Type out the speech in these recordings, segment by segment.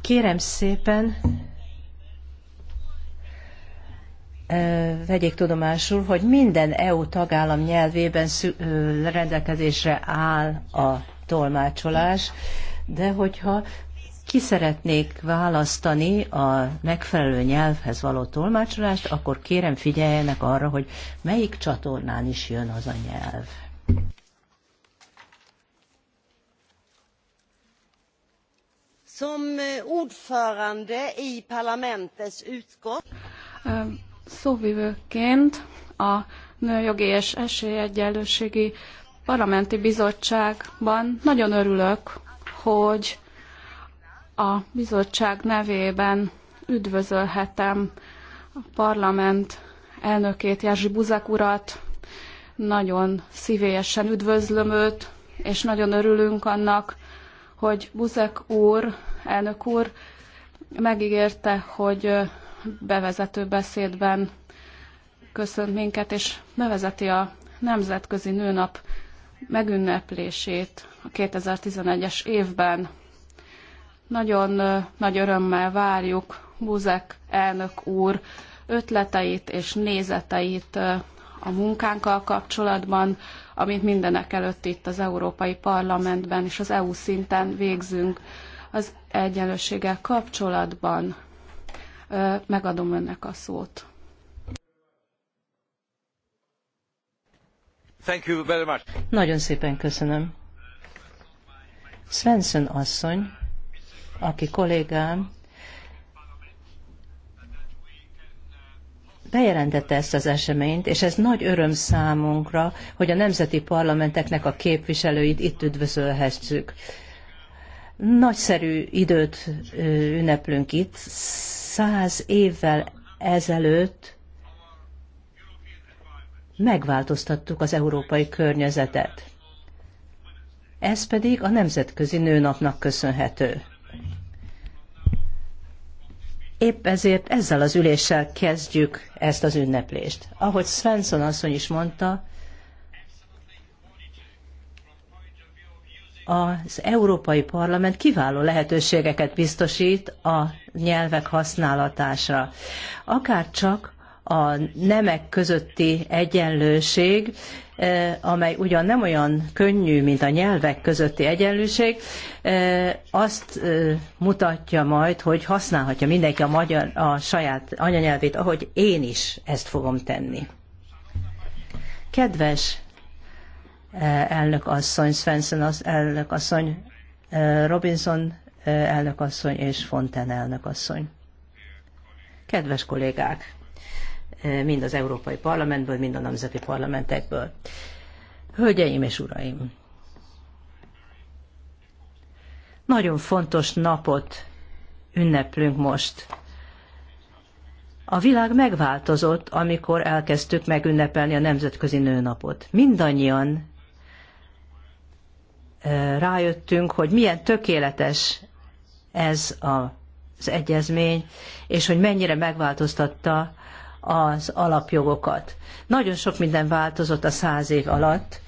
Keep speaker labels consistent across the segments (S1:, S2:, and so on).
S1: Kérem szépen, vegyék tudomásul, hogy minden EU tagállam nyelvében rendelkezésre áll a tolmácsolás, de hogyha ki szeretnék választani a megfelelő nyelvhez való tolmácsolást, akkor kérem figyeljenek arra, hogy melyik csatornán is jön az a nyelv.
S2: Som eh,
S1: ordförande i parlamentets utskott
S3: eh, szóvivőként a Nőjogi és Esélyegyenlőségi Parlamenti Bizottságban nagyon örülök, hogy a bizottság nevében üdvözölhetem a parlament elnökét, Jerzy Buzek urat. Nagyon szívélyesen üdvözlöm őt, és nagyon örülünk annak, hogy Buzek úr, elnök úr megígérte, hogy bevezető beszédben köszönt minket, és bevezeti a Nemzetközi Nőnap megünneplését a 2011-es évben. Nagyon nagy örömmel várjuk Buzek elnök úr ötleteit és nézeteit a munkánkkal kapcsolatban, amit mindenek előtt itt az Európai Parlamentben és az EU szinten végzünk az egyenlőséggel kapcsolatban. Megadom önnek a szót.
S1: Thank you very much.
S3: Nagyon szépen köszönöm.
S1: Svensson asszony, aki kollégám, bejelentette ezt az eseményt, és ez nagy öröm számunkra, hogy a nemzeti parlamenteknek a képviselőit itt üdvözölhetjük. Nagyszerű időt ünneplünk itt. Száz évvel ezelőtt megváltoztattuk az európai környezetet. Ez pedig a Nemzetközi Nőnapnak köszönhető. Épp ezért ezzel az üléssel kezdjük ezt az ünneplést. Ahogy Svensson asszony is mondta, az Európai Parlament kiváló lehetőségeket biztosít a nyelvek használatásra. Akár csak a nemek közötti egyenlőség, eh, amely ugyan nem olyan könnyű, mint a nyelvek közötti egyenlőség, eh, azt eh, mutatja majd, hogy használhatja mindenki a, magyar, a saját anyanyelvét, ahogy én is ezt fogom tenni. Kedves elnök asszony, Svensson az elnök asszony, Robinson elnök asszony és Fonten elnök asszony. Kedves kollégák! mind az Európai Parlamentből, mind a nemzeti parlamentekből. Hölgyeim és uraim! Nagyon fontos napot ünneplünk most. A világ megváltozott, amikor elkezdtük megünnepelni a Nemzetközi Nőnapot. Mindannyian rájöttünk, hogy milyen tökéletes ez az egyezmény, és hogy mennyire megváltoztatta az alapjogokat. Nagyon sok minden változott a száz év alatt,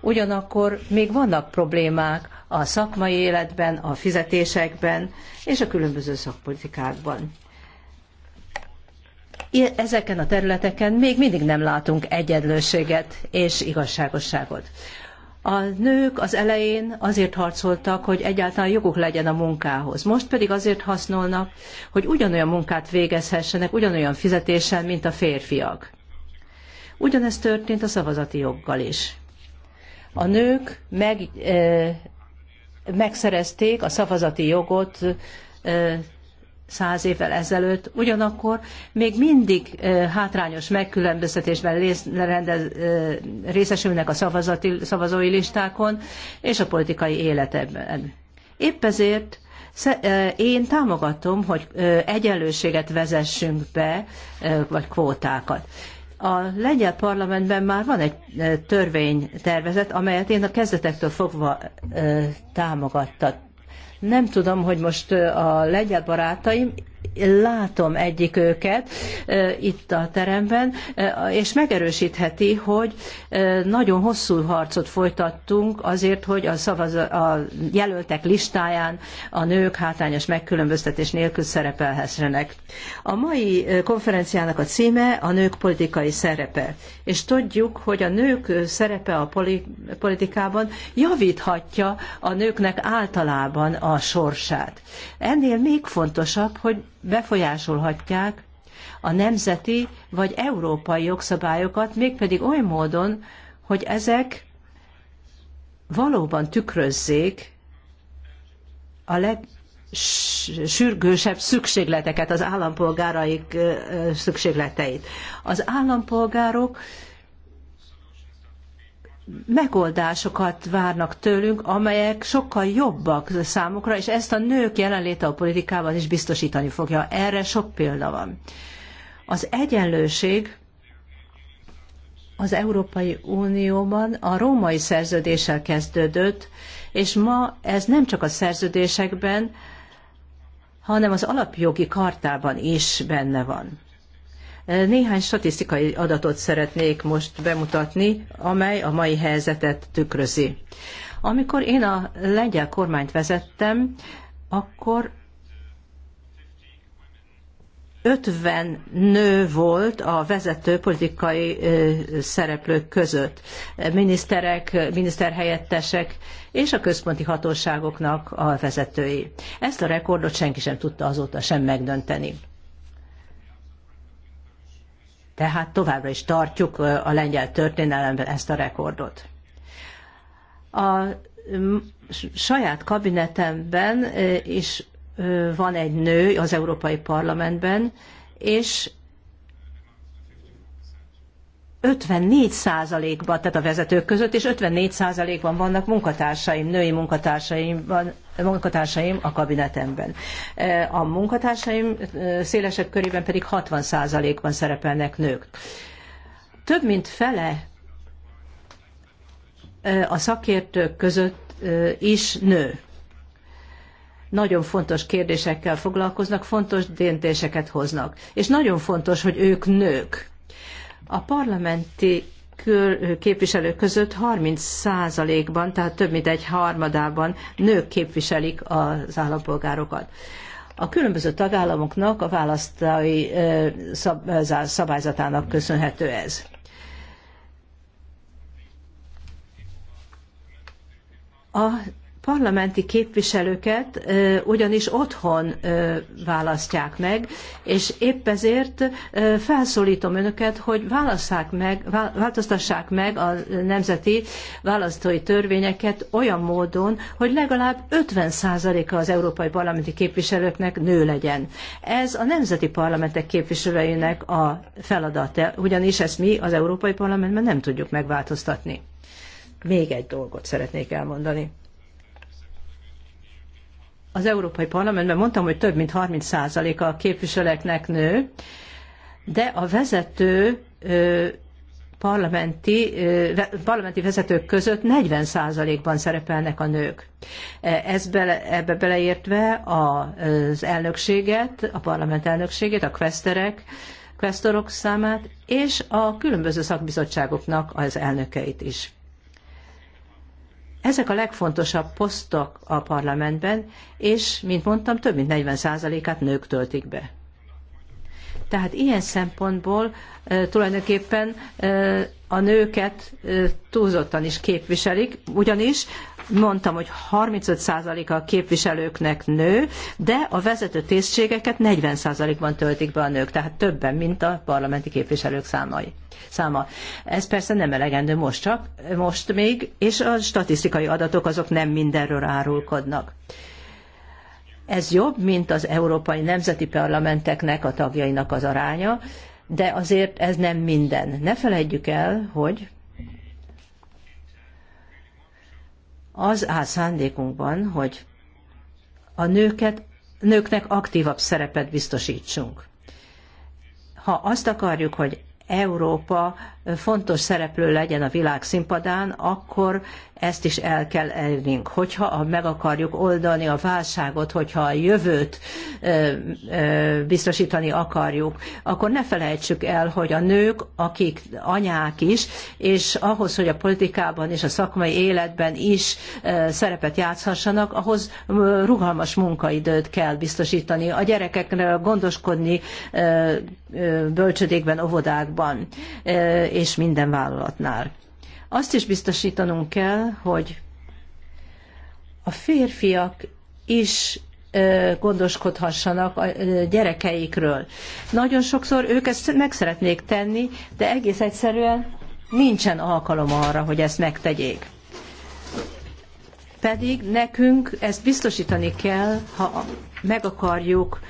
S1: ugyanakkor még vannak problémák a szakmai életben, a fizetésekben és a különböző szakpolitikákban. Ezeken a területeken még mindig nem látunk egyenlőséget és igazságosságot. A nők az elején azért harcoltak, hogy egyáltalán joguk legyen a munkához. Most pedig azért használnak, hogy ugyanolyan munkát végezhessenek, ugyanolyan fizetéssel, mint a férfiak. Ugyanez történt a szavazati joggal is. A nők meg, eh, megszerezték a szavazati jogot eh, száz évvel ezelőtt, ugyanakkor még mindig hátrányos megkülönböztetésben részesülnek a szavazati, szavazói listákon és a politikai életben. Épp ezért én támogatom, hogy egyenlőséget vezessünk be, vagy kvótákat. A lengyel parlamentben már van egy törvénytervezet, amelyet én a kezdetektől fogva támogattam nem tudom, hogy most a lengyel barátaim látom egyik őket itt a teremben, és megerősítheti, hogy nagyon hosszú harcot folytattunk azért, hogy a, szavaz, a jelöltek listáján a nők hátrányos megkülönböztetés nélkül szerepelhessenek. A mai konferenciának a címe a nők politikai szerepe, és tudjuk, hogy a nők szerepe a politikában javíthatja a nőknek általában a sorsát. Ennél még fontosabb, hogy befolyásolhatják a nemzeti vagy európai jogszabályokat, mégpedig oly módon, hogy ezek valóban tükrözzék a legsürgősebb szükségleteket, az állampolgáraik szükségleteit. Az állampolgárok megoldásokat várnak tőlünk, amelyek sokkal jobbak számukra, és ezt a nők jelenléte a politikában is biztosítani fogja. Erre sok példa van. Az egyenlőség az Európai Unióban a római szerződéssel kezdődött, és ma ez nem csak a szerződésekben, hanem az alapjogi kartában is benne van. Néhány statisztikai adatot szeretnék most bemutatni, amely a mai helyzetet tükrözi. Amikor én a lengyel kormányt vezettem, akkor 50 nő volt a vezető politikai szereplők között, miniszterek, miniszterhelyettesek és a központi hatóságoknak a vezetői. Ezt a rekordot senki sem tudta azóta sem megdönteni. Tehát továbbra is tartjuk a lengyel történelemben ezt a rekordot. A saját kabinetemben is van egy nő az Európai Parlamentben, és 54%-ban, tehát a vezetők között, és 54%-ban vannak munkatársaim, női munkatársaim, munkatársaim a kabinetemben. E, a munkatársaim e, szélesebb körében pedig 60%-ban szerepelnek nők. Több mint fele e, a szakértők között is nő. Nagyon fontos kérdésekkel foglalkoznak, fontos döntéseket hoznak. És nagyon fontos, hogy ők nők a parlamenti képviselők között 30%-ban, tehát több mint egy harmadában nők képviselik az állampolgárokat. A különböző tagállamoknak a választói szabályzatának köszönhető ez. A parlamenti képviselőket ugyanis otthon választják meg, és épp ezért felszólítom önöket, hogy válasszák meg, változtassák meg a nemzeti választói törvényeket olyan módon, hogy legalább 50%-a az európai parlamenti képviselőknek nő legyen. Ez a nemzeti parlamentek képviselőinek a feladata, ugyanis ezt mi az Európai Parlamentben nem tudjuk megváltoztatni. Még egy dolgot szeretnék elmondani az Európai Parlamentben mondtam, hogy több mint 30% a képviselőknek nő, de a vezető parlamenti, parlamenti vezetők között 40%-ban szerepelnek a nők. E, ez bele, ebbe beleértve az elnökséget, a parlament elnökségét, a questerek, questorok számát, és a különböző szakbizottságoknak az elnökeit is. Ezek a legfontosabb posztok a parlamentben, és, mint mondtam, több mint 40%-át nők töltik be. Tehát ilyen szempontból tulajdonképpen a nőket túlzottan is képviselik, ugyanis mondtam, hogy 35%-a a képviselőknek nő, de a vezető tisztségeket 40%-ban töltik be a nők, tehát többen, mint a parlamenti képviselők számai. Száma. Ez persze nem elegendő most csak, most még, és a statisztikai adatok azok nem mindenről árulkodnak. Ez jobb, mint az európai nemzeti parlamenteknek a tagjainak az aránya, de azért ez nem minden. Ne felejtjük el, hogy az áll szándékunkban, hogy a nőket, nőknek aktívabb szerepet biztosítsunk. Ha azt akarjuk, hogy Európa fontos szereplő legyen a világ színpadán, akkor ezt is el kell elérnünk. Hogyha meg akarjuk oldani a válságot, hogyha a jövőt biztosítani akarjuk, akkor ne felejtsük el, hogy a nők, akik anyák is, és ahhoz, hogy a politikában és a szakmai életben is szerepet játszhassanak, ahhoz rugalmas munkaidőt kell biztosítani. A gyerekekről gondoskodni bölcsödékben, óvodákban és minden vállalatnál. Azt is biztosítanunk kell, hogy a férfiak is gondoskodhassanak a gyerekeikről. Nagyon sokszor ők ezt meg szeretnék tenni, de egész egyszerűen nincsen alkalom arra, hogy ezt megtegyék. Pedig nekünk ezt biztosítani kell, ha meg akarjuk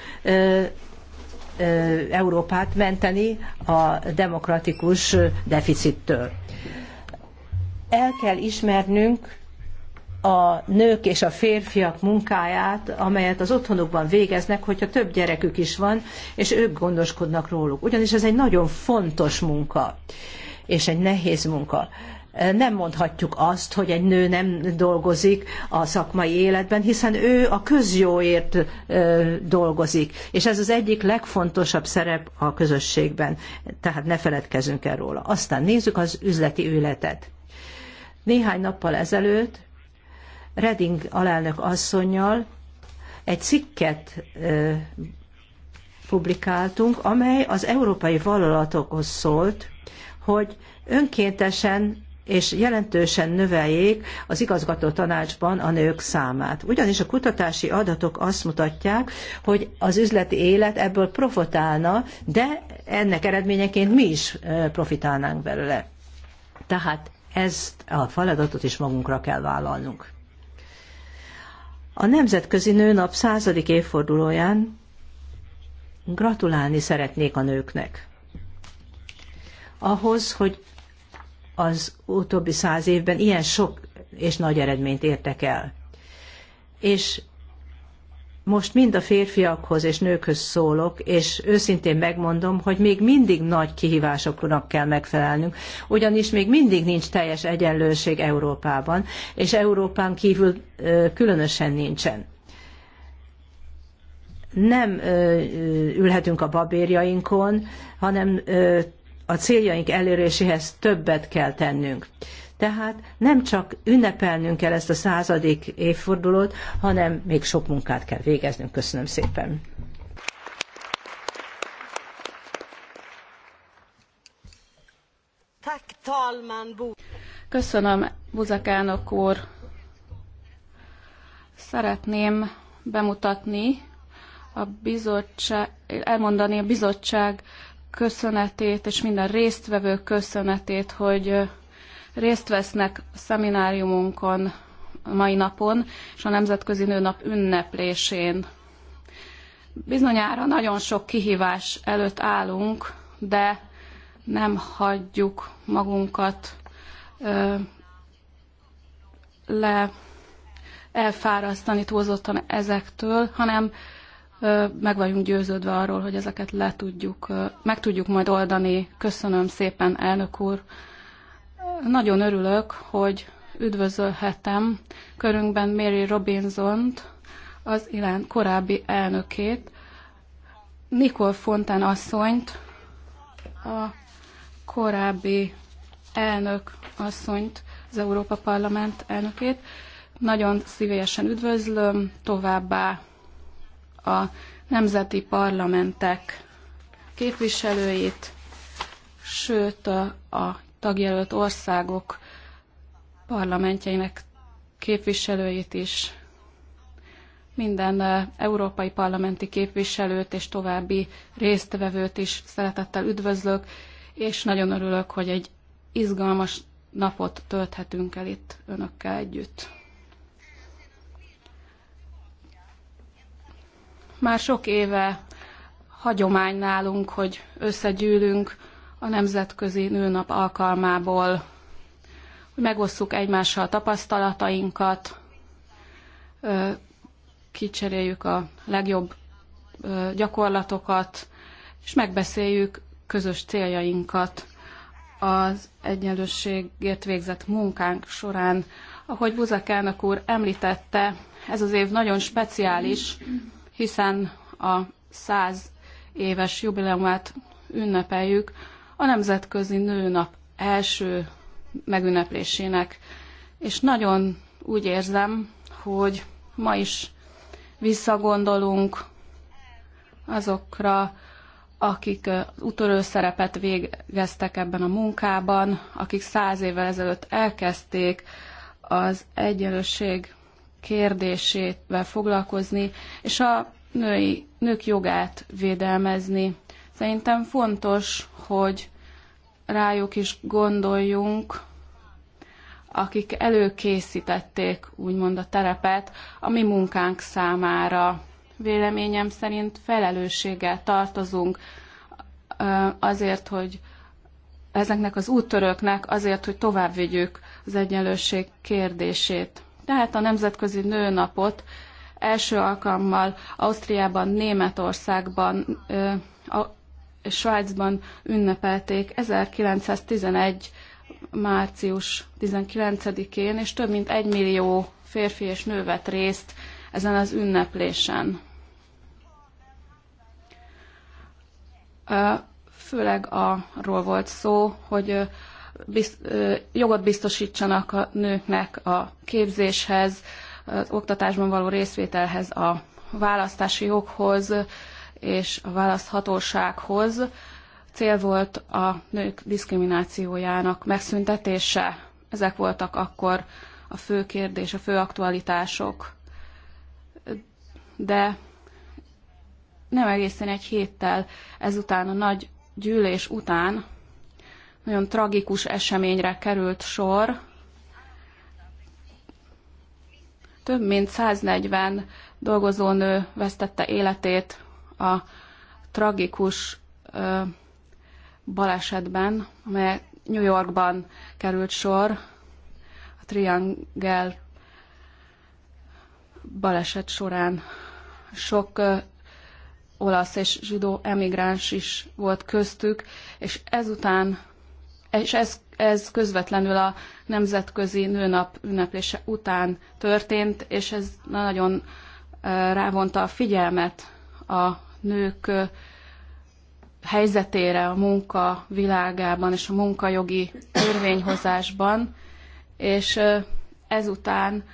S1: Európát menteni a demokratikus deficittől. El kell ismernünk a nők és a férfiak munkáját, amelyet az otthonukban végeznek, hogyha több gyerekük is van, és ők gondoskodnak róluk. Ugyanis ez egy nagyon fontos munka, és egy nehéz munka. Nem mondhatjuk azt, hogy egy nő nem dolgozik a szakmai életben, hiszen ő a közjóért dolgozik, és ez az egyik legfontosabb szerep a közösségben, tehát ne feledkezzünk el róla. Aztán nézzük az üzleti életet néhány nappal ezelőtt Reding alelnök asszonynal egy cikket publikáltunk, amely az európai vállalatokhoz szólt, hogy önkéntesen és jelentősen növeljék az igazgató tanácsban a nők számát. Ugyanis a kutatási adatok azt mutatják, hogy az üzleti élet ebből profitálna, de ennek eredményeként mi is profitálnánk belőle. Tehát ezt a feladatot is magunkra kell vállalnunk. A Nemzetközi Nőnap századik évfordulóján gratulálni szeretnék a nőknek. Ahhoz, hogy az utóbbi száz évben ilyen sok és nagy eredményt értek el. És most mind a férfiakhoz és nőkhöz szólok, és őszintén megmondom, hogy még mindig nagy kihívásoknak kell megfelelnünk, ugyanis még mindig nincs teljes egyenlőség Európában, és Európán kívül különösen nincsen nem ülhetünk a babérjainkon, hanem a céljaink eléréséhez többet kell tennünk. Tehát nem csak ünnepelnünk kell ezt a századik évfordulót, hanem még sok munkát kell végeznünk. Köszönöm szépen.
S3: Köszönöm, elnök úr. Szeretném bemutatni a bizottság, elmondani a bizottság köszönetét és minden résztvevő köszönetét, hogy részt vesznek a szemináriumunkon mai napon, és a Nemzetközi Nőnap ünneplésén. Bizonyára nagyon sok kihívás előtt állunk, de nem hagyjuk magunkat ö, le elfárasztani túlzottan ezektől, hanem ö, meg vagyunk győződve arról, hogy ezeket le tudjuk, ö, meg tudjuk majd oldani. Köszönöm szépen, elnök úr! Nagyon örülök, hogy üdvözölhetem körünkben Mary Robinsont, az Ilán korábbi elnökét, Nicole Fontán asszonyt, a korábbi elnök asszonyt, az Európa Parlament elnökét. Nagyon szívesen üdvözlöm, továbbá a nemzeti parlamentek képviselőit, sőt a tagjelölt országok parlamentjeinek képviselőit is, minden eh, európai parlamenti képviselőt és további résztvevőt is szeretettel üdvözlök, és nagyon örülök, hogy egy izgalmas napot tölthetünk el itt önökkel együtt. Már sok éve hagyomány nálunk, hogy összegyűlünk, a Nemzetközi Nőnap alkalmából, hogy megosszuk egymással a tapasztalatainkat, kicseréljük a legjobb gyakorlatokat, és megbeszéljük közös céljainkat az egyenlőségért végzett munkánk során. Ahogy Buzak elnök úr említette, ez az év nagyon speciális, hiszen a száz éves jubileumát ünnepeljük, a Nemzetközi Nőnap első megünneplésének. És nagyon úgy érzem, hogy ma is visszagondolunk azokra, akik utolsó szerepet végeztek ebben a munkában, akik száz évvel ezelőtt elkezdték az egyenlőség kérdésével foglalkozni, és a női, nők jogát védelmezni. Szerintem fontos, hogy rájuk is gondoljunk, akik előkészítették úgymond a terepet a mi munkánk számára. Véleményem szerint felelősséggel tartozunk azért, hogy ezeknek az úttöröknek azért, hogy tovább vigyük az egyenlőség kérdését. Tehát a Nemzetközi Nőnapot első alkalommal Ausztriában, Németországban, Svájcban ünnepelték 1911. március 19-én, és több mint egy millió férfi és nő vett részt ezen az ünneplésen. Főleg arról volt szó, hogy jogot biztosítsanak a nőknek a képzéshez, az oktatásban való részvételhez, a választási joghoz, és a választhatósághoz. Cél volt a nők diszkriminációjának megszüntetése. Ezek voltak akkor a fő kérdés, a fő aktualitások. De nem egészen egy héttel ezután, a nagy gyűlés után nagyon tragikus eseményre került sor. Több mint 140 dolgozónő vesztette életét a tragikus balesetben, amely New Yorkban került sor, a Triangle baleset során sok olasz és zsidó emigráns is volt köztük, és ezután, és ez, ez közvetlenül a nemzetközi nőnap ünneplése után történt, és ez nagyon rávonta a figyelmet a nők helyzetére a munka világában és a munkajogi törvényhozásban, és ezután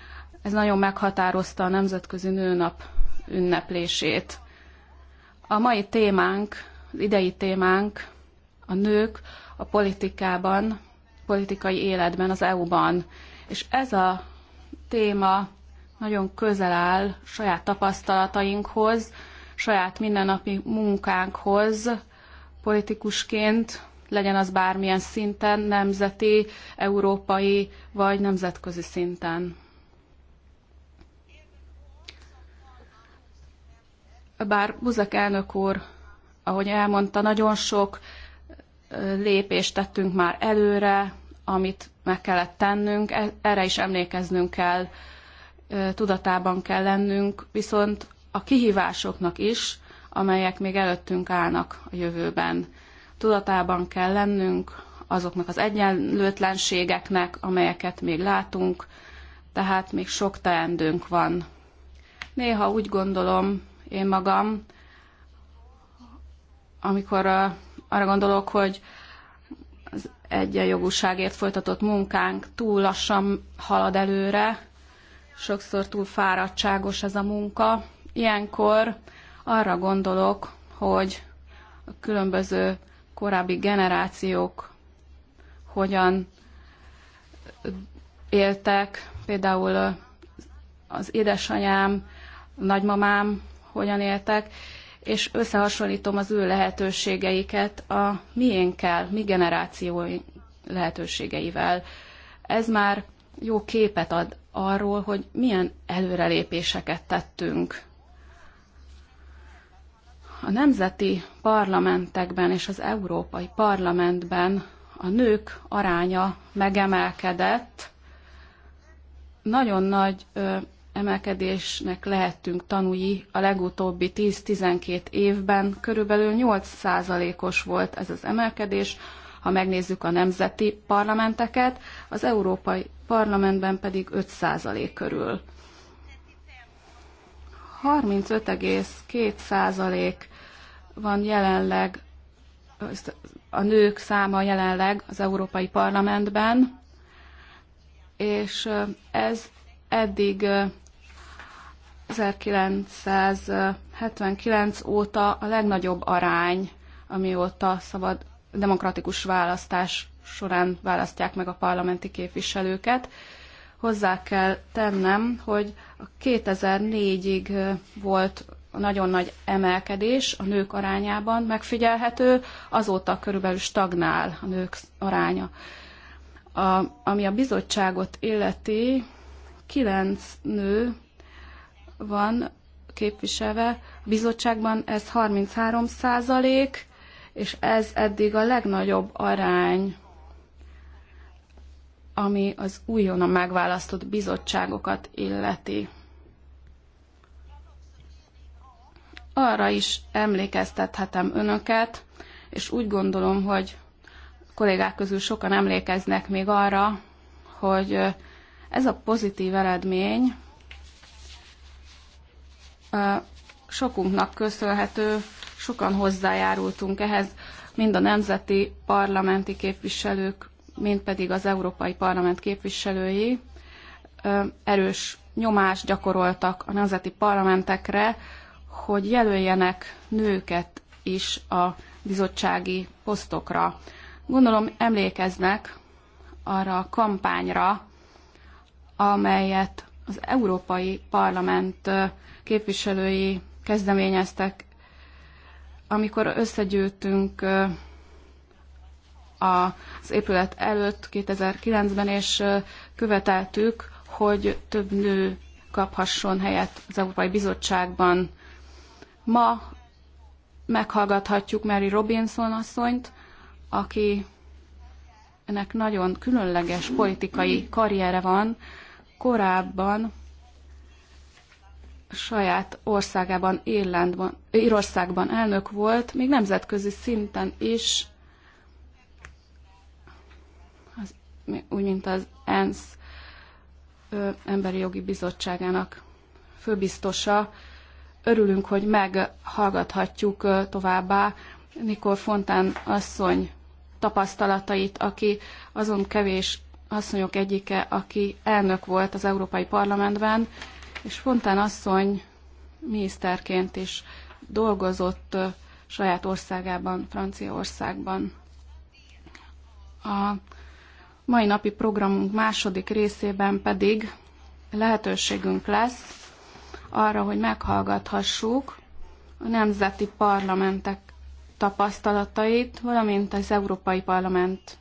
S3: ez nagyon meghatározta a Nemzetközi Nőnap ünneplését. A mai témánk, az idei témánk a nők a politikában, politikai életben, az EU-ban. És ez a téma nagyon közel áll saját tapasztalatainkhoz, saját mindennapi munkánkhoz politikusként, legyen az bármilyen szinten, nemzeti, európai vagy nemzetközi szinten. Bár Buzek elnök úr, ahogy elmondta, nagyon sok lépést tettünk már előre, amit meg kellett tennünk, e-, erre is emlékeznünk kell, tudatában kell lennünk, viszont a kihívásoknak is, amelyek még előttünk állnak a jövőben. Tudatában kell lennünk azoknak az egyenlőtlenségeknek, amelyeket még látunk, tehát még sok teendőnk van. Néha úgy gondolom én magam, amikor arra gondolok, hogy az egyenjogúságért folytatott munkánk túl lassan halad előre, sokszor túl fáradtságos ez a munka, Ilyenkor arra gondolok, hogy a különböző korábbi generációk hogyan éltek, például az édesanyám, nagymamám hogyan éltek, és összehasonlítom az ő lehetőségeiket a miénkkel, mi generációi lehetőségeivel. Ez már jó képet ad arról, hogy milyen előrelépéseket tettünk. A nemzeti parlamentekben és az Európai Parlamentben a nők aránya megemelkedett. Nagyon nagy ö, emelkedésnek lehettünk tanúi a legutóbbi 10-12 évben. Körülbelül 8%-os volt ez az emelkedés, ha megnézzük a nemzeti parlamenteket, az Európai Parlamentben pedig 5% körül. 35,2% van jelenleg a nők száma jelenleg az Európai Parlamentben, és ez eddig 1979 óta a legnagyobb arány, amióta szabad demokratikus választás során választják meg a parlamenti képviselőket, hozzá kell tennem, hogy 2004-ig volt nagyon nagy emelkedés a nők arányában megfigyelhető, azóta körülbelül stagnál a nők aránya. A, ami a bizottságot illeti, kilenc nő van képviselve a bizottságban, ez 33 százalék, és ez eddig a legnagyobb arány ami az újonnan megválasztott bizottságokat illeti. Arra is emlékeztethetem önöket, és úgy gondolom, hogy kollégák közül sokan emlékeznek még arra, hogy ez a pozitív eredmény sokunknak köszönhető, sokan hozzájárultunk ehhez, mind a nemzeti parlamenti képviselők, mint pedig az Európai Parlament képviselői erős nyomást gyakoroltak a nemzeti parlamentekre, hogy jelöljenek nőket is a bizottsági posztokra. Gondolom emlékeznek arra a kampányra, amelyet az Európai Parlament képviselői kezdeményeztek, amikor összegyűltünk az épület előtt 2009-ben, és követeltük, hogy több nő kaphasson helyet az Európai Bizottságban. Ma meghallgathatjuk Mary Robinson asszonyt, aki ennek nagyon különleges politikai karriere van. Korábban saját országában, Irlandban, Írországban elnök volt, még nemzetközi szinten is úgy mint az ENSZ Emberi Jogi Bizottságának főbiztosa. Örülünk, hogy meghallgathatjuk továbbá Nikol Fontán asszony tapasztalatait, aki azon kevés asszonyok egyike, aki elnök volt az Európai Parlamentben, és Fontán asszony miniszterként is dolgozott saját országában, Franciaországban. A Mai napi programunk második részében pedig lehetőségünk lesz arra, hogy meghallgathassuk a nemzeti parlamentek tapasztalatait, valamint az Európai Parlament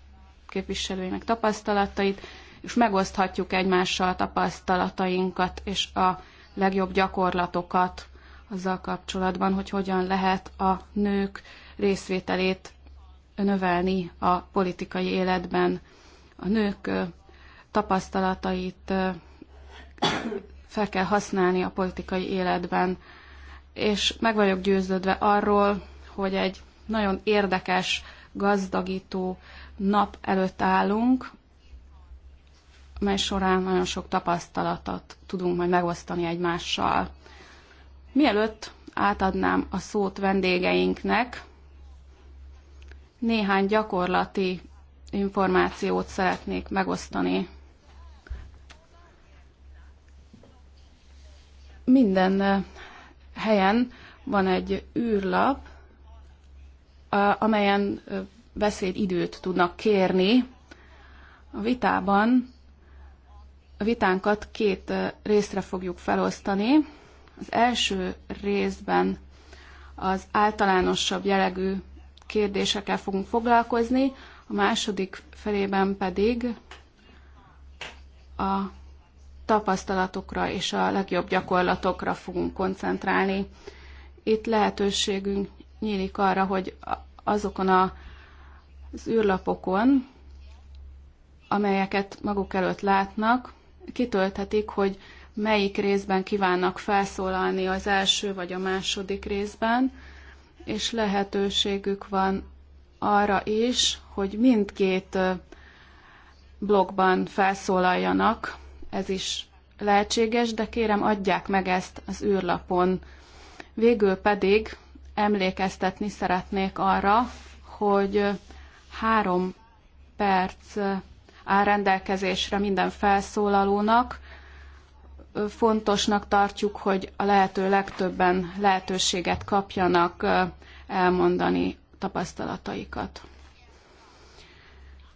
S3: képviselőinek tapasztalatait, és megoszthatjuk egymással tapasztalatainkat és a legjobb gyakorlatokat azzal kapcsolatban, hogy hogyan lehet a nők részvételét növelni a politikai életben a nők tapasztalatait fel kell használni a politikai életben, és meg vagyok győződve arról, hogy egy nagyon érdekes, gazdagító nap előtt állunk, mely során nagyon sok tapasztalatot tudunk majd megosztani egymással. Mielőtt átadnám a szót vendégeinknek, néhány gyakorlati információt szeretnék megosztani. Minden eh, helyen van egy űrlap, amelyen eh, beszédidőt tudnak kérni. A vitában a vitánkat két eh, részre fogjuk felosztani. Az első részben az általánosabb jellegű kérdésekkel fogunk foglalkozni, a második felében pedig a tapasztalatokra és a legjobb gyakorlatokra fogunk koncentrálni. Itt lehetőségünk nyílik arra, hogy azokon a, az űrlapokon, amelyeket maguk előtt látnak, kitölthetik, hogy melyik részben kívánnak felszólalni az első vagy a második részben, és lehetőségük van arra is, hogy mindkét blogban felszólaljanak, ez is lehetséges, de kérem adják meg ezt az űrlapon. Végül pedig emlékeztetni szeretnék arra, hogy három perc áll rendelkezésre minden felszólalónak. Fontosnak tartjuk, hogy a lehető legtöbben lehetőséget kapjanak elmondani tapasztalataikat.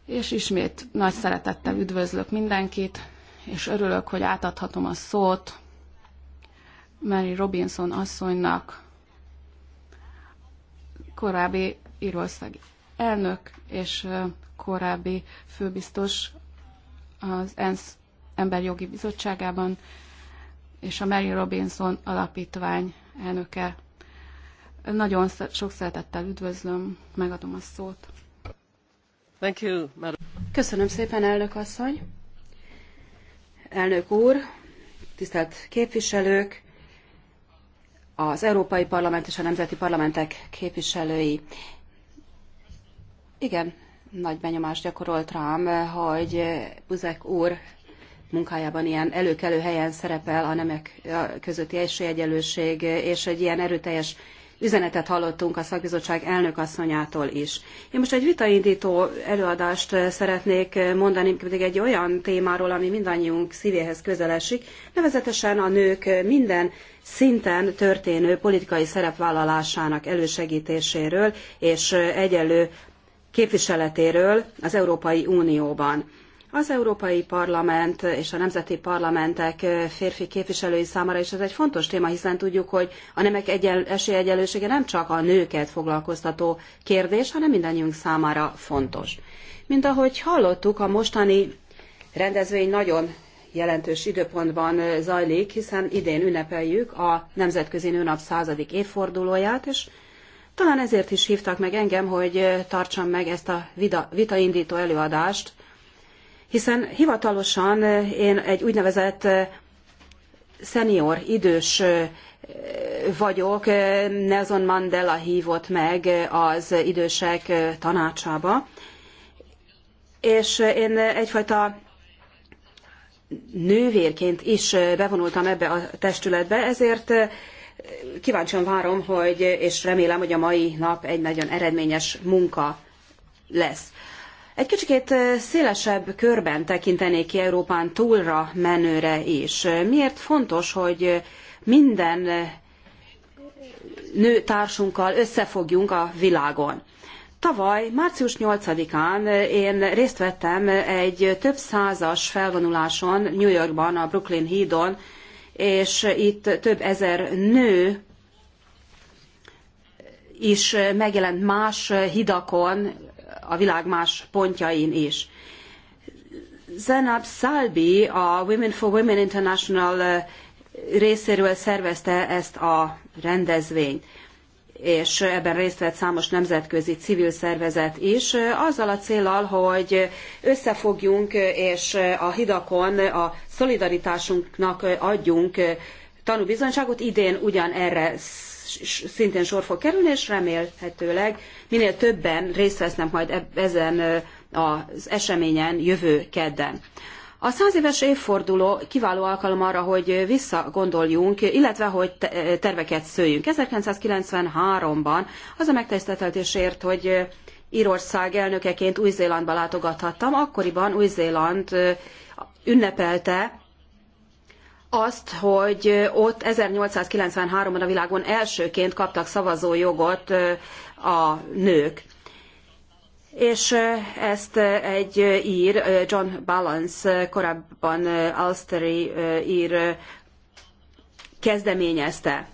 S3: És ismét nagy szeretettel üdvözlök mindenkit, és örülök, hogy átadhatom a szót Mary Robinson asszonynak, korábbi írószági elnök és korábbi főbiztos az ENSZ Emberjogi Bizottságában, és a Mary Robinson Alapítvány elnöke nagyon sok szeretettel üdvözlöm, megadom a szót.
S2: Thank you, madam.
S3: Köszönöm szépen, elnök asszony. Elnök úr, tisztelt
S4: képviselők, az Európai Parlament és a Nemzeti Parlamentek képviselői. Igen, nagy benyomást gyakorolt rám, hogy Buzek úr munkájában ilyen előkelő helyen szerepel a nemek közötti esélyegyelőség, és egy ilyen erőteljes üzenetet hallottunk a szakbizottság elnök asszonyától is. Én most egy vitaindító előadást szeretnék mondani, pedig egy olyan témáról, ami mindannyiunk szívéhez közel esik, nevezetesen a nők minden szinten történő politikai szerepvállalásának elősegítéséről és egyenlő képviseletéről az Európai Unióban. Az Európai Parlament és a nemzeti parlamentek férfi képviselői számára is ez egy fontos téma, hiszen tudjuk, hogy a nemek egyen, esélyegyenlősége nem csak a nőket foglalkoztató kérdés, hanem mindannyiunk számára fontos. Mint ahogy hallottuk, a mostani rendezvény nagyon jelentős időpontban zajlik, hiszen idén ünnepeljük a Nemzetközi Nőnap századik évfordulóját, és talán ezért is hívtak meg engem, hogy tartsam meg ezt a vita, vitaindító előadást, hiszen hivatalosan én egy úgynevezett szenior, idős vagyok, Nelson Mandela hívott meg az idősek tanácsába, és én egyfajta nővérként is bevonultam ebbe a testületbe, ezért kíváncsian várom, hogy, és remélem, hogy a mai nap egy nagyon eredményes munka lesz. Egy kicsikét szélesebb körben tekintenék ki Európán túlra menőre is. Miért fontos, hogy minden nőtársunkkal összefogjunk a világon? Tavaly, március 8-án én részt vettem egy több százas felvonuláson New Yorkban, a Brooklyn hídon, és itt több ezer nő is megjelent más hidakon, a világ más pontjain is. Zenab Salbi a Women for Women International részéről szervezte ezt a rendezvényt és ebben részt vett számos nemzetközi civil szervezet is, azzal a célral, hogy összefogjunk és a hidakon a szolidaritásunknak adjunk tanúbizonyságot. Idén ugyan erre szintén sor fog kerülni, és remélhetőleg minél többen részt vesznek majd ezen az eseményen jövő kedden. A száz éves évforduló kiváló alkalom arra, hogy visszagondoljunk, illetve hogy terveket szőjünk. 1993-ban az a megtiszteltetésért, hogy Írország elnökeként Új-Zélandba látogathattam. Akkoriban Új-Zéland ünnepelte azt, hogy ott 1893-ban a világon elsőként kaptak szavazójogot a nők. És ezt egy ír, John Balance, korábban Alsteri ír kezdeményezte.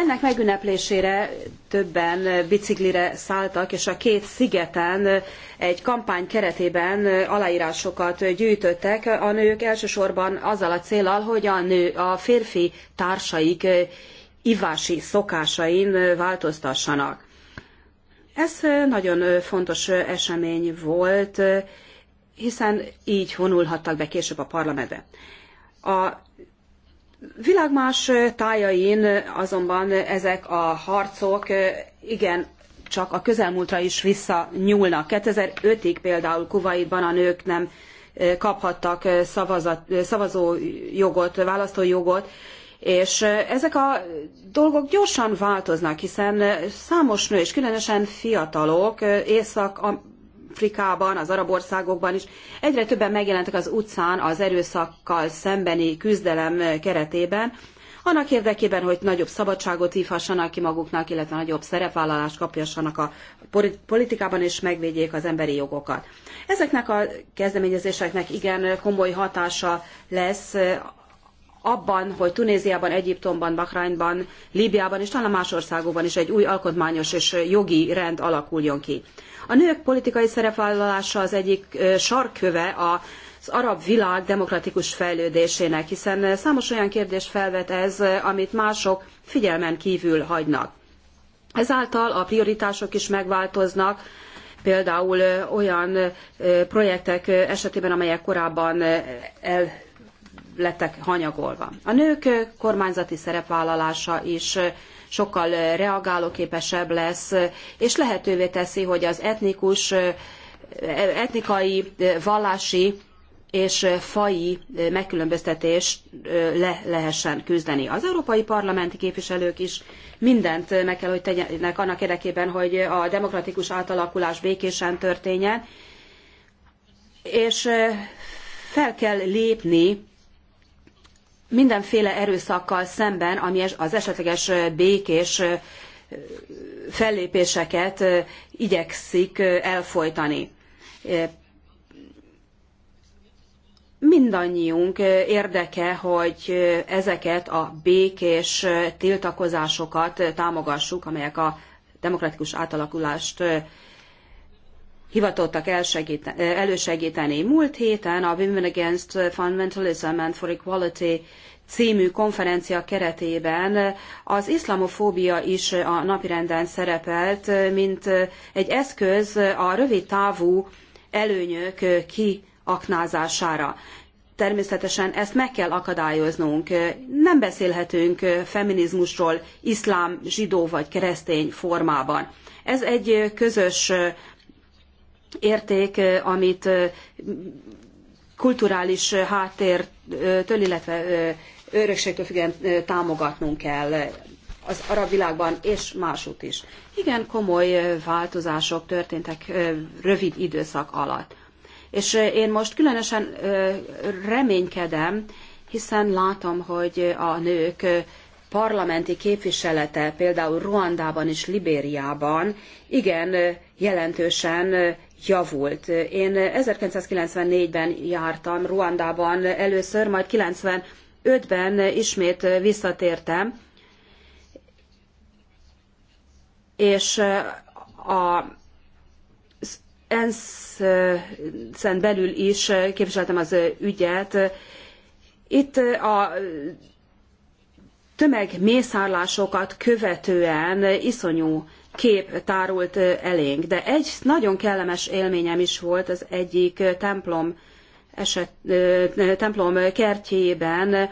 S4: Ennek megünneplésére többen biciklire szálltak, és a két szigeten egy kampány keretében aláírásokat gyűjtöttek a nők elsősorban azzal a célral, hogy a nő a férfi társaik ivási szokásain változtassanak. Ez nagyon fontos esemény volt, hiszen így vonulhattak be később a parlamentbe. A világ más tájain azonban ezek a harcok igen csak a közelmúltra is visszanyúlnak. 2005-ig például Kuwaitban a nők nem kaphattak szavazat, szavazójogot, választójogot, és ezek a dolgok gyorsan változnak, hiszen számos nő, és különösen fiatalok észak Afrikában, az arab országokban is egyre többen megjelentek az utcán az erőszakkal szembeni küzdelem keretében, annak érdekében, hogy nagyobb szabadságot vívhassanak ki maguknak, illetve nagyobb szerepvállalást kapjassanak a politikában, és megvédjék az emberi jogokat. Ezeknek a kezdeményezéseknek igen komoly hatása lesz abban, hogy Tunéziában, Egyiptomban, Bahreinban, Líbiában és talán más országokban is egy új alkotmányos és jogi rend alakuljon ki. A nők politikai szerepvállalása az egyik sarköve az arab világ demokratikus fejlődésének, hiszen számos olyan kérdés felvet ez, amit mások figyelmen kívül hagynak. Ezáltal a prioritások is megváltoznak, például olyan projektek esetében, amelyek korábban el lettek hanyagolva. A nők kormányzati szerepvállalása is sokkal reagálóképesebb lesz, és lehetővé teszi, hogy az etnikus, e, etnikai, vallási és fai megkülönböztetést le lehessen küzdeni. Az európai parlamenti képviselők is mindent meg kell, hogy tegyenek annak érdekében, hogy a demokratikus átalakulás békésen történjen, és fel kell lépni mindenféle erőszakkal szemben, ami az esetleges békés fellépéseket igyekszik elfolytani. Mindannyiunk érdeke, hogy ezeket a békés tiltakozásokat támogassuk, amelyek a demokratikus átalakulást hivatottak elősegíteni. Múlt héten a Women Against Fundamentalism and for Equality című konferencia keretében az iszlamofóbia is a napirenden szerepelt, mint egy eszköz a rövid távú előnyök kiaknázására. Természetesen ezt meg kell akadályoznunk. Nem beszélhetünk feminizmusról iszlám, zsidó vagy keresztény formában. Ez egy közös érték, amit kulturális háttértől, illetve örökségtől függően támogatnunk kell az arab világban és máshogy is. Igen, komoly változások történtek rövid időszak alatt. És én most különösen reménykedem, hiszen látom, hogy a nők parlamenti képviselete például Ruandában és Libériában igen jelentősen javult. Én 1994-ben jártam Ruandában először, majd 95-ben ismét visszatértem, és a ENSZ-en belül is képviseltem az ügyet. Itt a tömegmészárlásokat követően iszonyú kép tárult elénk. De egy nagyon kellemes élményem is volt az egyik templom, eset, templom kertjében.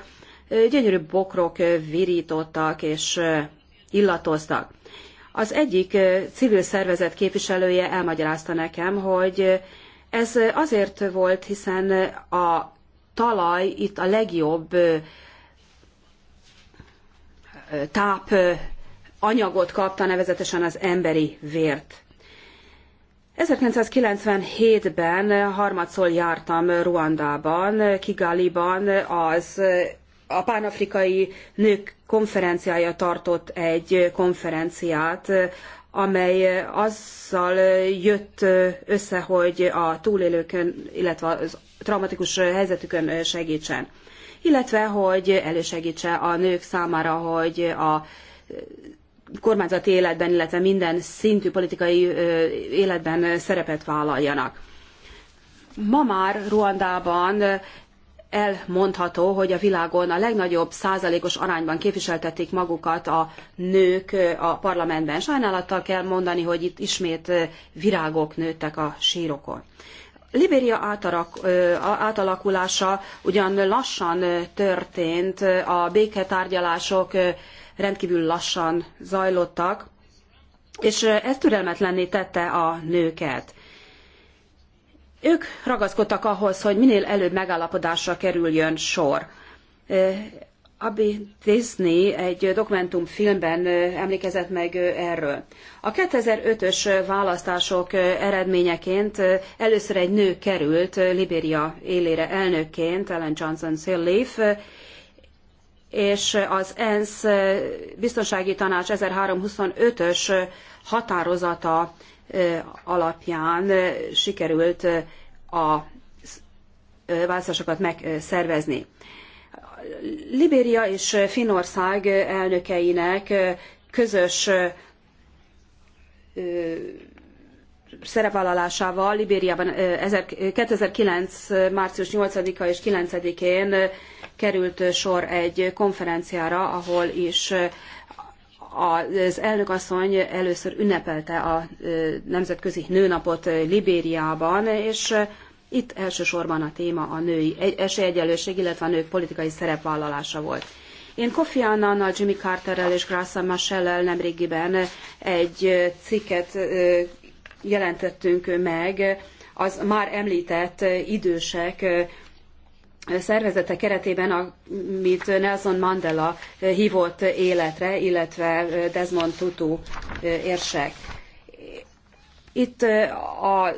S4: Gyönyörű bokrok virítottak és illatoztak. Az egyik civil szervezet képviselője elmagyarázta nekem, hogy ez azért volt, hiszen a talaj itt a legjobb táp anyagot kapta, nevezetesen az emberi vért. 1997-ben harmadszor jártam Ruandában, Kigaliban az a pánafrikai nők konferenciája tartott egy konferenciát, amely azzal jött össze, hogy a túlélőkön, illetve a traumatikus helyzetükön segítsen. Illetve, hogy elősegítse a nők számára, hogy a kormányzati életben, illetve minden szintű politikai életben szerepet vállaljanak. Ma már Ruandában elmondható, hogy a világon a legnagyobb százalékos arányban képviseltetik magukat a nők a parlamentben. Sajnálattal kell mondani, hogy itt ismét virágok nőttek a sírokon. Libéria átarak, átalakulása ugyan lassan történt, a béketárgyalások rendkívül lassan zajlottak, és ez türelmetlenné tette a nőket. Ők ragaszkodtak ahhoz, hogy minél előbb megállapodásra kerüljön sor. Abby Disney egy dokumentumfilmben emlékezett meg erről. A 2005-ös választások eredményeként először egy nő került Liberia élére elnökként, Ellen Johnson Sirleaf, és az ENSZ biztonsági tanács 1325-ös határozata alapján sikerült a választásokat megszervezni. Libéria és Finnország elnökeinek közös szerepvállalásával Libériában 2009. március 8-a és 9-én került sor egy konferenciára, ahol is az elnökasszony először ünnepelte a Nemzetközi Nőnapot Libériában, és itt elsősorban a téma a női esélyegyenlőség, illetve a nők politikai szerepvállalása volt. Én Kofi Annannal, Jimmy Carterrel és Grassa Michellel nemrégiben egy cikket jelentettünk meg, az már említett idősek szervezete keretében, amit Nelson Mandela hívott életre, illetve Desmond Tutu érsek. Itt a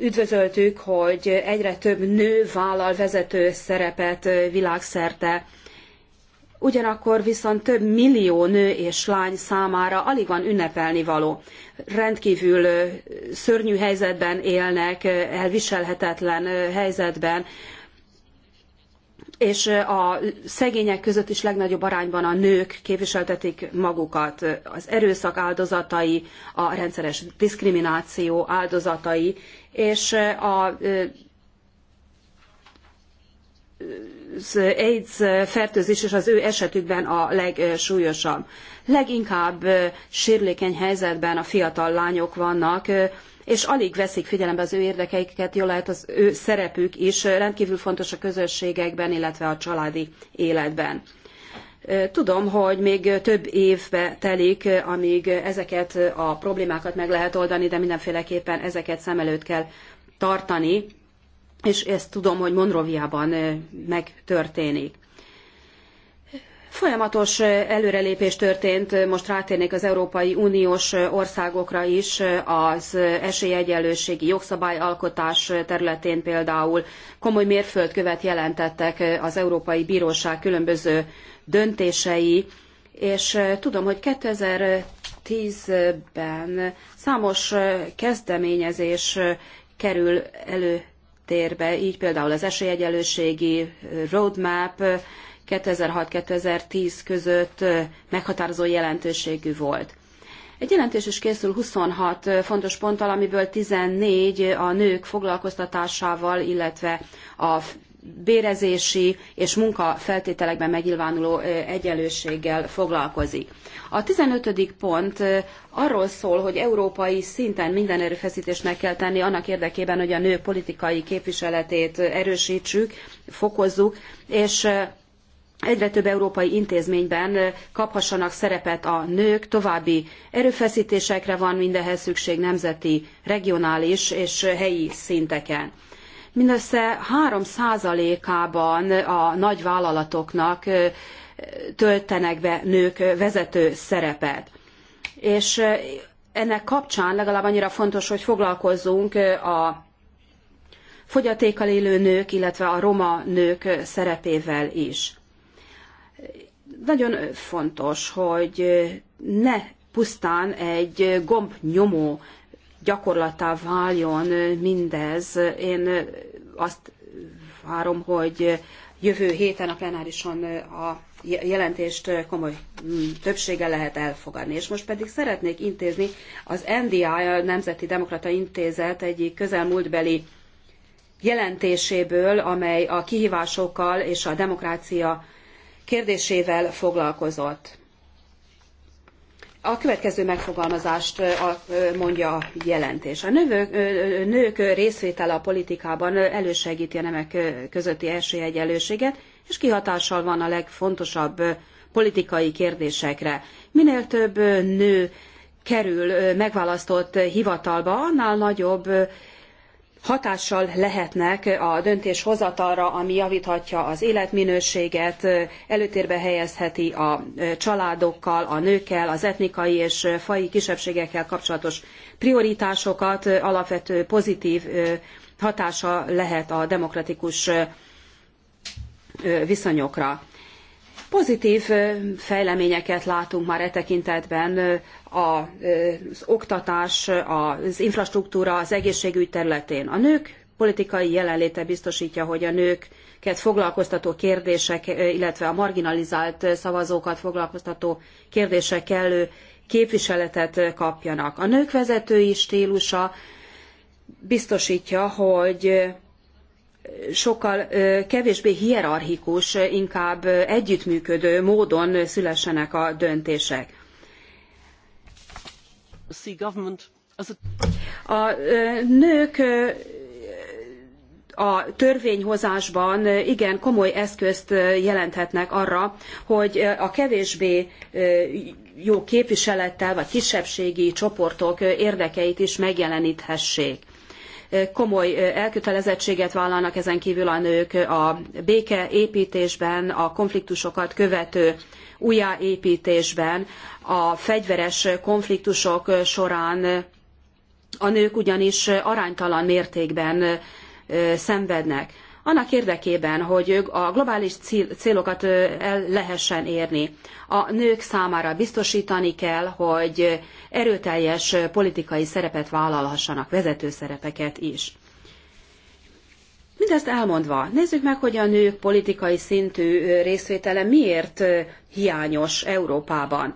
S4: üdvözöltük, hogy egyre több nő vállal vezető szerepet világszerte. Ugyanakkor viszont több millió nő és lány számára alig van ünnepelni való. Rendkívül szörnyű helyzetben élnek, elviselhetetlen helyzetben, és a szegények között is legnagyobb arányban a nők képviseltetik magukat, az erőszak áldozatai, a rendszeres diszkrimináció áldozatai, és a az AIDS fertőzés és az ő esetükben a legsúlyosabb. Leginkább sérülékeny helyzetben a fiatal lányok vannak, és alig veszik figyelembe az ő érdekeiket, jól lehet az ő szerepük is rendkívül fontos a közösségekben, illetve a családi életben. Tudom, hogy még több évbe telik, amíg ezeket a problémákat meg lehet oldani, de mindenféleképpen ezeket szem előtt kell tartani, és ezt tudom, hogy Monroviában megtörténik. Folyamatos előrelépés történt, most rátérnék az Európai Uniós országokra is, az esélyegyenlőségi jogszabályalkotás területén például komoly mérföldkövet jelentettek az Európai Bíróság különböző döntései, és tudom, hogy 2010-ben számos kezdeményezés kerül elő térbe, így például az esélyegyelőségi roadmap, 2006-2010 között meghatározó jelentőségű volt. Egy jelentés is készül 26 fontos ponttal, amiből 14 a nők foglalkoztatásával, illetve a bérezési és munkafeltételekben megnyilvánuló egyenlőséggel foglalkozik. A 15. pont arról szól, hogy európai szinten minden erőfeszítést meg kell tenni annak érdekében, hogy a nők politikai képviseletét erősítsük, fokozzuk, és egyre több európai intézményben kaphassanak szerepet a nők, további erőfeszítésekre van mindehhez szükség nemzeti, regionális és helyi szinteken. Mindössze 3%-ában a nagy vállalatoknak töltenek be nők vezető szerepet. És ennek kapcsán legalább annyira fontos, hogy foglalkozzunk a fogyatékkal élő nők, illetve a roma nők szerepével is. Nagyon fontos, hogy ne pusztán egy gombnyomó gyakorlatá váljon mindez. Én azt várom, hogy jövő héten a plenárison a jelentést komoly mm, többsége lehet elfogadni. És most pedig szeretnék intézni az NDI, a Nemzeti Demokrata Intézet egyik közelmúltbeli jelentéséből, amely a kihívásokkal és a demokrácia kérdésével foglalkozott. A következő megfogalmazást mondja a jelentés. A növők, nők részvétele a politikában elősegíti a nemek közötti esélyegyenlőséget, és kihatással van a legfontosabb politikai kérdésekre. Minél több nő kerül megválasztott hivatalba, annál nagyobb hatással lehetnek a döntéshozatalra, ami javíthatja az életminőséget, előtérbe helyezheti a családokkal, a nőkkel, az etnikai és faji kisebbségekkel kapcsolatos prioritásokat, alapvető pozitív hatása lehet a demokratikus viszonyokra. Pozitív fejleményeket látunk már e tekintetben az oktatás, az infrastruktúra, az egészségügy területén. A nők politikai jelenléte biztosítja, hogy a nőket foglalkoztató kérdések, illetve a marginalizált szavazókat foglalkoztató kérdések kellő képviseletet kapjanak. A nők vezetői stílusa biztosítja, hogy sokkal kevésbé hierarchikus, inkább együttműködő módon szülessenek a döntések. A nők a törvényhozásban igen komoly eszközt jelenthetnek arra, hogy a kevésbé jó képviselettel vagy kisebbségi csoportok érdekeit is megjelenthessék komoly elkötelezettséget vállalnak ezen kívül a nők a békeépítésben, a konfliktusokat követő újjáépítésben, a fegyveres konfliktusok során a nők ugyanis aránytalan mértékben szenvednek annak érdekében, hogy a globális célokat el lehessen érni. A nők számára biztosítani kell, hogy erőteljes politikai szerepet vállalhassanak, vezető szerepeket is. Mindezt elmondva, nézzük meg, hogy a nők politikai szintű részvétele miért hiányos Európában.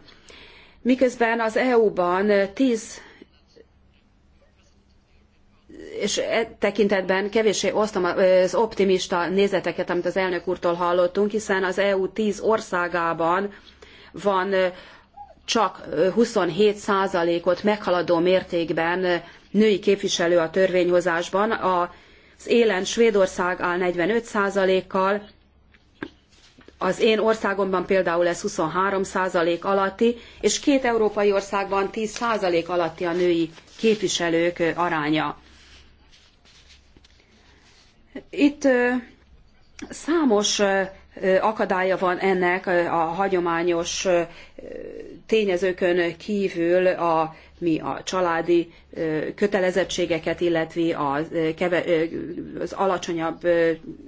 S4: Miközben az EU-ban 10 és e tekintetben kevéssé osztom az optimista nézeteket, amit az elnök úrtól hallottunk, hiszen az EU 10 országában van csak 27%-ot meghaladó mértékben női képviselő a törvényhozásban. Az élen Svédország áll 45%-kal, az én országomban például ez 23% alatti, és két európai országban 10% alatti a női képviselők aránya. Itt számos akadálya van ennek a hagyományos tényezőkön kívül a mi a családi kötelezettségeket, illetve az, az alacsonyabb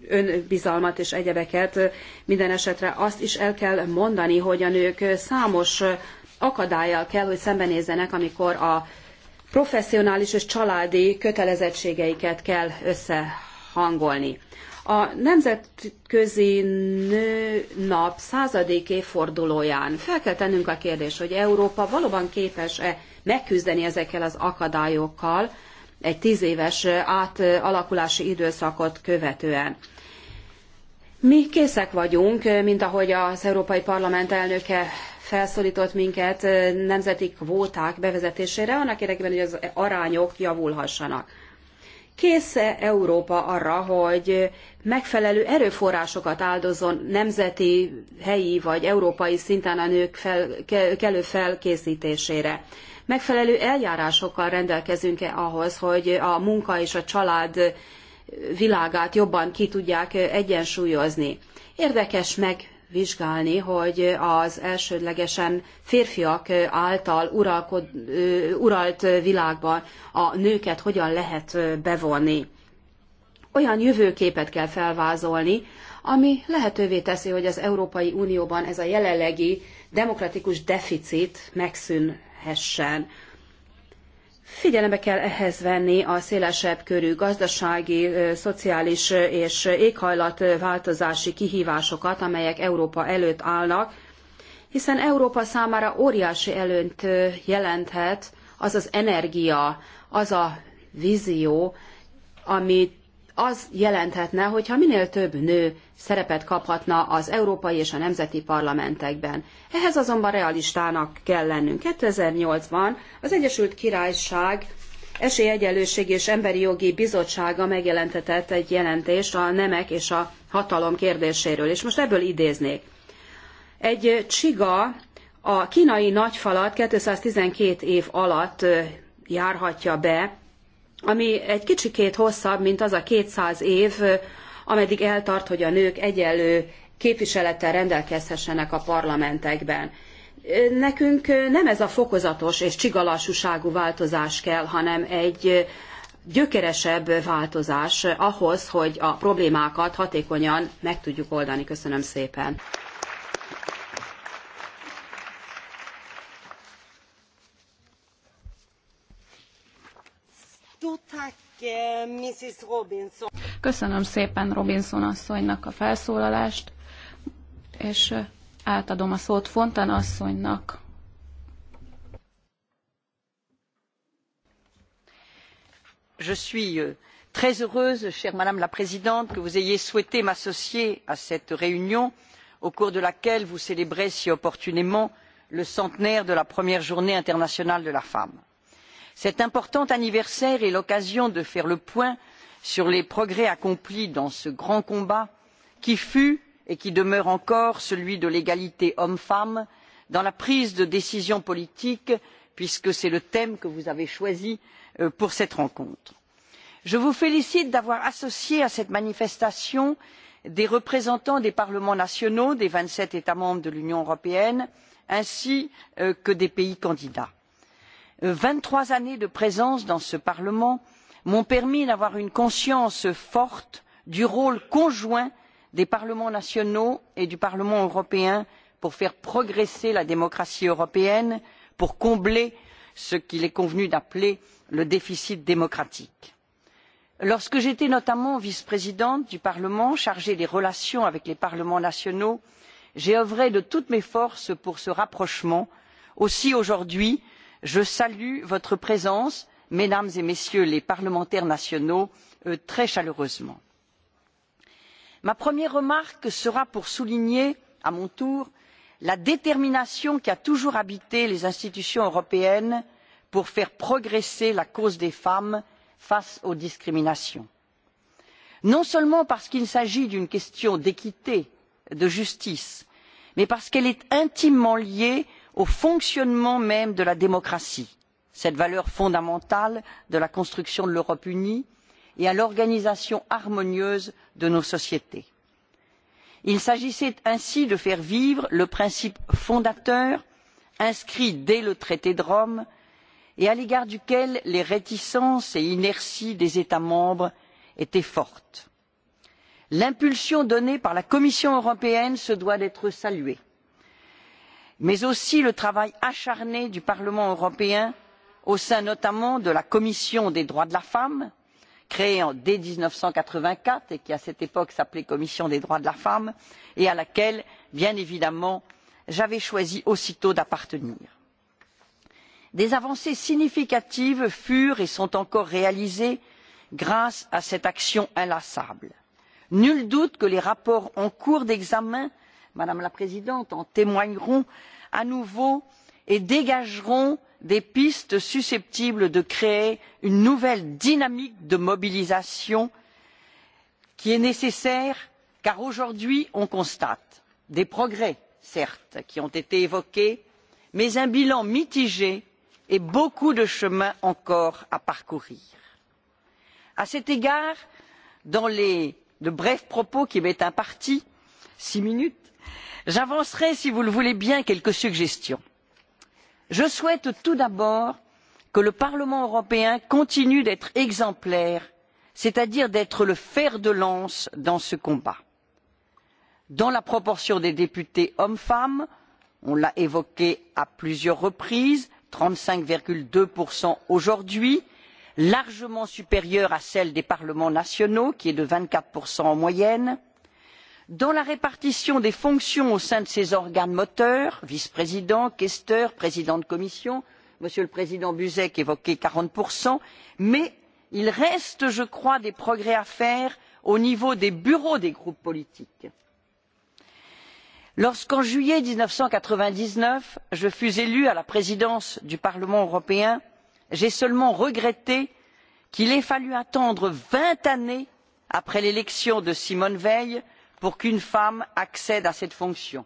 S4: önbizalmat és egyebeket. Minden esetre azt is el kell mondani, hogy a nők számos akadályjal kell, hogy szembenézzenek, amikor a professzionális és családi kötelezettségeiket kell össze hangolni. A Nemzetközi Nő Nap századék évfordulóján fel kell tennünk a kérdés, hogy Európa valóban képes-e megküzdeni ezekkel az akadályokkal egy tíz éves átalakulási időszakot követően. Mi készek vagyunk, mint ahogy az Európai Parlament elnöke felszólított minket nemzeti kvóták bevezetésére, annak érdekében, hogy az arányok javulhassanak. Kész-e Európa arra, hogy megfelelő erőforrásokat áldozzon nemzeti, helyi vagy európai szinten a nők fel, kellő felkészítésére? Megfelelő eljárásokkal rendelkezünk-e ahhoz, hogy a munka és a család világát jobban ki tudják egyensúlyozni? Érdekes meg vizsgálni, hogy az elsődlegesen férfiak által uralkod, uralt világban a nőket hogyan lehet bevonni. Olyan jövőképet kell felvázolni, ami lehetővé teszi, hogy az Európai Unióban ez a jelenlegi demokratikus deficit megszűnhessen. Figyelembe kell ehhez venni a szélesebb körű gazdasági, szociális és éghajlatváltozási kihívásokat, amelyek Európa előtt állnak, hiszen Európa számára óriási előnyt jelenthet az az energia, az a vízió, amit az jelenthetne, hogyha minél több nő szerepet kaphatna az európai és a nemzeti parlamentekben. Ehhez azonban realistának kell lennünk. 2008-ban az Egyesült Királyság Esélyegyenlőség és Emberi Jogi Bizottsága megjelentetett egy jelentést a nemek és a hatalom kérdéséről, és most ebből idéznék. Egy csiga a kínai nagyfalat 212 év alatt járhatja be, ami egy kicsikét hosszabb, mint az a 200 év, ameddig eltart, hogy a nők egyenlő képviselettel rendelkezhessenek a parlamentekben. Nekünk nem ez a fokozatos és csigalassúságú változás kell, hanem egy gyökeresebb változás ahhoz, hogy a problémákat hatékonyan meg tudjuk oldani. Köszönöm szépen. Mrs. Robinson.
S3: Köszönöm szépen Robinson asszonynak a felszólalást, és átadom a szót Fontan asszonynak.
S2: Je suis euh, très heureuse, chère Madame la Présidente, que vous ayez souhaité m'associer à cette réunion au cours de laquelle vous célébrez si opportunément le centenaire de la première journée internationale de la femme. cet important anniversaire est l'occasion de faire le point sur les progrès accomplis dans ce grand combat qui fut et qui demeure encore celui de l'égalité hommes femmes dans la prise de décision politique puisque c'est le thème que vous avez choisi euh, pour cette rencontre. je vous félicite d'avoir associé à cette manifestation des représentants des parlements nationaux des vingt sept états membres de l'union européenne ainsi euh, que des pays candidats. Euh, vingt trois années de présence dans ce parlement m'ont permis d'avoir une conscience forte du rôle conjoint des parlements nationaux et du parlement européen pour faire progresser la démocratie européenne pour combler ce qu'il est convenu d'appeler le déficit démocratique. lorsque j'étais notamment vice présidente du parlement chargée des relations avec les parlements nationaux j'ai œuvré de toutes mes forces pour ce rapprochement. aussi aujourd'hui je salue votre présence mesdames et messieurs les parlementaires nationaux euh, très chaleureusement. ma première remarque sera pour souligner à mon tour la détermination qui a toujours habité les institutions européennes pour faire progresser la cause des femmes face aux discriminations non seulement parce qu'il s'agit d'une question d'équité et de justice mais parce qu'elle est intimement liée au fonctionnement même de la démocratie cette valeur fondamentale de la construction de l'europe unie et à l'organisation harmonieuse de nos sociétés. il s'agissait ainsi de faire vivre le principe fondateur inscrit dès le traité de rome et à l'égard duquel les réticences et inerties des états membres étaient fortes. l'impulsion donnée par la commission européenne se doit d'être saluée mais aussi le travail acharné du parlement européen au sein notamment de la commission des droits de la femme créée dès mille neuf cent quatre vingt quatre et qui à cette époque s'appelait commission des droits de la femme et à laquelle bien évidemment j'avais choisi aussitôt d'appartenir. des avancées significatives furent et sont encore réalisées grâce à cette action inlassable. nul doute que les rapports en cours d'examen madame la présidente en témoigneront à nouveau et dégageront des pistes susceptibles de créer une nouvelle dynamique de mobilisation qui est nécessaire car aujourd'hui on constate des progrès certes qui ont été évoqués mais un bilan mitigé et beaucoup de chemin encore à parcourir. à cet égard dans les, le bref propos qui m'est imparti six minutes j'avancerai si vous le voulez bien quelques suggestions je souhaite tout d'abord que le parlement européen continue d'être exemplaire c'est à dire d'être le fer de lance dans ce combat dans la proportion des députés hommes femmes on l'a évoqué à plusieurs reprises trente cinq deux aujourd'hui largement supérieure à celle des parlements nationaux qui est de vingt quatre en moyenne dans la répartition des fonctions au sein de ses organes moteurs vice président questeur président de commission m. le président buzek évoquait quarante mais il reste je crois des progrès à faire au niveau des bureaux des groupes politiques. lorsqu'en juillet mille neuf cent quatre vingt dix neuf je fus élue à la présidence du parlement européen j'ai seulement regretté qu'il ait fallu attendre vingt années après l'élection de simone veil pour qu'une femme accède à cette fonction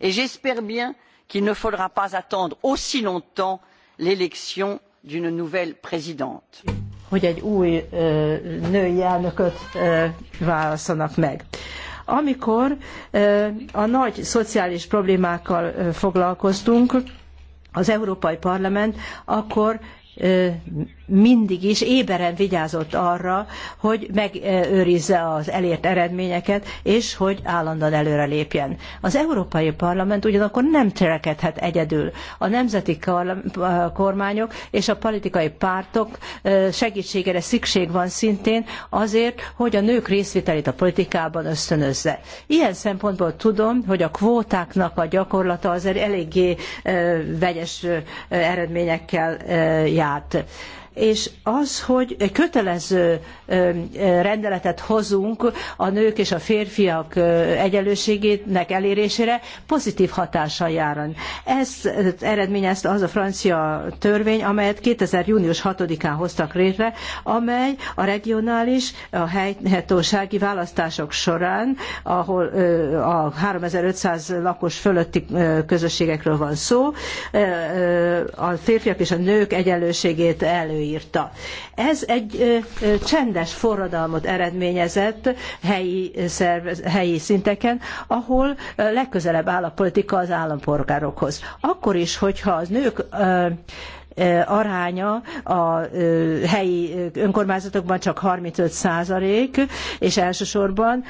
S2: et j'espère bien qu'il ne faudra pas attendre aussi longtemps l'élection d'une nouvelle présidente.
S1: hogy egy új ö, női elnököt ö, válasszanak meg. Amikor ö, a nagy szociális problémákkal ö, foglalkoztunk, az Európai Parlament, akkor mindig is éberen vigyázott arra, hogy megőrizze az elért eredményeket, és hogy állandóan előre lépjen. Az Európai Parlament ugyanakkor nem cselekedhet egyedül. A nemzeti kormányok és a politikai pártok segítségére szükség van szintén azért, hogy a nők részvételét a politikában ösztönözze. Ilyen szempontból tudom, hogy a kvótáknak a gyakorlata azért eléggé vegyes eredményekkel járt és az, hogy kötelező rendeletet hozunk a nők és a férfiak egyenlőségének elérésére, pozitív hatással jár. Ezt eredményezte az a francia törvény, amelyet 2000. június 6-án hoztak létre, amely a regionális, a helyhatósági választások során, ahol a 3500 lakos fölötti közösségekről van szó, a férfiak és a nők egyenlőségét előír előírta. Ez egy csendes forradalmat eredményezett helyi, szervez, helyi szinteken, ahol legközelebb áll a politika az állampolgárokhoz. Akkor is, hogyha az nők aránya a helyi önkormányzatokban csak 35 százalék, és elsősorban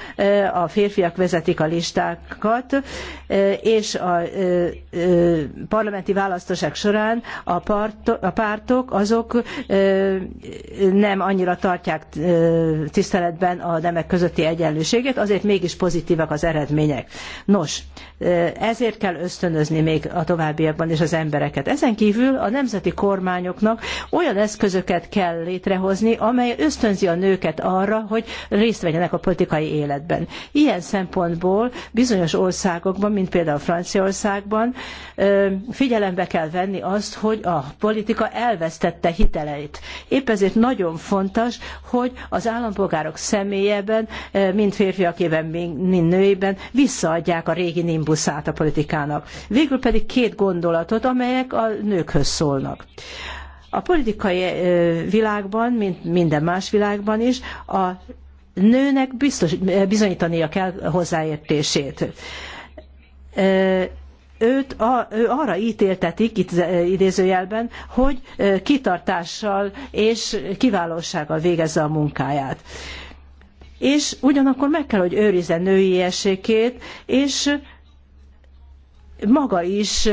S1: a férfiak vezetik a listákat, és a parlamenti választások során a, pártok azok nem annyira tartják tiszteletben a nemek közötti egyenlőséget, azért mégis pozitívak az eredmények. Nos, ezért kell ösztönözni még a továbbiakban is az embereket. Ezen kívül a nemzeti kormányoknak olyan eszközöket kell létrehozni, amely ösztönzi a nőket arra, hogy részt vegyenek a politikai életben. Ilyen szempontból bizonyos országokban, mint például Franciaországban figyelembe kell venni azt, hogy a politika elvesztette hiteleit. Épp ezért nagyon fontos, hogy az állampolgárok személyében, mind férfiakében, mind nőiben visszaadják a régi nimbuszát a politikának. Végül pedig két gondolatot, amelyek a nőkhöz szólnak vannak. A politikai világban, mint minden más világban is, a nőnek biztos, bizonyítania kell hozzáértését. Őt a, ő arra ítéltetik, itt idézőjelben, hogy kitartással és kiválósággal végezze a munkáját és ugyanakkor meg kell, hogy őrizze női és maga is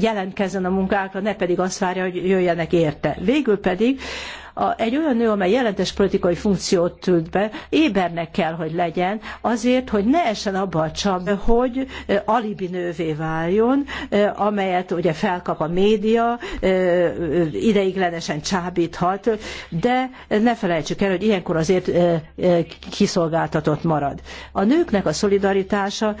S1: jelentkezzen a munkákra, ne pedig azt várja, hogy jöjjenek érte. Végül pedig a, egy olyan nő, amely jelentős politikai funkciót tölt be, ébernek kell, hogy legyen, azért, hogy ne essen abba a csapba, hogy alibi nővé váljon, amelyet ugye felkap a média, ideiglenesen csábíthat, de ne felejtsük el, hogy ilyenkor azért kiszolgáltatott marad. A nőknek a szolidaritása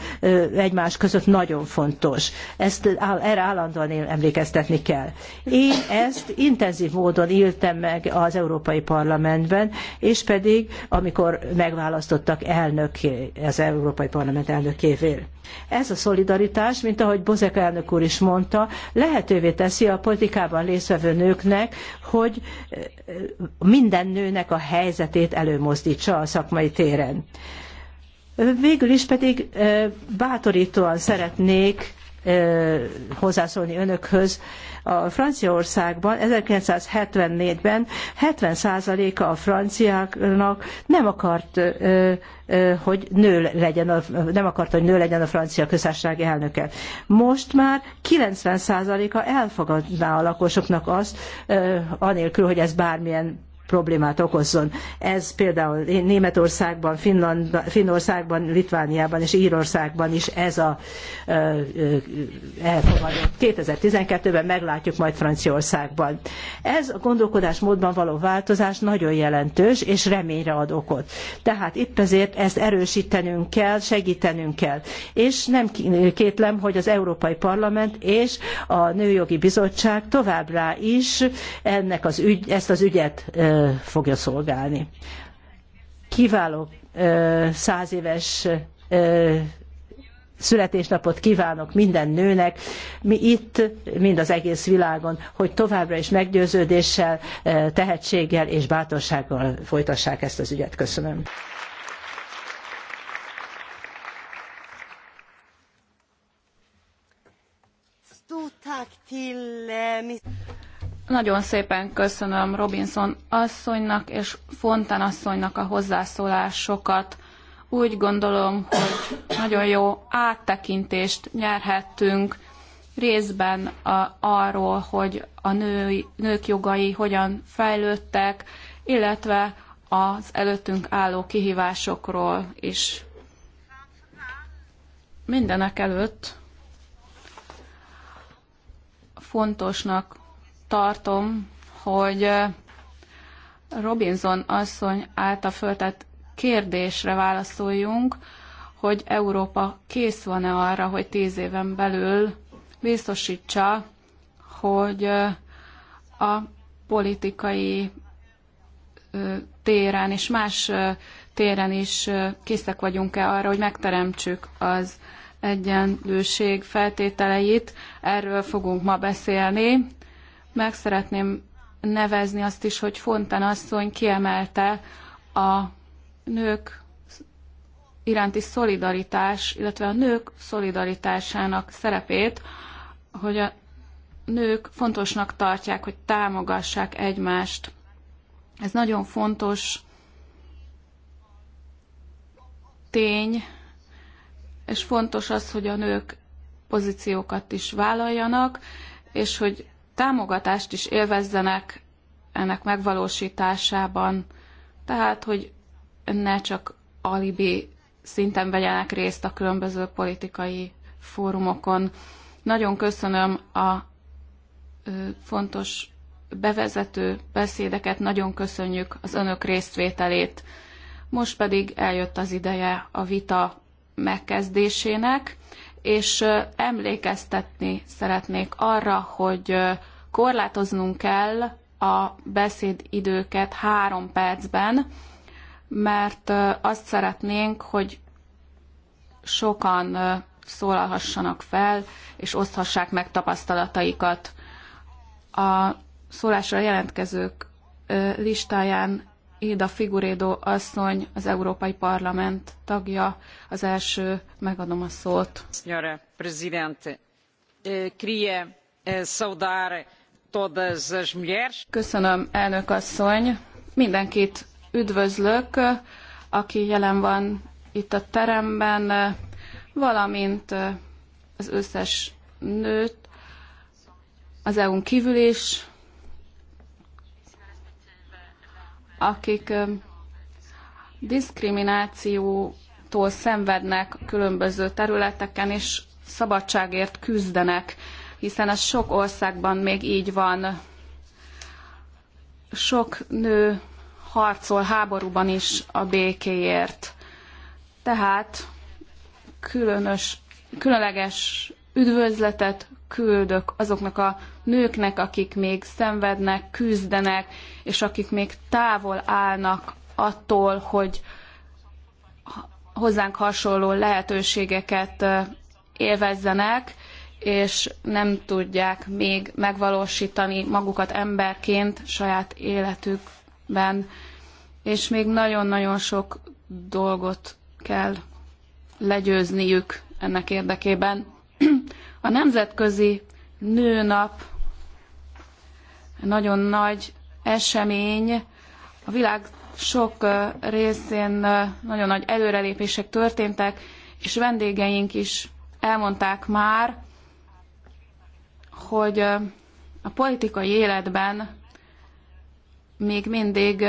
S1: egymás között nagyon fontos. Ezt erre állandóan emlékeztetni kell. Én ezt intenzív módon éltem meg a az Európai Parlamentben, és pedig amikor megválasztottak elnök, az Európai Parlament elnökévé. Ez a szolidaritás, mint ahogy Bozek elnök úr is mondta, lehetővé teszi a politikában résztvevő nőknek, hogy eh, minden nőnek a helyzetét előmozdítsa a szakmai téren. Végül is pedig eh, bátorítóan szeretnék eh, hozzászólni önökhöz, a Franciaországban 1974-ben 70%-a a franciáknak nem akart, hogy nő legyen, a, nem akart, hogy nő legyen a francia köztársaság elnöke. Most már 90%-a elfogadná a lakosoknak azt, anélkül, hogy ez bármilyen problémát okozzon. Ez például Németországban, Finland, Finnországban, Litvániában és Írországban is ez a elfogadott. 2012-ben meglátjuk majd Franciaországban. Ez a gondolkodásmódban való változás nagyon jelentős, és reményre ad okot. Tehát itt ezért ezt erősítenünk kell, segítenünk kell. És nem kétlem, hogy az Európai Parlament és a Nőjogi Bizottság továbbra is ennek az ügy, ezt az ügyet fogja szolgálni. Kiváló száz éves születésnapot kívánok minden nőnek, mi itt, mind az egész világon, hogy továbbra is meggyőződéssel, tehetséggel és bátorsággal folytassák ezt az ügyet. Köszönöm.
S3: Nagyon szépen köszönöm Robinson asszonynak és Fontan asszonynak a hozzászólásokat. Úgy gondolom, hogy nagyon jó áttekintést nyerhettünk részben a, arról, hogy a női, nők jogai hogyan fejlődtek, illetve az előttünk álló kihívásokról is. Mindenek előtt fontosnak tartom, hogy Robinson asszony által föltett kérdésre válaszoljunk, hogy Európa kész van-e arra, hogy tíz éven belül biztosítsa, hogy a politikai téren és más téren is készek vagyunk-e arra, hogy megteremtsük az egyenlőség feltételeit. Erről fogunk ma beszélni. Meg szeretném nevezni azt is, hogy Fontan asszony kiemelte a nők iránti szolidaritás, illetve a nők szolidaritásának szerepét, hogy a nők fontosnak tartják, hogy támogassák egymást. Ez nagyon fontos tény, és fontos az, hogy a nők pozíciókat is vállaljanak, és hogy támogatást is élvezzenek ennek megvalósításában, tehát, hogy ne csak alibi szinten vegyenek részt a különböző politikai fórumokon. Nagyon köszönöm a fontos bevezető beszédeket, nagyon köszönjük az önök résztvételét. Most pedig eljött az ideje a vita megkezdésének és emlékeztetni szeretnék arra, hogy korlátoznunk kell a beszédidőket három percben, mert azt szeretnénk, hogy sokan szólalhassanak fel, és oszthassák meg tapasztalataikat. A szólásra jelentkezők listáján Éda Figurédo asszony, az Európai Parlament tagja, az első, megadom a szót. Signora Presidente, eh, queria eh, saudar todas as mulheres. Köszönöm, elnök asszony. Mindenkit üdvözlök, aki jelen van itt a teremben, valamint eh, az összes nőt, az EU-n kívül is, akik diszkriminációtól szenvednek különböző területeken, és szabadságért küzdenek, hiszen ez sok országban még így van. Sok nő harcol háborúban is a békéért. Tehát különös, különleges üdvözletet küldök azoknak a nőknek, akik még szenvednek, küzdenek, és akik még távol állnak attól, hogy hozzánk hasonló lehetőségeket élvezzenek, és nem tudják még megvalósítani magukat emberként saját életükben. És még nagyon-nagyon sok dolgot kell legyőzniük ennek érdekében. A Nemzetközi Nőnap nagyon nagy esemény, a világ sok részén nagyon nagy előrelépések történtek, és vendégeink is elmondták már, hogy a politikai életben még mindig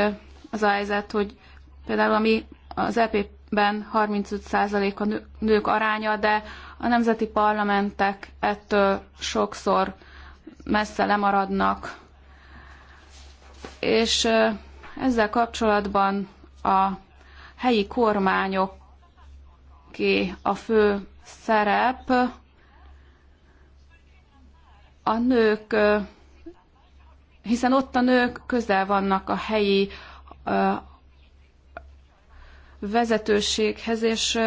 S3: az a helyzet, hogy például ami az EP-ben 35% a nők aránya, de a nemzeti parlamentek ettől sokszor messze lemaradnak, és ezzel kapcsolatban a helyi kormányoké a fő szerep, a nők, hiszen ott a nők közel vannak a helyi vezetőséghez, és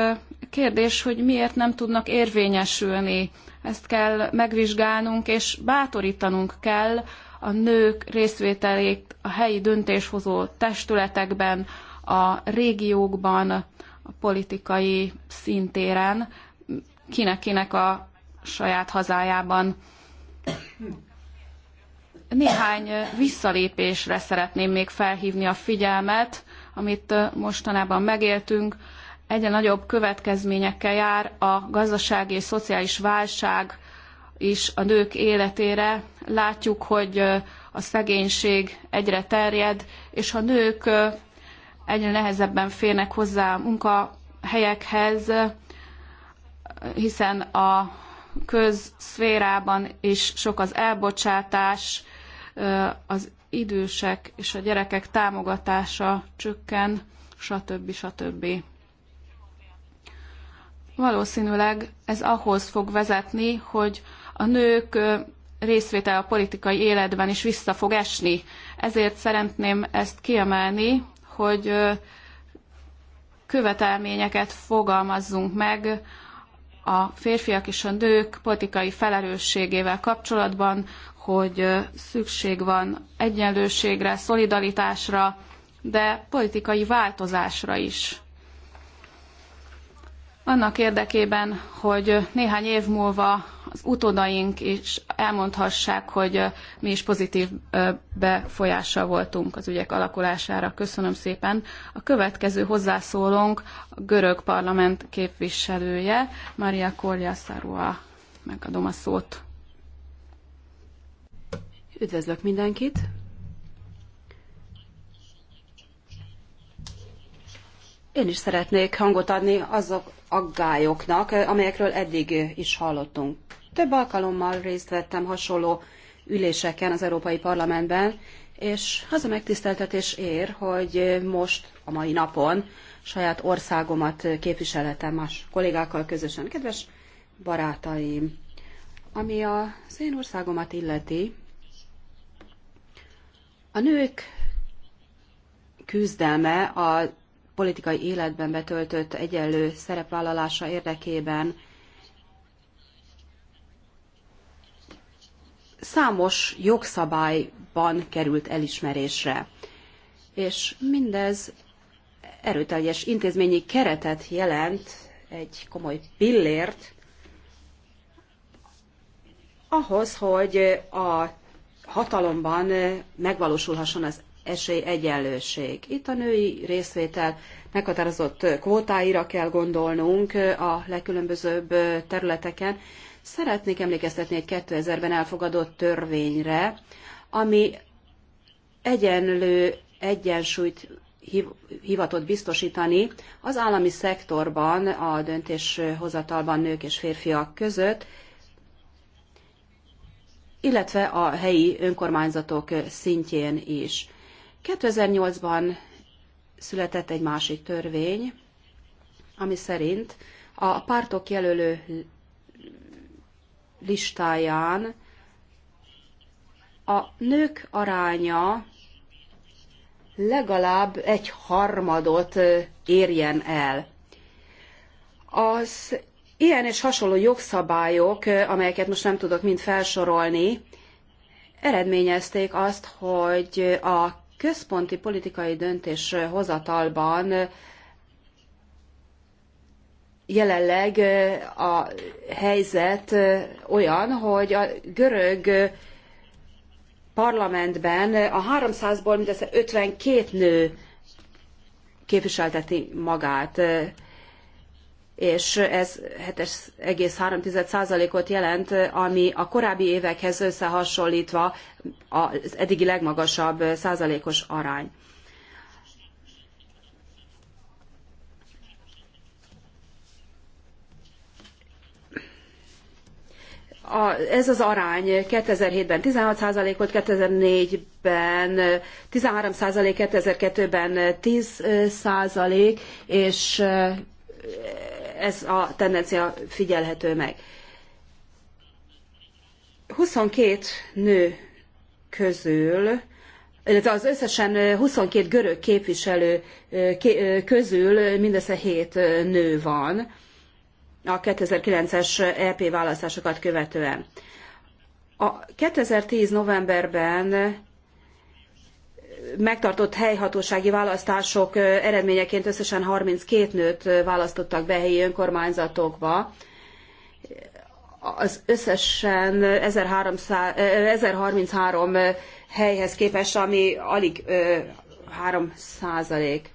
S3: Kérdés, hogy miért nem tudnak érvényesülni. Ezt kell megvizsgálnunk, és bátorítanunk kell a nők részvételét a helyi döntéshozó testületekben, a régiókban, a politikai szintéren, kinek-kinek a saját hazájában. Néhány visszalépésre szeretném még felhívni a figyelmet, amit mostanában megéltünk egyre nagyobb következményekkel jár a gazdasági és szociális válság is a nők életére. Látjuk, hogy a szegénység egyre terjed, és a nők egyre nehezebben férnek hozzá a munkahelyekhez, hiszen a közszférában is sok az elbocsátás, az idősek és a gyerekek támogatása csökken, stb. stb. Valószínűleg ez ahhoz fog vezetni, hogy a nők részvétel a politikai életben is vissza fog esni. Ezért szeretném ezt kiemelni, hogy követelményeket fogalmazzunk meg a férfiak és a nők politikai felelősségével kapcsolatban, hogy szükség van egyenlőségre, szolidaritásra, de politikai változásra is annak érdekében, hogy néhány év múlva az utódaink is elmondhassák, hogy mi is pozitív befolyással voltunk az ügyek alakulására. Köszönöm szépen. A következő hozzászólónk a görög parlament képviselője, Maria Kolja Szarua. Megadom a szót. Üdvözlök
S4: mindenkit! Én is szeretnék hangot adni azok, aggályoknak, amelyekről eddig is hallottunk. Több alkalommal részt vettem hasonló üléseken az Európai Parlamentben, és az a megtiszteltetés ér, hogy most, a mai napon saját országomat képviselhetem más kollégákkal közösen. Kedves barátaim, ami az én országomat illeti, a nők küzdelme a politikai életben betöltött egyenlő szerepvállalása érdekében számos jogszabályban került elismerésre. És mindez erőteljes intézményi keretet jelent, egy komoly pillért, ahhoz, hogy a hatalomban megvalósulhasson az esélyegyenlőség. Itt a női részvétel meghatározott kvótáira kell gondolnunk a legkülönbözőbb területeken. Szeretnék emlékeztetni egy 2000-ben elfogadott törvényre, ami egyenlő egyensúlyt hivatott biztosítani az állami szektorban, a döntéshozatalban nők és férfiak között, illetve a helyi önkormányzatok szintjén is. 2008-ban született egy másik törvény, ami szerint a pártok jelölő listáján a nők aránya legalább egy harmadot érjen el. Az ilyen és hasonló jogszabályok, amelyeket most nem tudok mind felsorolni, eredményezték azt, hogy a központi politikai döntéshozatalban jelenleg a helyzet olyan, hogy a görög parlamentben a 300-ból mindössze 52 nő képviselteti magát és ez 7,3%-ot jelent, ami a korábbi évekhez összehasonlítva az eddigi legmagasabb százalékos arány. A, ez az arány 2007-ben 16%-ot, 2004-ben 13%, százalék, 2002-ben 10%, százalék és ez a tendencia figyelhető meg. 22 nő közül, illetve az összesen 22 görög képviselő közül mindössze 7 nő van a 2009-es EP választásokat követően. A 2010 novemberben megtartott helyhatósági választások eredményeként összesen 32 nőt választottak be helyi önkormányzatokba. Az összesen 1300, 1033 helyhez képest, ami alig 3 százalék.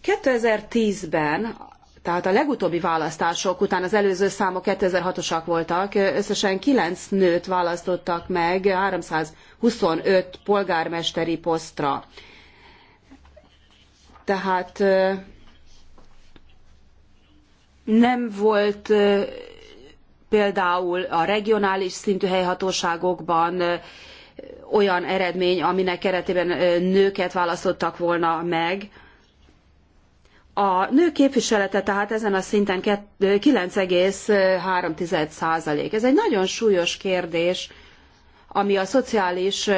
S4: 2010 ben tehát a legutóbbi választások után az előző számok 2006-osak voltak, összesen 9 nőt választottak meg 325 polgármesteri posztra. Tehát nem volt például a regionális szintű helyhatóságokban olyan eredmény, aminek keretében nőket választottak volna meg. A nő képviselete tehát ezen a szinten 9,3 százalék. Ez egy nagyon súlyos kérdés, ami a szociális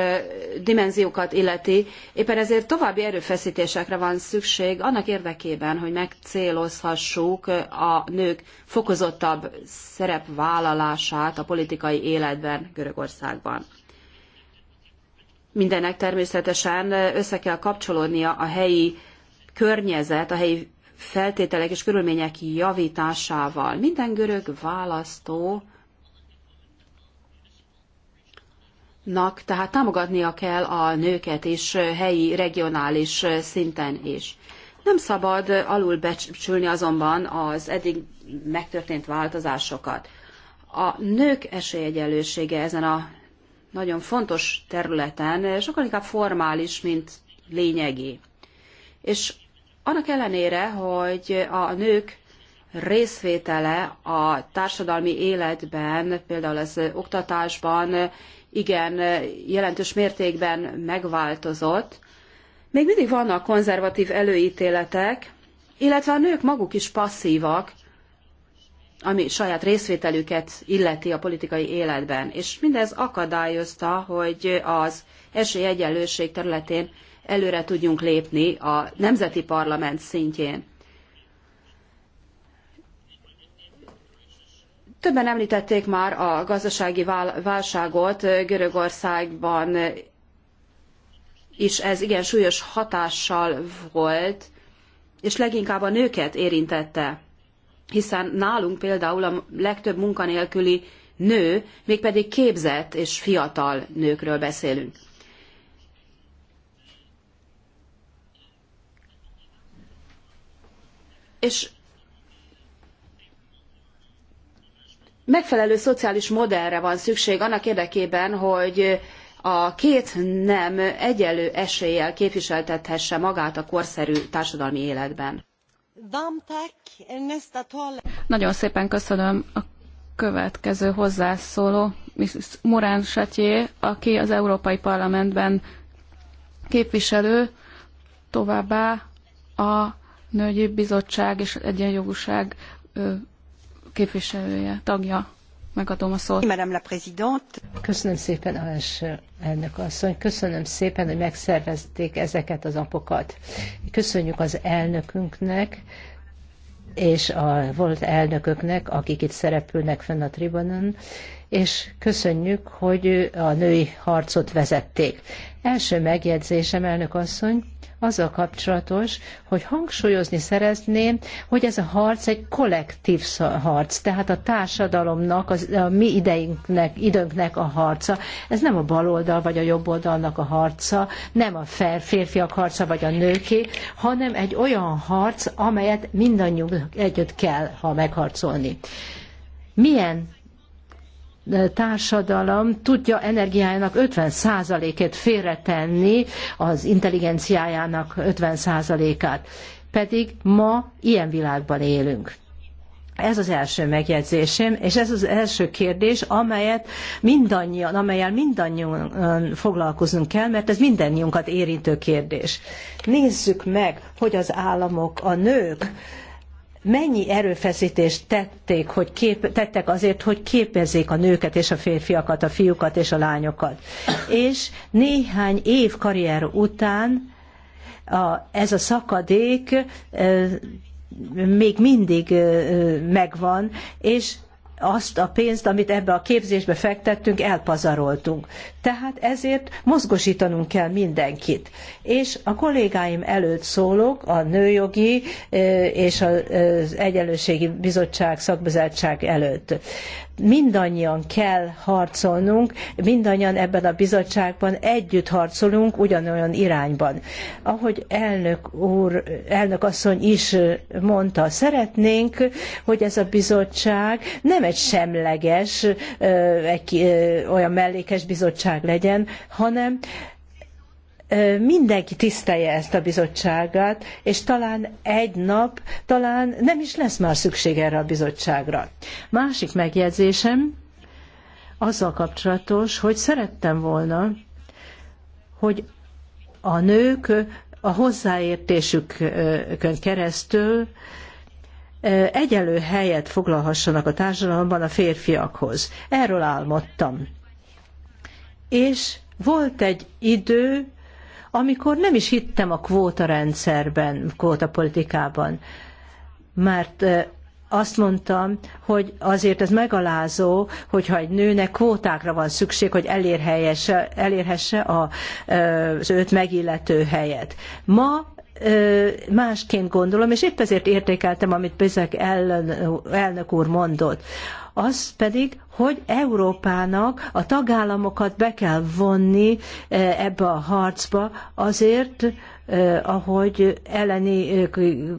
S4: dimenziókat illeti. Éppen ezért további erőfeszítésekre van szükség annak érdekében, hogy megcélozhassuk a nők fokozottabb szerepvállalását a politikai életben Görögországban. Mindennek természetesen össze kell kapcsolódnia a helyi környezet, a helyi feltételek és körülmények javításával. Minden görög választó Nak, tehát támogatnia kell a nőket is helyi, regionális szinten is. Nem szabad alulbecsülni azonban az eddig megtörtént változásokat. A nők esélyegyenlősége ezen a nagyon fontos területen sokkal inkább formális, mint lényegi. És annak ellenére, hogy a nők részvétele a társadalmi életben, például az oktatásban igen jelentős mértékben megváltozott, még mindig vannak konzervatív előítéletek, illetve a nők maguk is passzívak, ami saját részvételüket illeti a politikai életben. És mindez akadályozta, hogy az esélyegyenlőség területén előre tudjunk lépni a nemzeti parlament szintjén. Többen említették már a gazdasági válságot Görögországban is ez igen súlyos hatással volt, és leginkább a nőket érintette, hiszen nálunk például a legtöbb munkanélküli nő, mégpedig képzett és fiatal nőkről beszélünk. és megfelelő szociális modellre van szükség annak érdekében, hogy a két nem egyenlő eséllyel képviseltethesse magát a korszerű társadalmi
S3: életben. Nagyon szépen köszönöm a következő hozzászóló, Mrs. Morán Satyé, aki az Európai Parlamentben képviselő, továbbá a Nőgyi Bizottság és Egyenjogúság képviselője, tagja. Megadom a szót. Madame la Présidente.
S1: Köszönöm szépen, Alás elnök asszony. Köszönöm szépen, hogy megszervezték ezeket az apokat. Köszönjük az elnökünknek, és a volt elnököknek, akik itt szerepülnek fenn a tribunon, és köszönjük, hogy a női harcot vezették. Első megjegyzésem, elnök asszony, azzal kapcsolatos, hogy hangsúlyozni szeretném, hogy ez a harc egy kollektív harc, tehát a társadalomnak, az, a mi ideinknek, időnknek a harca. Ez nem a baloldal vagy a jobb oldalnak a harca, nem a férfiak harca vagy a nőké, hanem egy olyan harc, amelyet mindannyiunk együtt kell, ha megharcolni. Milyen társadalom tudja energiájának 50 et félretenni, az intelligenciájának 50%-át. Pedig ma ilyen világban élünk. Ez az első megjegyzésem, és ez az első kérdés, amelyet mindannyian, amelyel mindannyian foglalkoznunk kell, mert ez mindannyiunkat érintő kérdés. Nézzük meg, hogy az államok, a nők, mennyi erőfeszítést tették, hogy kép, tettek azért, hogy képezzék a nőket és a férfiakat, a fiúkat és a lányokat. És néhány év karrier után a, ez a szakadék e, még mindig megvan, és azt a pénzt, amit ebbe a képzésbe fektettünk, elpazaroltunk. Tehát ezért mozgosítanunk kell mindenkit. És a kollégáim előtt szólok, a nőjogi eh, és az Egyenlőségi Bizottság szakbizottság előtt mindannyian kell harcolnunk, mindannyian ebben a bizottságban együtt harcolunk ugyanolyan irányban. Ahogy elnök úr, elnök asszony is mondta, szeretnénk, hogy ez a bizottság nem egy semleges, egy, olyan mellékes bizottság legyen, hanem mindenki tisztelje ezt a bizottságát, és talán egy nap, talán nem is lesz már szükség erre a bizottságra. Másik megjegyzésem azzal kapcsolatos, hogy szerettem volna, hogy a nők a hozzáértésükön keresztül egyelő helyet foglalhassanak a társadalomban a férfiakhoz. Erről álmodtam. És volt egy idő, amikor nem is hittem a kvóta rendszerben, kvóta politikában, mert azt mondtam, hogy azért ez megalázó, hogyha egy nőnek kvótákra van szükség, hogy elérhesse, a, az őt megillető helyet. Ma másként gondolom, és épp ezért értékeltem, amit Bizek elnök úr mondott. Az pedig, hogy Európának a tagállamokat be kell vonni ebbe a harcba azért, ahogy Eleni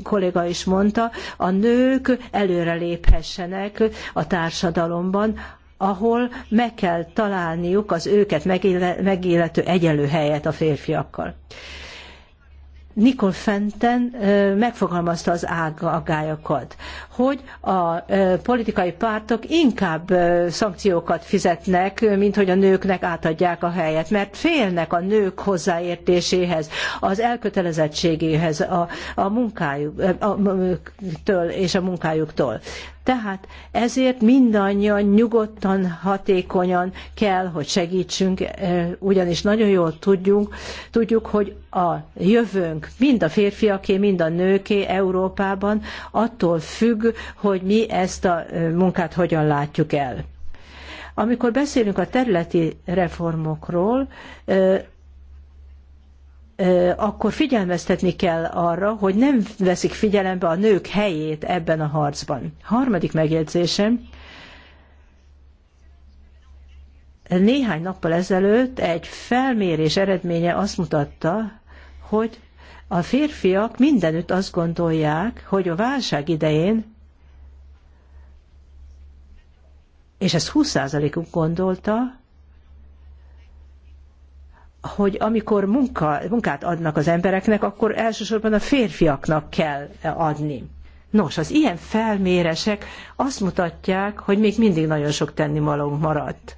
S1: kolléga is mondta, a nők előreléphessenek a társadalomban, ahol meg kell találniuk az őket megillető egyenlő helyet a férfiakkal. Nikol Fenten megfogalmazta az ágályokat, hogy a politikai pártok inkább szankciókat fizetnek, mint hogy a nőknek átadják a helyet, mert félnek a nők hozzáértéséhez, az elkötelezettségéhez, a, a munkájuktól és a munkájuktól. Tehát ezért mindannyian nyugodtan, hatékonyan kell, hogy segítsünk, eh, ugyanis nagyon jól tudjunk, tudjuk, hogy a jövőnk mind a férfiaké, mind a nőké Európában attól függ, hogy mi ezt a eh, munkát hogyan látjuk el. Amikor beszélünk a területi reformokról, eh, akkor figyelmeztetni kell arra, hogy nem veszik figyelembe a nők helyét ebben a harcban. Harmadik megjegyzésem, néhány nappal ezelőtt egy felmérés eredménye azt mutatta, hogy a férfiak mindenütt azt gondolják, hogy a válság idején, és ezt 20%-uk gondolta, hogy amikor munka, munkát adnak az embereknek, akkor elsősorban a férfiaknak kell adni. Nos, az ilyen felmérések azt mutatják, hogy még mindig nagyon sok tennivalónk maradt.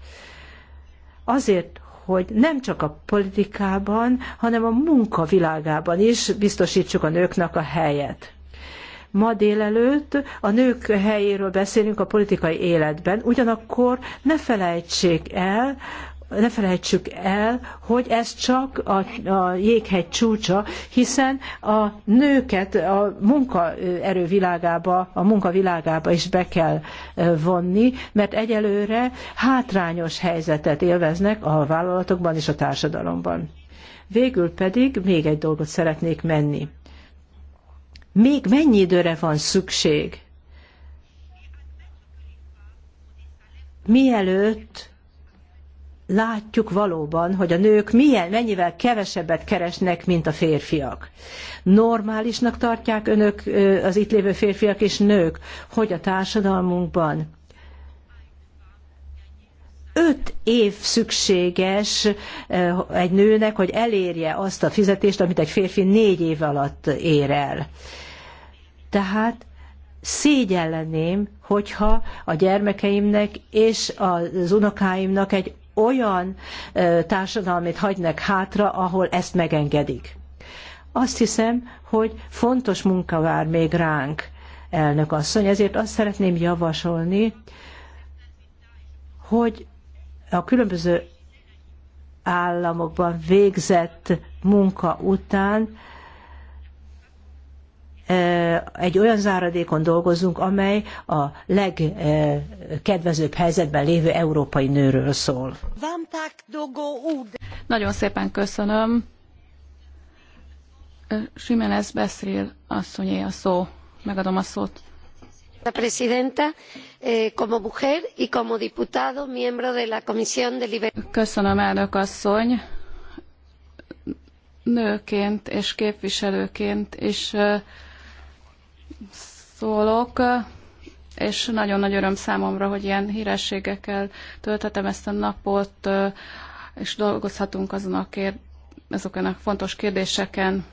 S1: Azért, hogy nem csak a politikában, hanem a munka világában is biztosítsuk a nőknek a helyet. Ma délelőtt a nők helyéről beszélünk a politikai életben, ugyanakkor ne felejtsék el, ne felejtsük el, hogy ez csak a, a jéghegy csúcsa, hiszen a nőket a munkaerő világába, a munkavilágába is be kell vonni, mert egyelőre hátrányos helyzetet élveznek a vállalatokban és a társadalomban. Végül pedig még egy dolgot szeretnék menni. Még mennyi időre van szükség? Mielőtt látjuk valóban, hogy a nők milyen, mennyivel kevesebbet keresnek, mint a férfiak. Normálisnak tartják önök az itt lévő férfiak és nők, hogy a társadalmunkban öt év szükséges egy nőnek, hogy elérje azt a fizetést, amit egy férfi négy év alatt ér el. Tehát szégyelleném, hogyha a gyermekeimnek és az unokáimnak egy olyan társadalmit hagynak hátra, ahol ezt megengedik. Azt hiszem, hogy fontos munka vár még ránk, elnök asszony, ezért azt szeretném javasolni, hogy a különböző államokban végzett munka után egy olyan záradékon dolgozunk, amely a legkedvezőbb helyzetben lévő európai nőről szól.
S3: Nagyon szépen köszönöm. Simenez Beszril asszonyé a szó. Megadom a szót.
S1: La presidenta, eh, como mujer y como diputado, miembro de la Comisión de Libertades.
S3: Köszönöm, elnök asszony nőként és képviselőként is eh, szólok, és nagyon nagy öröm számomra, hogy ilyen hírességekkel tölthetem ezt a napot, és dolgozhatunk azon a kér, azokon a fontos kérdéseken.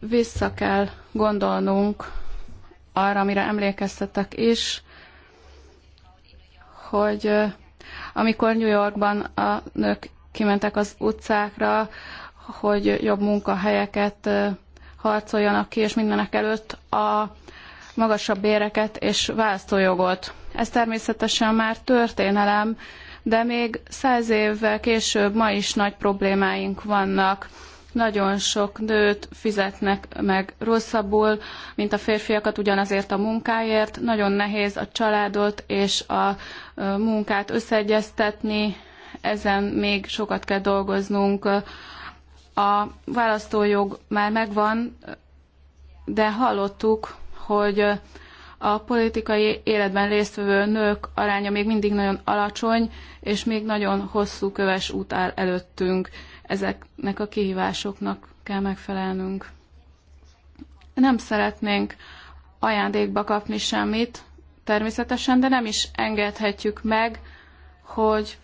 S3: Vissza kell gondolnunk arra, amire emlékeztetek is, hogy amikor New Yorkban a nők kimentek az utcákra, hogy jobb munkahelyeket harcoljanak ki, és mindenek előtt a magasabb béreket és választójogot. Ez természetesen már történelem, de még száz évvel később ma is nagy problémáink vannak. Nagyon sok nőt fizetnek meg rosszabbul, mint a férfiakat ugyanazért a munkáért. Nagyon nehéz a családot és a munkát összeegyeztetni, ezen még sokat kell dolgoznunk a választójog már megvan, de hallottuk, hogy a politikai életben résztvevő nők aránya még mindig nagyon alacsony, és még nagyon hosszú köves út áll előttünk. Ezeknek a kihívásoknak kell megfelelnünk. Nem szeretnénk ajándékba kapni semmit, természetesen, de nem is engedhetjük meg, hogy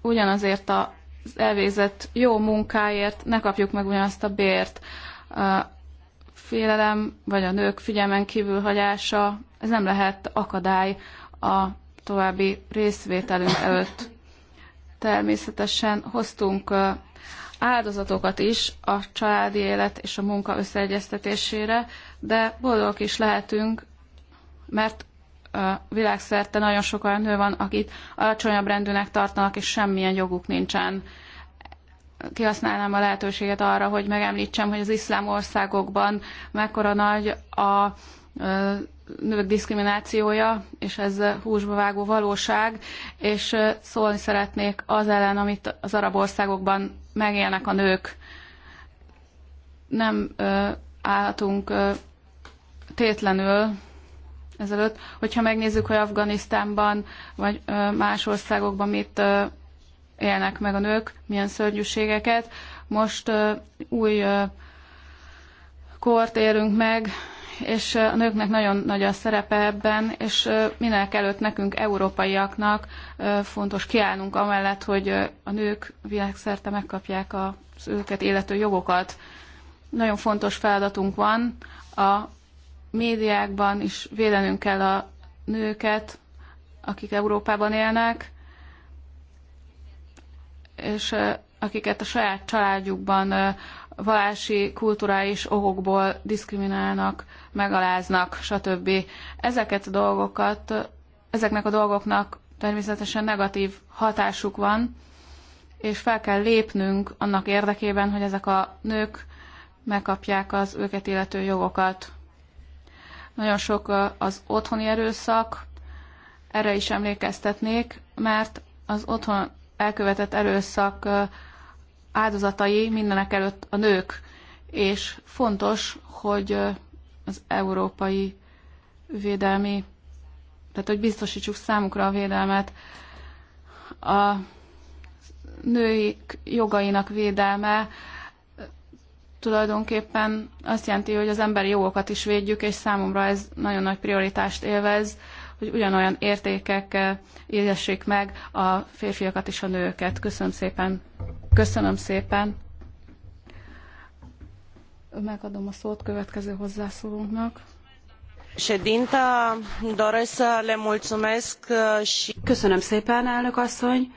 S3: ugyanazért a elvégzett jó munkáért ne kapjuk meg ugyanazt a bért. A félelem vagy a nők figyelmen kívül hagyása, ez nem lehet akadály a további részvételünk előtt. Természetesen hoztunk áldozatokat is a családi élet és a munka összeegyeztetésére, de boldogok is lehetünk, mert világszerte nagyon sok olyan nő van, akit alacsonyabb rendűnek tartanak, és semmilyen joguk nincsen. Kihasználnám a lehetőséget arra, hogy megemlítsem, hogy az iszlám országokban mekkora nagy a nők diszkriminációja, és ez húsba vágó valóság, és szólni szeretnék az ellen, amit az arab országokban megélnek a nők. Nem állhatunk tétlenül ezelőtt. Hogyha megnézzük, hogy Afganisztánban vagy más országokban mit élnek meg a nők, milyen szörnyűségeket, most új kort érünk meg, és a nőknek nagyon nagy a szerepe ebben, és minek előtt nekünk, európaiaknak fontos kiállnunk amellett, hogy a nők világszerte megkapják az őket illető jogokat. Nagyon fontos feladatunk van a médiákban is védenünk kell a nőket, akik Európában élnek, és akiket a saját családjukban valási, kulturális okokból diszkriminálnak, megaláznak, stb. Ezeket a dolgokat, ezeknek a dolgoknak természetesen negatív hatásuk van, és fel kell lépnünk annak érdekében, hogy ezek a nők megkapják az őket illető jogokat. Nagyon sok az otthoni erőszak, erre is emlékeztetnék, mert az otthon elkövetett erőszak áldozatai mindenek előtt a nők, és fontos, hogy az európai védelmi, tehát hogy biztosítsuk számukra a védelmet. A női jogainak védelme tulajdonképpen azt jelenti, hogy az emberi jogokat is védjük, és számomra ez nagyon nagy prioritást élvez, hogy ugyanolyan értékekkel érjessék meg a férfiakat és a nőket. Köszönöm szépen. Köszönöm szépen. Megadom a szót következő hozzászólónknak. Sedinta, doresc să le mulțumesc uh,
S4: Köszönöm szépen, elnök asszony.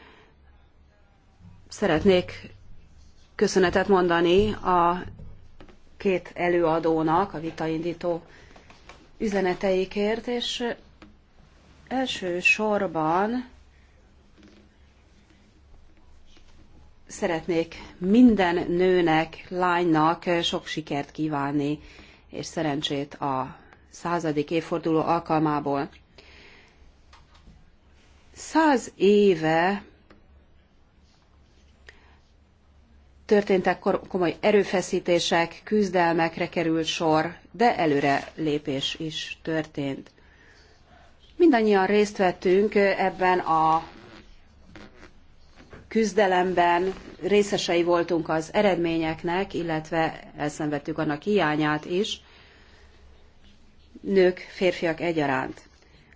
S4: Szeretnék köszönetet mondani a két előadónak a vitaindító üzeneteikért, és elsősorban szeretnék minden nőnek, lánynak sok sikert kívánni, és szerencsét a századik évforduló alkalmából. Száz éve történtek komoly erőfeszítések, küzdelmekre került sor, de előre lépés is történt. Mindannyian részt vettünk ebben a küzdelemben, részesei voltunk az eredményeknek, illetve elszenvedtük annak hiányát is, nők, férfiak egyaránt.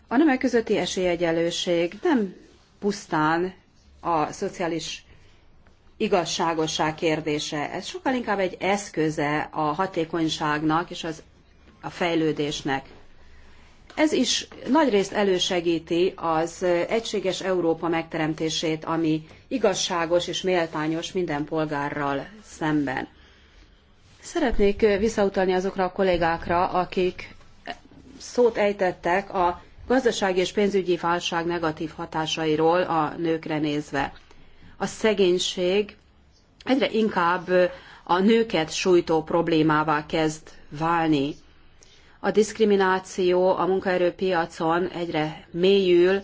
S4: A nemek közötti esélyegyenlőség nem pusztán a szociális igazságosság kérdése. Ez sokkal inkább egy eszköze a hatékonyságnak és az, a fejlődésnek. Ez is nagyrészt elősegíti az egységes Európa megteremtését, ami igazságos és méltányos minden polgárral szemben. Szeretnék visszautalni azokra a kollégákra, akik szót ejtettek a gazdasági és pénzügyi válság negatív hatásairól a nőkre nézve a szegénység egyre inkább a nőket sújtó problémává kezd válni. A diszkrimináció a munkaerőpiacon egyre mélyül,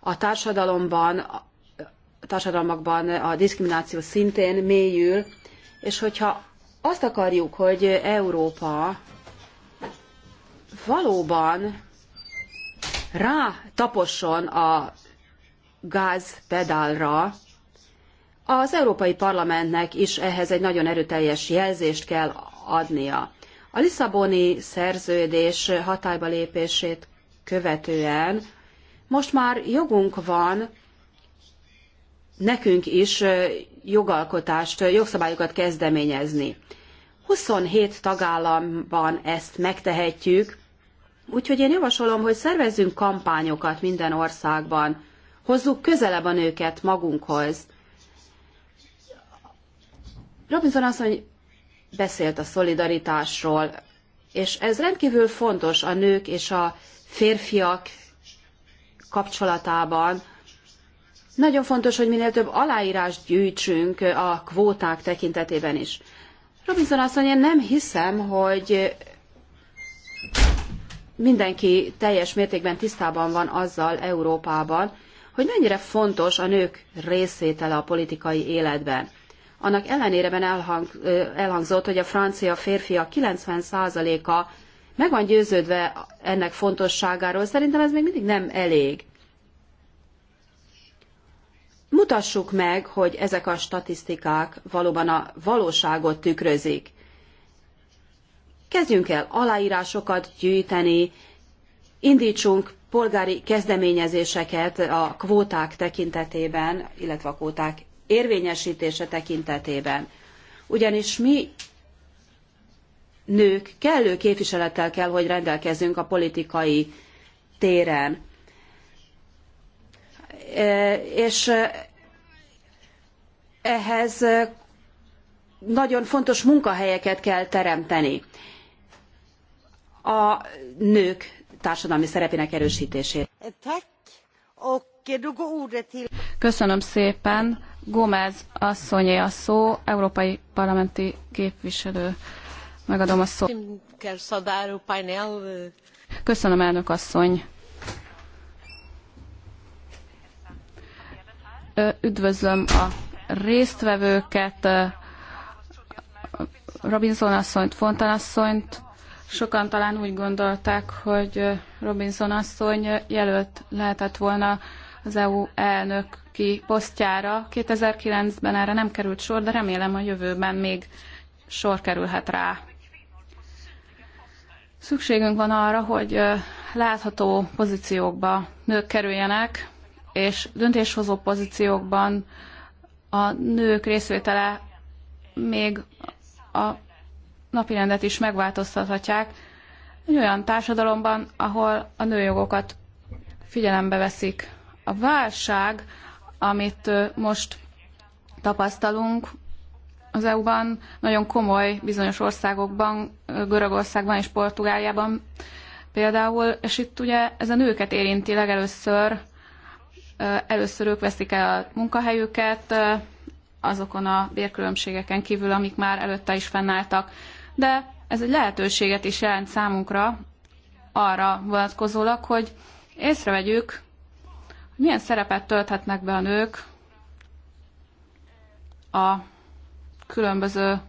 S4: a társadalomban, a társadalmakban a diszkrimináció szintén mélyül, és hogyha azt akarjuk, hogy Európa valóban rá taposson a gázpedálra, az Európai Parlamentnek is ehhez egy nagyon erőteljes jelzést kell adnia. A Lisszaboni szerződés hatályba lépését követően most már jogunk van nekünk is jogalkotást, jogszabályokat kezdeményezni. 27 tagállamban ezt megtehetjük, úgyhogy én javasolom, hogy szervezzünk kampányokat minden országban, hozzuk közelebb a nőket magunkhoz, Robinson asszony beszélt a szolidaritásról, és ez rendkívül fontos a nők és a férfiak kapcsolatában. Nagyon fontos, hogy minél több aláírást gyűjtsünk a kvóták tekintetében is. Robinson asszony, én nem hiszem, hogy mindenki teljes mértékben tisztában van azzal Európában, hogy mennyire fontos a nők részvétele a politikai életben. Annak ellenéreben elhang, elhangzott, hogy a francia férfiak 90%-a meg van győződve ennek fontosságáról. Szerintem ez még mindig nem elég. Mutassuk meg, hogy ezek a statisztikák valóban a valóságot tükrözik. Kezdjünk el aláírásokat gyűjteni, indítsunk polgári kezdeményezéseket a kvóták tekintetében, illetve a kvóták érvényesítése tekintetében. Ugyanis mi nők kellő képviselettel kell, hogy rendelkezünk a politikai téren. E, és ehhez nagyon fontos munkahelyeket kell teremteni. A nők társadalmi szerepének erősítésére.
S3: Köszönöm szépen. Gómez asszonyé a szó, európai parlamenti képviselő. Megadom a szót. Köszönöm, elnök asszony. Üdvözlöm a résztvevőket, Robinson asszonyt, Fontan asszonyt. Sokan talán úgy gondolták, hogy Robinson asszony jelölt lehetett volna az EU elnöki posztjára. 2009-ben erre nem került sor, de remélem a jövőben még sor kerülhet rá. Szükségünk van arra, hogy látható pozíciókba nők kerüljenek, és döntéshozó pozíciókban a nők részvétele még a napirendet is megváltoztathatják egy olyan társadalomban, ahol a nőjogokat figyelembe veszik. A válság, amit most tapasztalunk az EU-ban, nagyon komoly bizonyos országokban, Görögországban és Portugáliában például, és itt ugye ez a nőket érinti legelőször, először ők veszik el a munkahelyüket, azokon a bérkülönbségeken kívül, amik már előtte is fennálltak. De ez egy lehetőséget is jelent számunkra arra vonatkozólag, hogy észrevegyük, milyen szerepet tölthetnek be a nők a különböző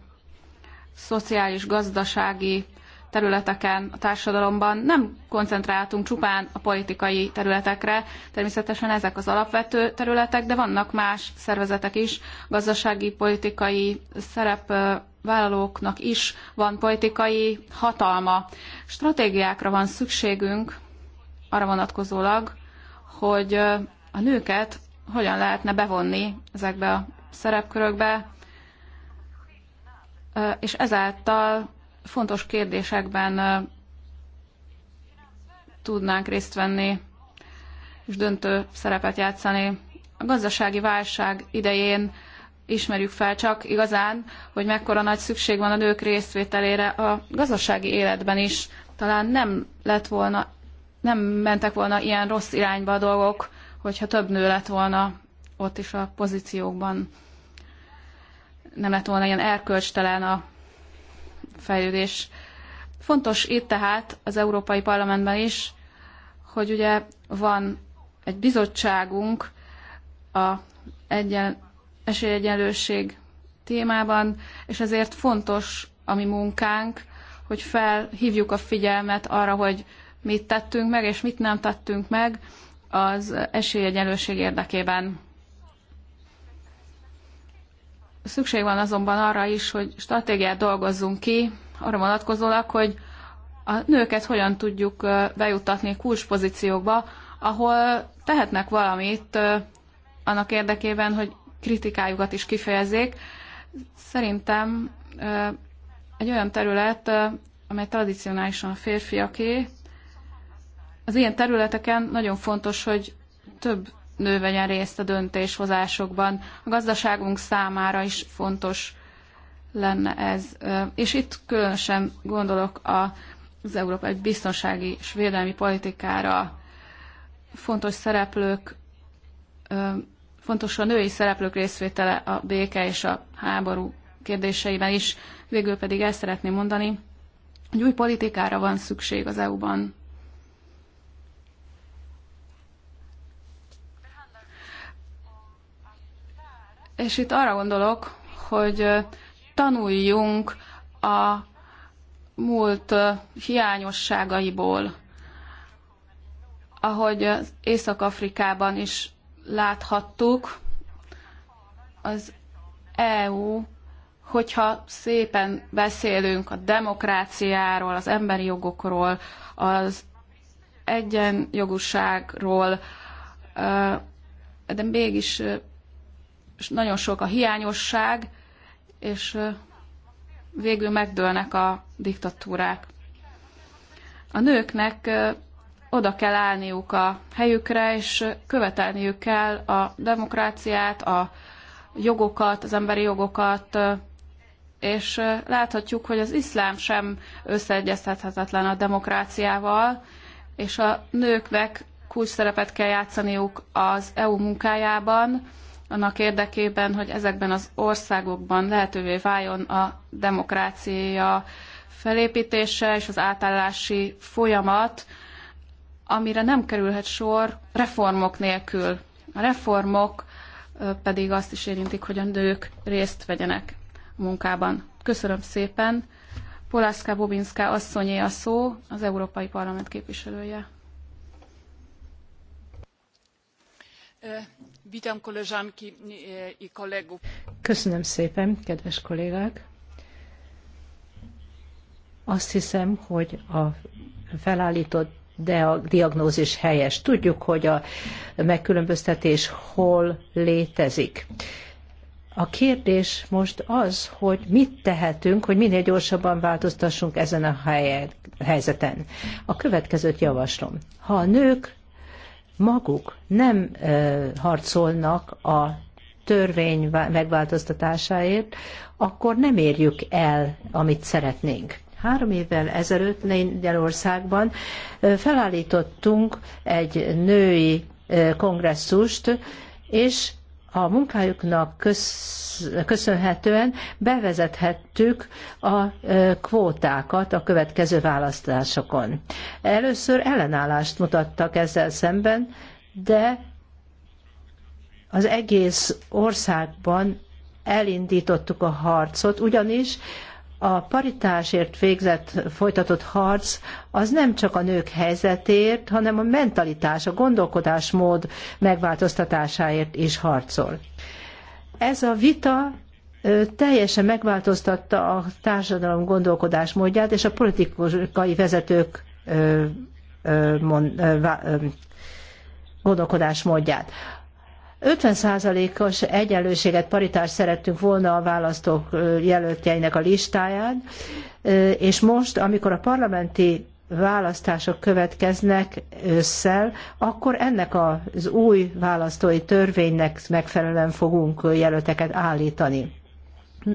S3: szociális, gazdasági területeken a társadalomban. Nem koncentráltunk csupán a politikai területekre, természetesen ezek az alapvető területek, de vannak más szervezetek is, gazdasági, politikai szerep vállalóknak is van politikai hatalma. Stratégiákra van szükségünk arra vonatkozólag, hogy a nőket hogyan lehetne bevonni ezekbe a szerepkörökbe, és ezáltal fontos kérdésekben tudnánk részt venni, és döntő szerepet játszani. A gazdasági válság idején ismerjük fel csak igazán, hogy mekkora nagy szükség van a nők részvételére a gazdasági életben is. Talán nem lett volna nem mentek volna ilyen rossz irányba a dolgok, hogyha több nő lett volna ott is a pozíciókban. Nem lett volna ilyen erkölcstelen a fejlődés. Fontos itt tehát az Európai Parlamentben is, hogy ugye van egy bizottságunk a egyen, esélyegyenlőség témában, és ezért fontos a mi munkánk, hogy felhívjuk a figyelmet arra, hogy mit tettünk meg, és mit nem tettünk meg az esélyegyenlőség érdekében. Szükség van azonban arra is, hogy stratégiát dolgozzunk ki, arra vonatkozólag, hogy a nőket hogyan tudjuk bejuttatni kulcspozíciókba, ahol tehetnek valamit annak érdekében, hogy kritikájukat is kifejezzék. Szerintem egy olyan terület, amely tradicionálisan férfiaké, az ilyen területeken nagyon fontos, hogy több nő vegyen részt a döntéshozásokban. A gazdaságunk számára is fontos lenne ez. És itt különösen gondolok az európai biztonsági és védelmi politikára. Fontos szereplők, fontos a női szereplők részvétele a béke és a háború kérdéseiben is. Végül pedig ezt szeretném mondani, hogy új politikára van szükség az EU-ban És itt arra gondolok, hogy tanuljunk a múlt hiányosságaiból, ahogy Észak-Afrikában is láthattuk, az EU, hogyha szépen beszélünk a demokráciáról, az emberi jogokról, az egyenjogúságról, de mégis nagyon sok a hiányosság, és végül megdőlnek a diktatúrák. A nőknek oda kell állniuk a helyükre, és követelniük kell a demokráciát, a jogokat, az emberi jogokat, és láthatjuk, hogy az iszlám sem összeegyeztethetetlen a demokráciával, és a nőknek kulcs szerepet kell játszaniuk az EU munkájában, annak érdekében, hogy ezekben az országokban lehetővé váljon a demokrácia felépítése és az átállási folyamat, amire nem kerülhet sor reformok nélkül. A reformok pedig azt is érintik, hogy a nők részt vegyenek a munkában. Köszönöm szépen. Polászka Bobinská asszonyé a szó, az Európai Parlament képviselője koleżanki e, i kolegów. Köszönöm szépen, kedves
S1: kollégák! Azt hiszem, hogy a felállított de a diagnózis helyes. Tudjuk, hogy a megkülönböztetés hol létezik. A kérdés most az, hogy mit tehetünk, hogy minél gyorsabban változtassunk ezen a helyen, helyzeten. A következőt javaslom. Ha a nők maguk nem harcolnak a törvény megváltoztatásáért, akkor nem érjük el, amit szeretnénk. Három évvel ezelőtt Lengyelországban felállítottunk egy női kongresszust, és a munkájuknak köszönhetően bevezethettük a kvótákat a következő választásokon. Először ellenállást mutattak ezzel szemben, de az egész országban elindítottuk a harcot, ugyanis a paritásért végzett, folytatott harc az nem csak a nők helyzetért, hanem a mentalitás, a gondolkodásmód megváltoztatásáért is harcol. Ez a vita teljesen megváltoztatta a társadalom gondolkodásmódját és a politikai vezetők gondolkodásmódját. 50%-os egyenlőséget, paritást szerettünk volna a választók jelöltjeinek a listáján, és most, amikor a parlamenti választások következnek ősszel, akkor ennek az új választói törvénynek megfelelően fogunk jelölteket állítani.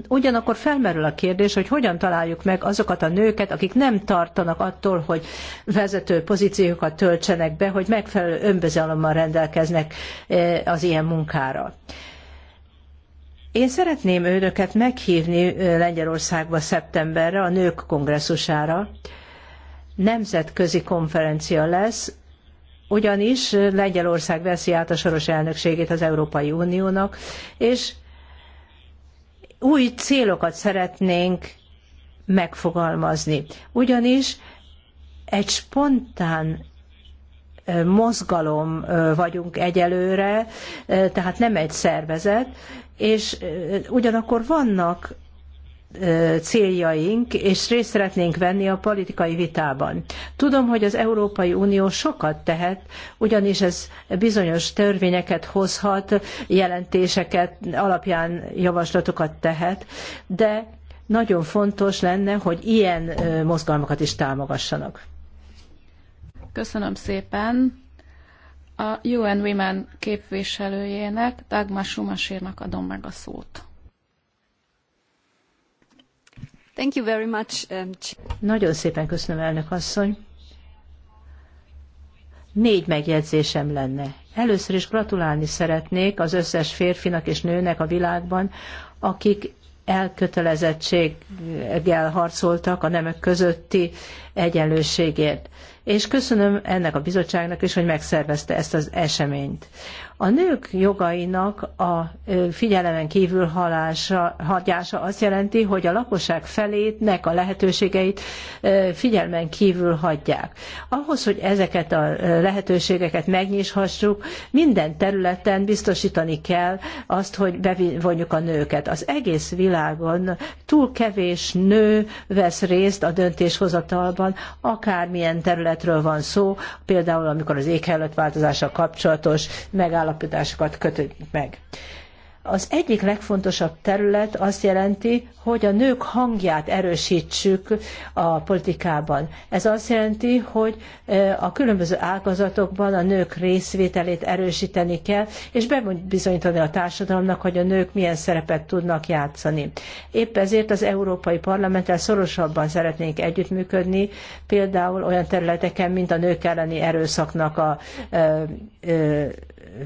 S1: Ugyanakkor felmerül a kérdés, hogy hogyan találjuk meg azokat a nőket, akik nem tartanak attól, hogy vezető pozíciókat töltsenek be, hogy megfelelő önbizalommal rendelkeznek e, az ilyen munkára. Én szeretném önöket meghívni e, Lengyelországba szeptemberre, a nők kongresszusára. Nemzetközi konferencia lesz, ugyanis Lengyelország veszi át a soros elnökségét az Európai Uniónak, és új célokat szeretnénk megfogalmazni. Ugyanis egy spontán mozgalom vagyunk egyelőre, tehát nem egy szervezet, és ugyanakkor vannak céljaink, és részt szeretnénk venni a politikai vitában. Tudom, hogy az Európai Unió sokat tehet, ugyanis ez bizonyos törvényeket hozhat, jelentéseket, alapján javaslatokat tehet, de nagyon fontos lenne, hogy ilyen mozgalmakat is támogassanak.
S3: Köszönöm szépen. A UN Women képviselőjének, Dagmar Sumasírnak adom meg a szót.
S4: Thank you very much. Um,
S3: Nagyon szépen köszönöm, elnök asszony.
S1: Négy megjegyzésem lenne. Először is gratulálni szeretnék az összes férfinak és nőnek a világban, akik elkötelezettséggel harcoltak a nemek közötti egyenlőségért. És köszönöm ennek a bizottságnak is, hogy megszervezte ezt az eseményt. A nők jogainak a figyelemen kívül halása, hagyása azt jelenti, hogy a lakosság felétnek a lehetőségeit figyelmen kívül hagyják. Ahhoz, hogy ezeket a lehetőségeket megnyishassuk, minden területen biztosítani kell azt, hogy bevonjuk a nőket. Az egész világon túl kevés nő vesz részt a döntéshozatalban, akármilyen területről van szó, például amikor az éghajlatváltozással kapcsolatos megállapodás megállapodásokat kötünk meg. Az egyik legfontosabb terület azt jelenti, hogy a nők hangját erősítsük a politikában. Ez azt jelenti, hogy a különböző ágazatokban a nők részvételét erősíteni kell, és bebizonyítani a társadalomnak, hogy a nők milyen szerepet tudnak játszani. Épp ezért az Európai Parlamenttel szorosabban szeretnénk együttműködni, például olyan területeken, mint a nők elleni erőszaknak a, a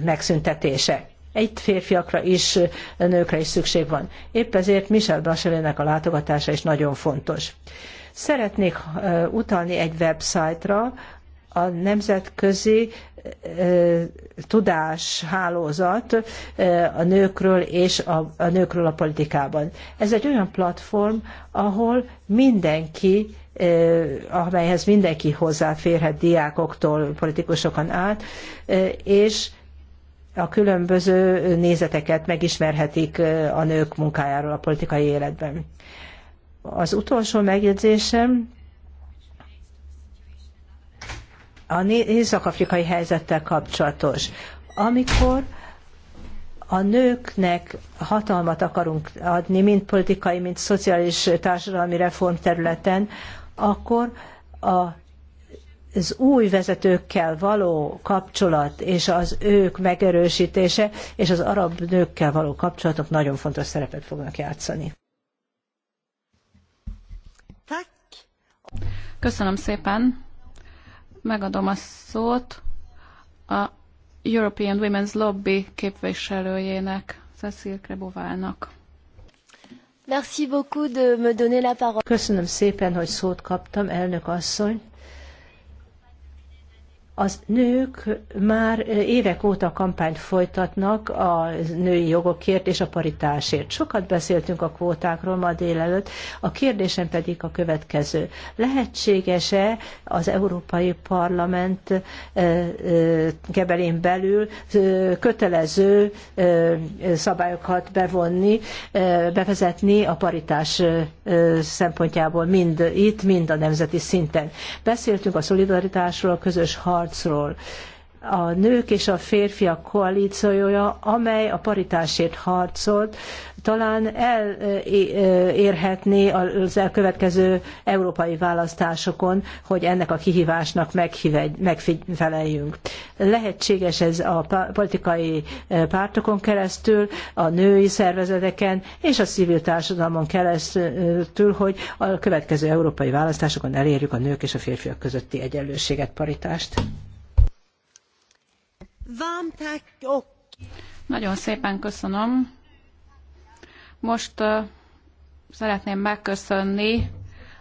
S1: megszüntetése. Itt férfiakra is, nőkre is szükség van. Épp ezért Michel Bachelet-nek a látogatása is nagyon fontos. Szeretnék utalni egy websájtra, a nemzetközi tudáshálózat a nőkről és a, a nőkről a politikában. Ez egy olyan platform, ahol mindenki amelyhez mindenki hozzáférhet, diákoktól politikusokon át, és a különböző nézeteket megismerhetik a nők munkájáról a politikai életben. Az utolsó megjegyzésem a észak-afrikai helyzettel kapcsolatos. Amikor a nőknek hatalmat akarunk adni, mind politikai, mind szociális társadalmi reform területen, akkor a az új vezetőkkel való kapcsolat és az ők megerősítése és az arab nőkkel való kapcsolatok nagyon fontos szerepet fognak játszani.
S3: Köszönöm szépen. Megadom a szót a European Women's Lobby képviselőjének, Cecil Krebovának.
S2: Merci
S1: beaucoup de me donner la parole. Köszönöm szépen, hogy szót kaptam, elnök asszony az nők már évek óta kampányt folytatnak a női jogokért és a paritásért. Sokat beszéltünk a kvótákról ma délelőtt, a kérdésem pedig a következő. Lehetséges-e az Európai Parlament gebelén belül kötelező szabályokat bevonni, bevezetni a paritás szempontjából mind itt, mind a nemzeti szinten? Beszéltünk a szolidaritásról, a közös har harcról a nők és a férfiak koalíciója, amely a paritásért harcolt, talán elérhetné az elkövetkező európai választásokon, hogy ennek a kihívásnak megfeleljünk. Lehetséges ez a politikai pártokon keresztül, a női szervezeteken és a civil társadalmon keresztül, hogy a következő európai választásokon elérjük a nők és a férfiak közötti
S3: egyenlőséget, paritást. Nagyon szépen köszönöm. Most uh, szeretném megköszönni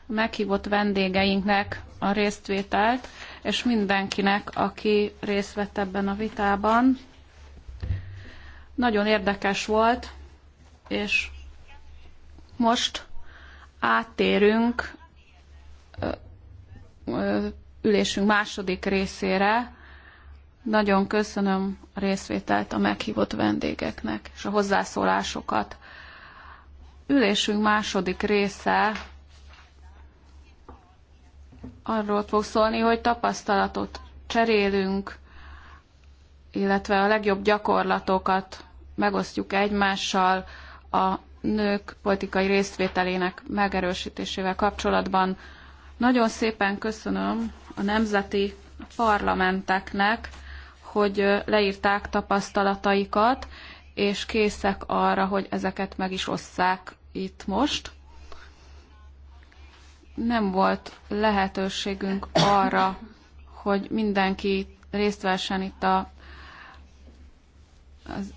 S3: a meghívott vendégeinknek a résztvételt, és mindenkinek, aki részt vett ebben a vitában. Nagyon érdekes volt, és most áttérünk ülésünk második részére, nagyon köszönöm a részvételt a meghívott vendégeknek és a hozzászólásokat. Ülésünk második része arról fog szólni, hogy tapasztalatot cserélünk, illetve a legjobb gyakorlatokat megosztjuk egymással a nők politikai részvételének megerősítésével kapcsolatban. Nagyon szépen köszönöm a nemzeti parlamenteknek, hogy leírták tapasztalataikat, és készek arra, hogy ezeket meg is osszák itt most. Nem volt lehetőségünk arra, hogy mindenki részt vessen itt a, az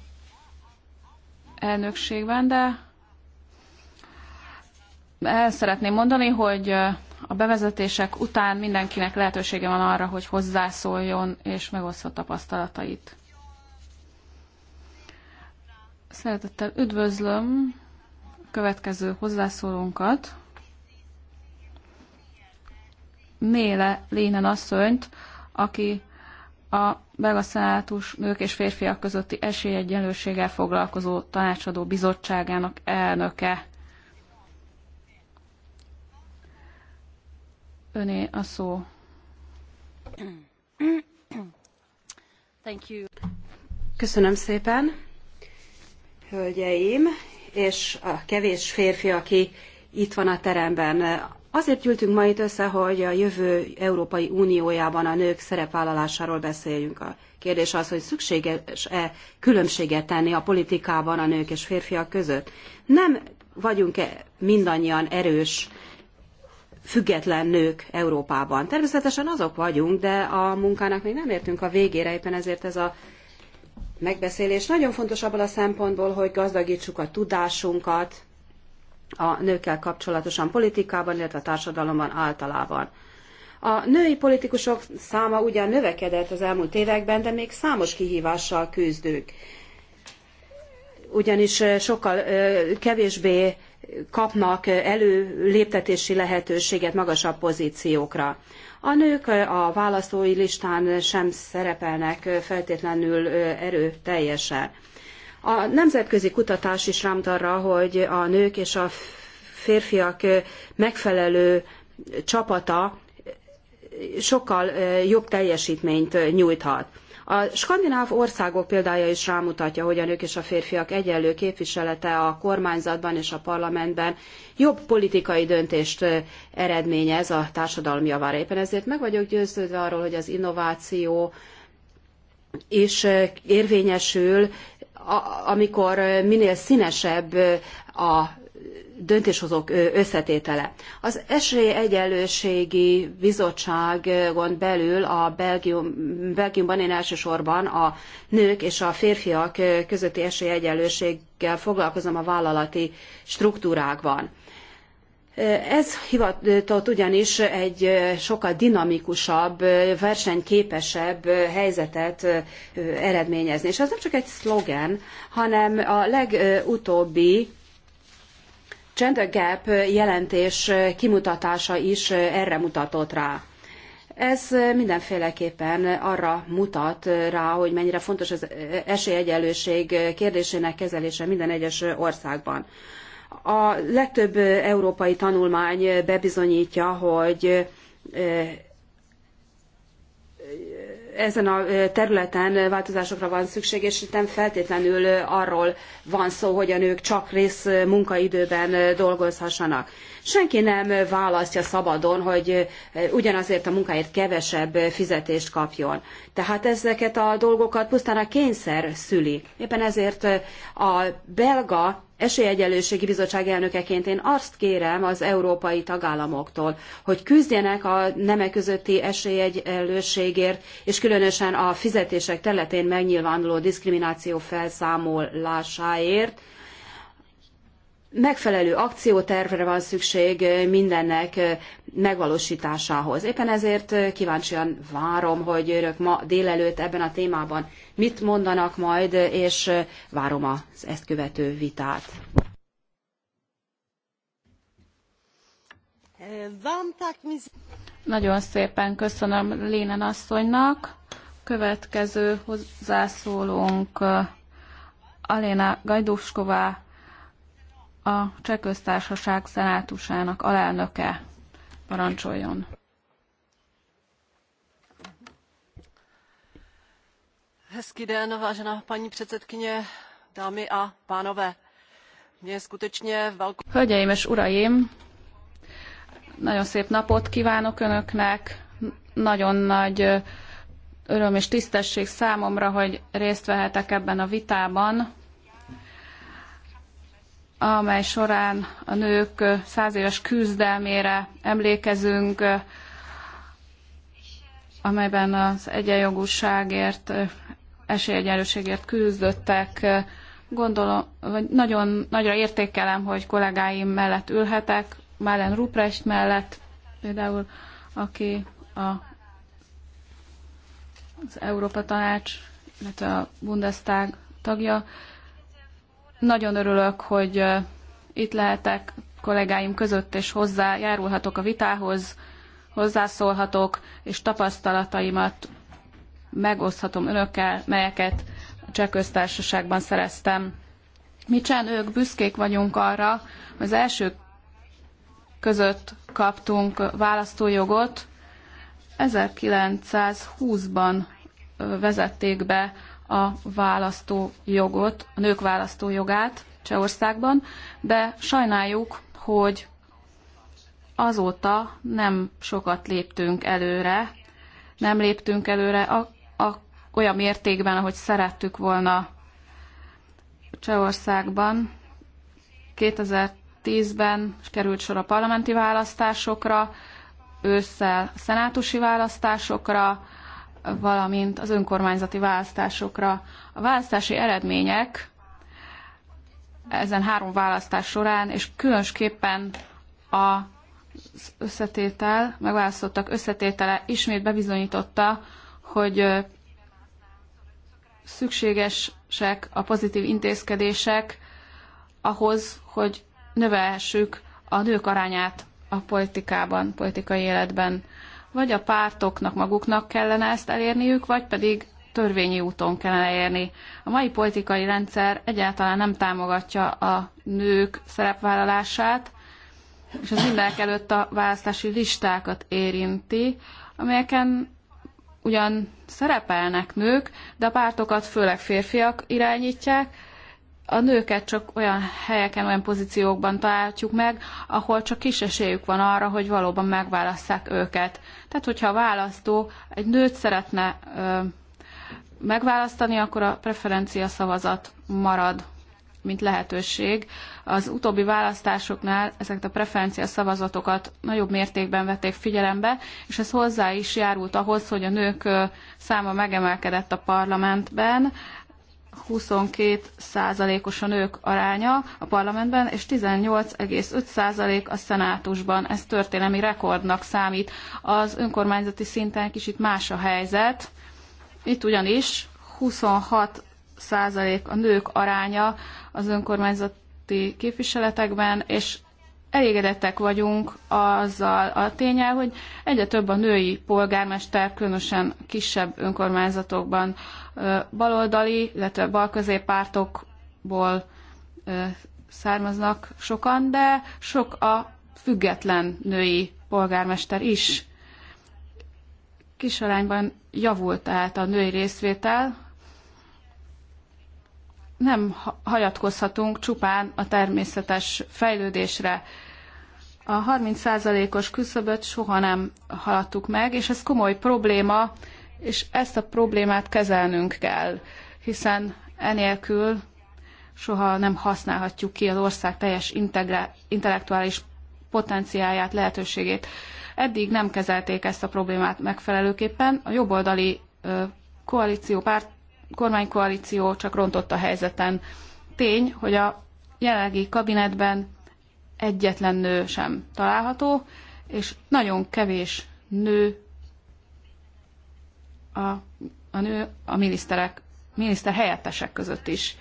S3: elnökségben, de el szeretném mondani, hogy a bevezetések után mindenkinek lehetősége van arra, hogy hozzászóljon és megoszthat tapasztalatait. Szeretettel üdvözlöm a következő hozzászólónkat, Néle Lénen asszonyt, aki a Belgaszenátus nők és férfiak közötti esélyegyenlőséggel foglalkozó tanácsadó bizottságának elnöke. Öné a szó. Thank you. Köszönöm
S4: szépen, hölgyeim, és a kevés férfi, aki itt van a teremben. Azért gyűltünk ma itt össze, hogy a jövő Európai Uniójában a nők szerepvállalásáról beszéljünk. A kérdés az, hogy szükséges-e különbséget tenni a politikában a nők és férfiak között. Nem vagyunk-e mindannyian erős független nők Európában. Természetesen azok vagyunk, de a munkának még nem értünk a végére, éppen ezért ez a megbeszélés nagyon fontos abból a szempontból, hogy gazdagítsuk a tudásunkat a nőkkel kapcsolatosan politikában, illetve a társadalomban általában. A női politikusok száma ugyan növekedett az elmúlt években, de még számos kihívással küzdünk. Ugyanis eh, sokkal eh, kevésbé kapnak előléptetési lehetőséget magasabb pozíciókra. A nők a választói listán sem szerepelnek feltétlenül erőteljesen. A nemzetközi kutatás is rámt arra, hogy a nők és a férfiak megfelelő csapata sokkal jobb teljesítményt nyújthat. A skandináv országok példája is rámutatja, hogy a nők és a férfiak egyenlő képviselete a kormányzatban és a parlamentben jobb politikai döntést eredményez a társadalmi javára. Éppen ezért meg vagyok győződve arról, hogy az innováció és érvényesül, amikor minél színesebb a döntéshozók összetétele. Az Esélyegyenlőségi Bizottságon belül a Belgium, Belgiumban én elsősorban a nők és a férfiak közötti esélyegyenlőséggel foglalkozom a vállalati struktúrákban. Ez hivatott ugyanis egy sokkal dinamikusabb, versenyképesebb helyzetet eredményezni. És ez nem csak egy szlogen, hanem a legutóbbi gender gap jelentés kimutatása is erre mutatott rá. Ez mindenféleképpen arra mutat rá, hogy mennyire fontos az esélyegyenlőség kérdésének kezelése minden egyes országban. A legtöbb európai tanulmány bebizonyítja, hogy ezen a területen változásokra van szükség, és itt nem feltétlenül arról van szó, hogy a nők csak rész munkaidőben dolgozhassanak. Senki nem választja szabadon, hogy ugyanazért a munkáért kevesebb fizetést kapjon. Tehát ezeket a dolgokat pusztán a kényszer szüli. Éppen ezért a belga Esélyegyenlőségi Bizottság elnökeként én azt kérem az európai tagállamoktól, hogy küzdjenek a nemek közötti esélyegyenlőségért, és különösen a fizetések területén megnyilvánuló diszkrimináció felszámolásáért, megfelelő akciótervre van szükség mindennek megvalósításához. Éppen ezért kíváncsian várom, hogy önök ma délelőtt ebben a témában mit mondanak majd, és várom az ezt követő vitát.
S3: Nagyon szépen köszönöm Lénen asszonynak. Következő hozzászólónk Alena Gajduskova a Cseh Köztársaság szenátusának alelnöke parancsoljon.
S4: Hezký den, vážená paní předsedkyně, dámy a pánové. Mě skutečně velkou...
S3: Hölgyeim és uraim, nagyon szép napot kívánok önöknek. Nagyon nagy öröm és tisztesség számomra, hogy részt vehetek ebben a vitában, amely során a nők száz éves küzdelmére emlékezünk, amelyben az egyenjogúságért, esélyegyenlőségért küzdöttek. Gondolom, vagy nagyon nagyra értékelem, hogy kollégáim mellett ülhetek, Málen Ruprecht mellett, például, aki a, az Európa Tanács, illetve a Bundestag tagja, nagyon örülök, hogy itt lehetek kollégáim között, és hozzájárulhatok a vitához, hozzászólhatok, és tapasztalataimat megoszthatom önökkel, melyeket a cseh köztársaságban szereztem. Mi csenők büszkék vagyunk arra, hogy az első között kaptunk választójogot, 1920-ban vezették be a választó jogot, a nők választó jogát Csehországban, de sajnáljuk, hogy azóta nem sokat léptünk előre, nem léptünk előre a, a, olyan mértékben, ahogy szerettük volna Csehországban. 2010-ben került sor a parlamenti választásokra, ősszel szenátusi választásokra, valamint az önkormányzati választásokra. A választási eredmények ezen három választás során, és különösképpen a összetétel, megválasztottak összetétele ismét bebizonyította, hogy szükségesek a pozitív intézkedések ahhoz, hogy növelhessük a nők arányát a politikában, politikai életben vagy a pártoknak maguknak kellene ezt elérniük, vagy pedig törvényi úton kellene elérni. A mai politikai rendszer egyáltalán nem támogatja a nők szerepvállalását, és az mindenek előtt a választási listákat érinti, amelyeken ugyan szerepelnek nők, de a pártokat főleg férfiak irányítják, a nőket csak olyan helyeken, olyan pozíciókban találjuk meg, ahol csak kis esélyük van arra, hogy valóban megválasszák őket. Tehát, hogyha a választó egy nőt szeretne ö, megválasztani, akkor a preferencia szavazat marad mint lehetőség. Az utóbbi választásoknál ezeket a preferencia szavazatokat nagyobb mértékben vették figyelembe, és ez hozzá is járult ahhoz, hogy a nők száma megemelkedett a parlamentben, 22 százalékos a nők aránya a parlamentben, és 18,5 százalék a szenátusban. Ez történelmi rekordnak számít. Az önkormányzati szinten kicsit más a helyzet. Itt ugyanis 26 százalék a nők aránya az önkormányzati képviseletekben, és elégedettek vagyunk azzal a tényel, hogy egyre több a női polgármester, különösen kisebb önkormányzatokban baloldali, illetve pártokból származnak sokan, de sok a független női polgármester is. Kis arányban javult tehát a női részvétel, nem hagyatkozhatunk csupán a természetes fejlődésre. A 30%-os küszöböt soha nem haladtuk meg, és ez komoly probléma, és ezt a problémát kezelnünk kell, hiszen enélkül soha nem használhatjuk ki az ország teljes intellektuális potenciáját, lehetőségét. Eddig nem kezelték ezt a problémát megfelelőképpen. A jobboldali koalíció párt kormánykoalíció csak rontott a helyzeten. Tény, hogy a jelenlegi kabinetben egyetlen nő sem található, és nagyon kevés nő a, a nő a miniszterek, miniszter helyettesek között is.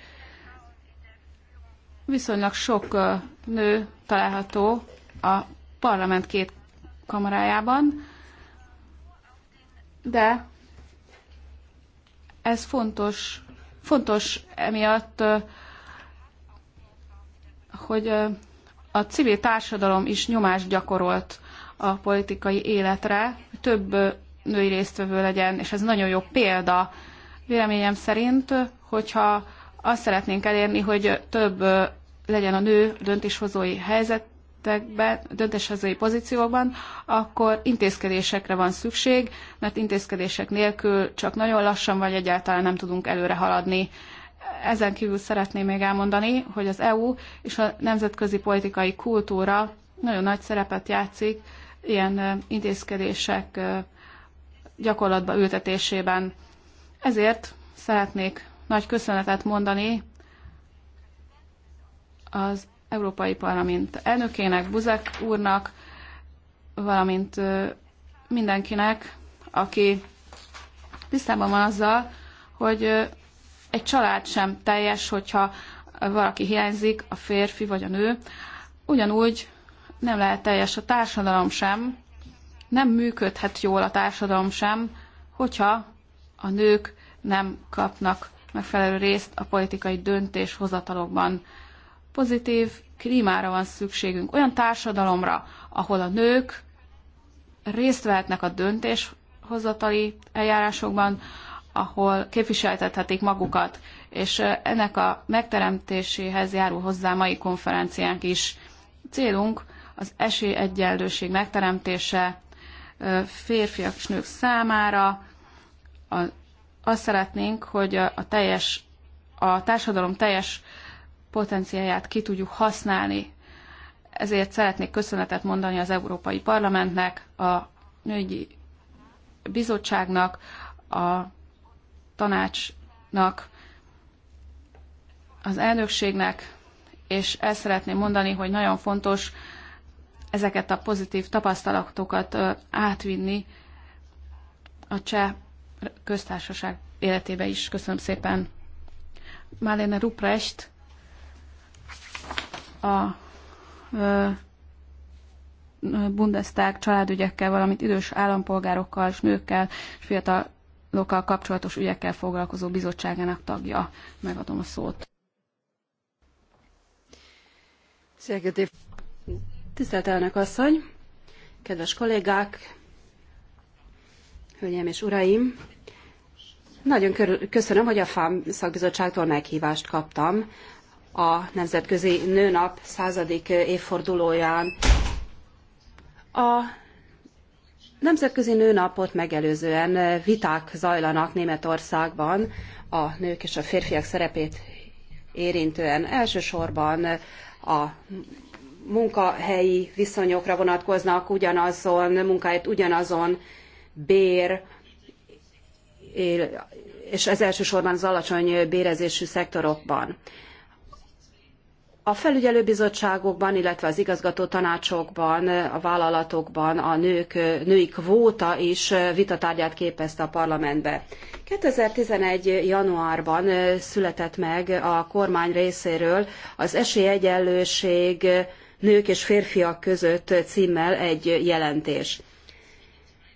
S3: Viszonylag sok nő található a parlament két kamarájában, de ez fontos, fontos emiatt, hogy a civil társadalom is nyomást gyakorolt a politikai életre, hogy több női résztvevő legyen, és ez nagyon jó példa véleményem szerint, hogyha azt szeretnénk elérni, hogy több legyen a nő döntéshozói helyzet, döntésekben, döntéshozói pozíciókban, akkor intézkedésekre van szükség, mert intézkedések nélkül csak nagyon lassan vagy egyáltalán nem tudunk előre haladni. Ezen kívül szeretném még elmondani, hogy az EU és a nemzetközi politikai kultúra nagyon nagy szerepet játszik ilyen intézkedések gyakorlatba ültetésében. Ezért szeretnék nagy köszönetet mondani az Európai Parlament elnökének, Buzek úrnak, valamint mindenkinek, aki tisztában van azzal, hogy egy család sem teljes, hogyha valaki hiányzik, a férfi vagy a nő. Ugyanúgy nem lehet teljes a társadalom sem, nem működhet jól a társadalom sem, hogyha a nők nem kapnak megfelelő részt a politikai döntéshozatalokban. Pozitív klímára van szükségünk, olyan társadalomra, ahol a nők részt vehetnek a döntéshozatali eljárásokban, ahol képviseltethetik magukat, és ennek a megteremtéséhez járul hozzá mai konferenciánk is. Célunk az esélyegyenlőség megteremtése férfiak és nők számára. azt szeretnénk, hogy a, teljes, a társadalom teljes potenciáját ki tudjuk használni. Ezért szeretnék köszönetet mondani az Európai Parlamentnek, a Nőgyi Bizottságnak, a tanácsnak, az elnökségnek, és el szeretném mondani, hogy nagyon fontos ezeket a pozitív tapasztalatokat átvinni a cseh köztársaság életébe is. Köszönöm szépen. Málena Ruprecht a Bundestag családügyekkel, valamint idős állampolgárokkal és nőkkel és fiatalokkal kapcsolatos ügyekkel foglalkozó bizottságának tagja. Megadom a szót. Tisztelt
S4: elnök asszony, kedves kollégák, hölgyeim és uraim! Nagyon köszönöm, hogy a FAM szakbizottságtól meghívást kaptam a Nemzetközi Nőnap századik évfordulóján. A Nemzetközi Nőnapot megelőzően viták zajlanak Németországban a nők és a férfiak szerepét érintően. Elsősorban a munkahelyi viszonyokra vonatkoznak ugyanazon munkáért ugyanazon bér, és ez elsősorban az alacsony bérezésű szektorokban. A felügyelőbizottságokban, illetve az igazgató tanácsokban, a vállalatokban a nők, női kvóta is vitatárgyát képezte a parlamentbe. 2011. januárban született meg a kormány részéről az esélyegyenlőség nők és férfiak között címmel egy jelentés.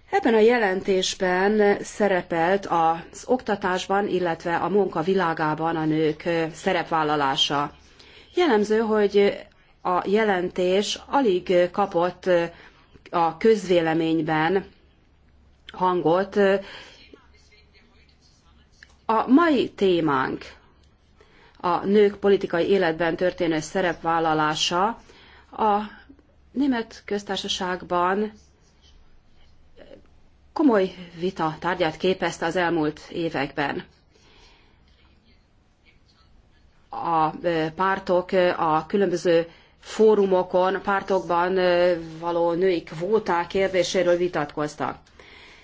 S4: Ebben a jelentésben szerepelt az oktatásban, illetve a munka világában a nők szerepvállalása. Jellemző, hogy a jelentés alig kapott a közvéleményben hangot. A mai témánk a nők politikai életben történő szerepvállalása a német köztársaságban komoly vita tárgyát képezte az elmúlt években a e, pártok e, a különböző fórumokon, pártokban e, való női kvóták kérdéséről vitatkoztak.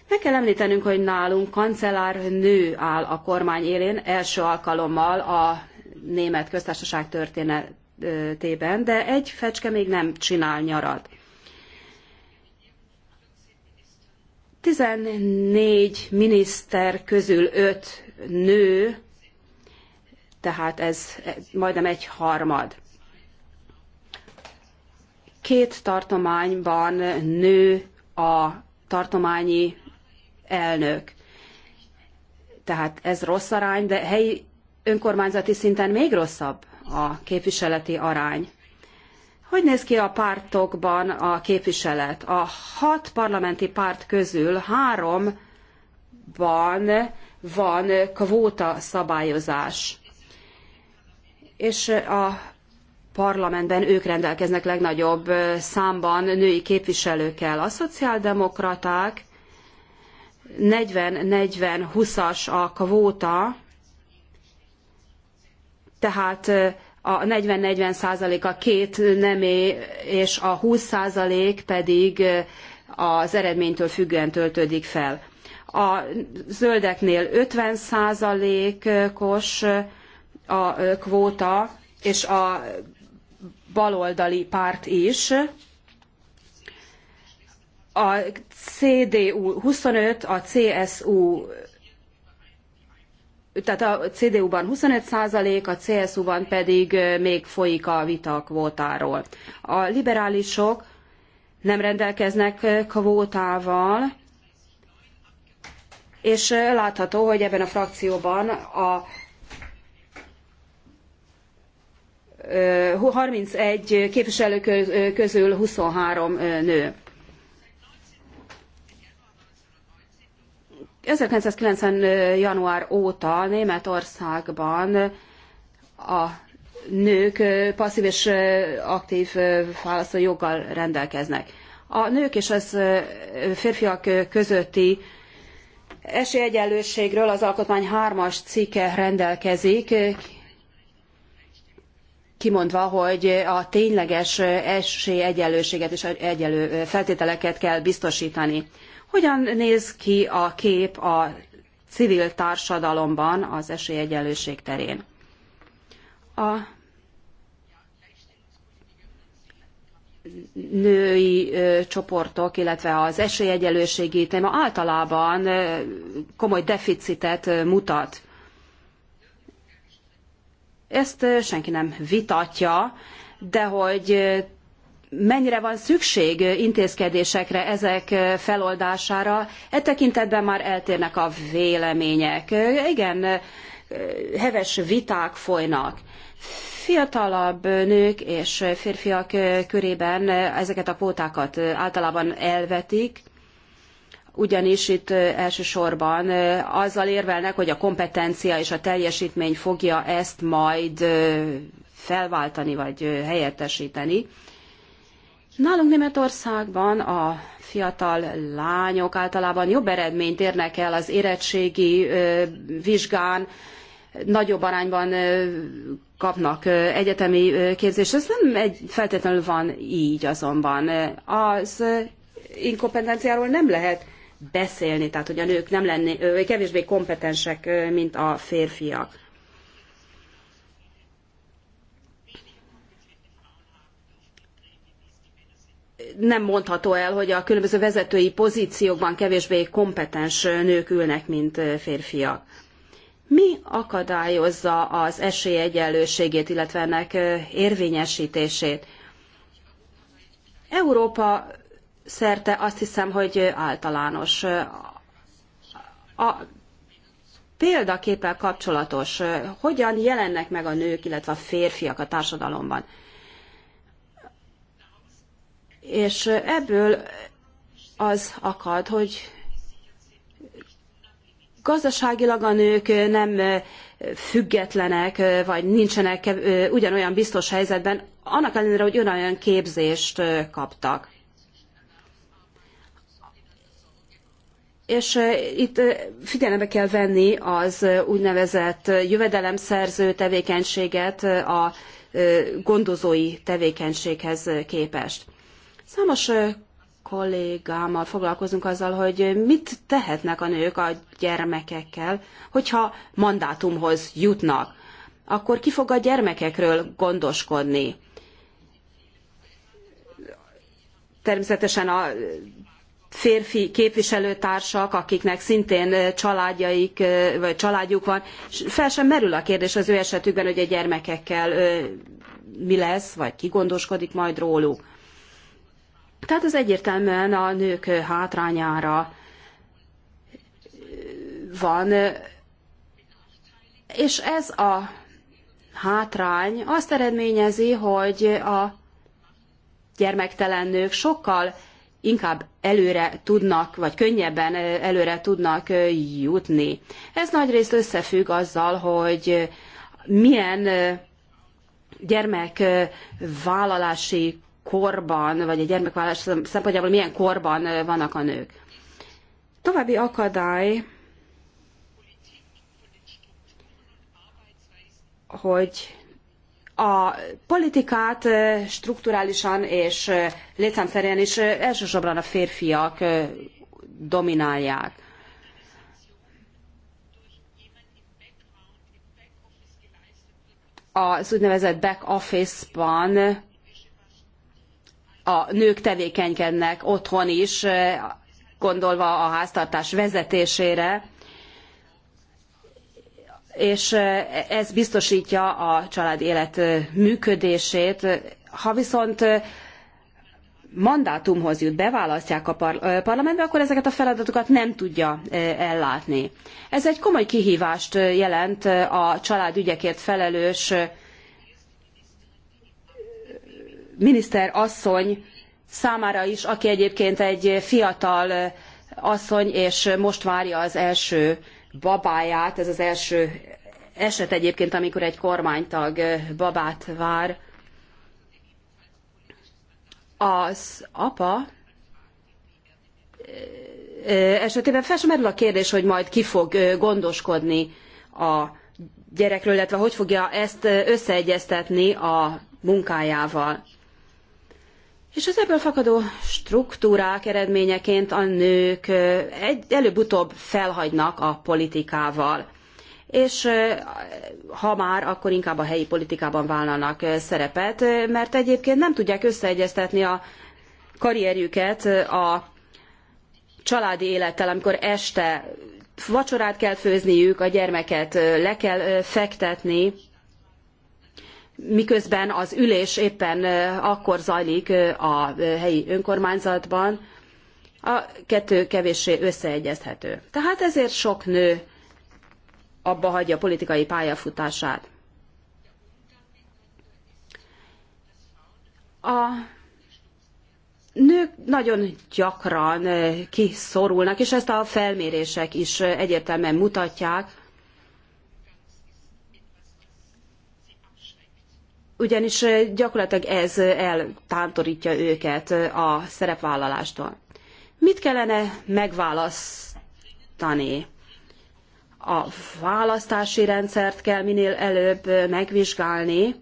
S4: Meg kell említenünk, hogy nálunk kancellár nő áll a kormány élén első alkalommal a német köztársaság történetében, de egy fecske még nem csinál nyarat. 14 miniszter közül 5 nő tehát ez e, majdnem egy harmad. Két tartományban nő a tartományi elnök. Tehát ez rossz arány, de helyi önkormányzati szinten még rosszabb a képviseleti arány. Hogy néz ki a pártokban a képviselet? A hat parlamenti párt közül háromban van kvóta szabályozás és a parlamentben ők rendelkeznek legnagyobb számban női képviselőkkel. A szociáldemokraták 40-40-20-as a kvóta, tehát a 40-40 százalék a két nemé, és a 20 százalék pedig az eredménytől függően töltődik fel. A zöldeknél 50 százalékos a kvóta és a baloldali párt is. A CDU 25, a CSU tehát a CDU-ban 25 százalék, a CSU-ban pedig még folyik a vita a kvótáról. A liberálisok nem rendelkeznek kvótával, és látható, hogy ebben a frakcióban a 31 képviselő közül 23 nő. 1990. január óta Németországban a nők passzív és aktív választói joggal rendelkeznek. A nők és az férfiak közötti esélyegyenlőségről az alkotmány 3-as cikke rendelkezik, kimondva, hogy a tényleges esélyegyenlőséget és egyenlő feltételeket kell biztosítani. Hogyan néz ki a kép a civil társadalomban az esélyegyenlőség terén? A női csoportok, illetve az esélyegyenlőségi téma általában komoly deficitet mutat. Ezt senki nem vitatja, de hogy mennyire van szükség intézkedésekre ezek feloldására, e tekintetben már eltérnek a vélemények. Igen, heves viták folynak. Fiatalabb nők és férfiak körében ezeket a kvótákat általában elvetik, ugyanis itt elsősorban azzal érvelnek, hogy a kompetencia és a teljesítmény fogja ezt majd felváltani vagy helyettesíteni. Nálunk Németországban a fiatal lányok általában jobb eredményt érnek el az érettségi vizsgán, nagyobb arányban kapnak egyetemi képzést. Ez nem egy, feltétlenül van így azonban. Az inkompetenciáról nem lehet beszélni, tehát hogy a nők nem lenni, kevésbé kompetensek, mint a férfiak. Nem mondható el, hogy a különböző vezetői pozíciókban kevésbé kompetens nők ülnek, mint férfiak. Mi akadályozza az esélyegyenlőségét, illetve ennek érvényesítését? Európa szerte azt hiszem, hogy általános. A példaképpel kapcsolatos, hogyan jelennek meg a nők, illetve a férfiak a társadalomban. És ebből az akad, hogy gazdaságilag a nők nem függetlenek, vagy nincsenek ugyanolyan biztos helyzetben, annak ellenére, hogy ugyanolyan képzést kaptak. és itt figyelembe kell venni az úgynevezett jövedelemszerző tevékenységet a gondozói tevékenységhez képest. Számos kollégámmal foglalkozunk azzal, hogy mit tehetnek a nők a gyermekekkel, hogyha mandátumhoz jutnak. Akkor ki fog a gyermekekről gondoskodni? Természetesen a férfi képviselőtársak, akiknek szintén családjaik, vagy családjuk van, fel sem merül a kérdés az ő esetükben, hogy a gyermekekkel mi lesz, vagy ki gondoskodik majd róluk. Tehát az egyértelműen a nők hátrányára van, és ez a hátrány azt eredményezi, hogy a gyermektelen nők sokkal inkább előre tudnak, vagy könnyebben előre tudnak jutni. Ez nagyrészt összefügg azzal, hogy milyen gyermekvállalási korban, vagy a gyermekvállalás szempontjából milyen korban vannak a nők. További akadály, hogy a politikát strukturálisan és létszámszerűen is elsősorban a férfiak dominálják. Az úgynevezett back office-ban a nők tevékenykednek otthon is, gondolva a háztartás vezetésére, és ez biztosítja a család élet működését. Ha viszont mandátumhoz jut, beválasztják a parlamentbe, akkor ezeket a feladatokat nem tudja ellátni. Ez egy komoly kihívást jelent a család ügyekért felelős miniszter asszony számára is, aki egyébként egy fiatal asszony, és most várja az első babáját. Ez az első eset egyébként, amikor egy kormánytag babát vár. Az apa esetében fel sem merül a kérdés, hogy majd ki fog gondoskodni a gyerekről, illetve hogy fogja ezt összeegyeztetni a munkájával. És az ebből fakadó struktúrák eredményeként a nők előbb-utóbb felhagynak a politikával. És ha már, akkor inkább a helyi politikában vállalnak szerepet, mert egyébként nem tudják összeegyeztetni a karrierjüket a családi élettel, amikor este vacsorát kell főzniük, a gyermeket le kell fektetni, miközben az ülés éppen akkor zajlik a helyi önkormányzatban, a kettő kevéssé összeegyezhető. Tehát ezért sok nő abba hagyja politikai pályafutását. A nők nagyon gyakran kiszorulnak, és ezt a felmérések is egyértelműen mutatják, ugyanis gyakorlatilag ez eltántorítja őket a szerepvállalástól. Mit kellene megválasztani? A választási rendszert kell minél előbb megvizsgálni,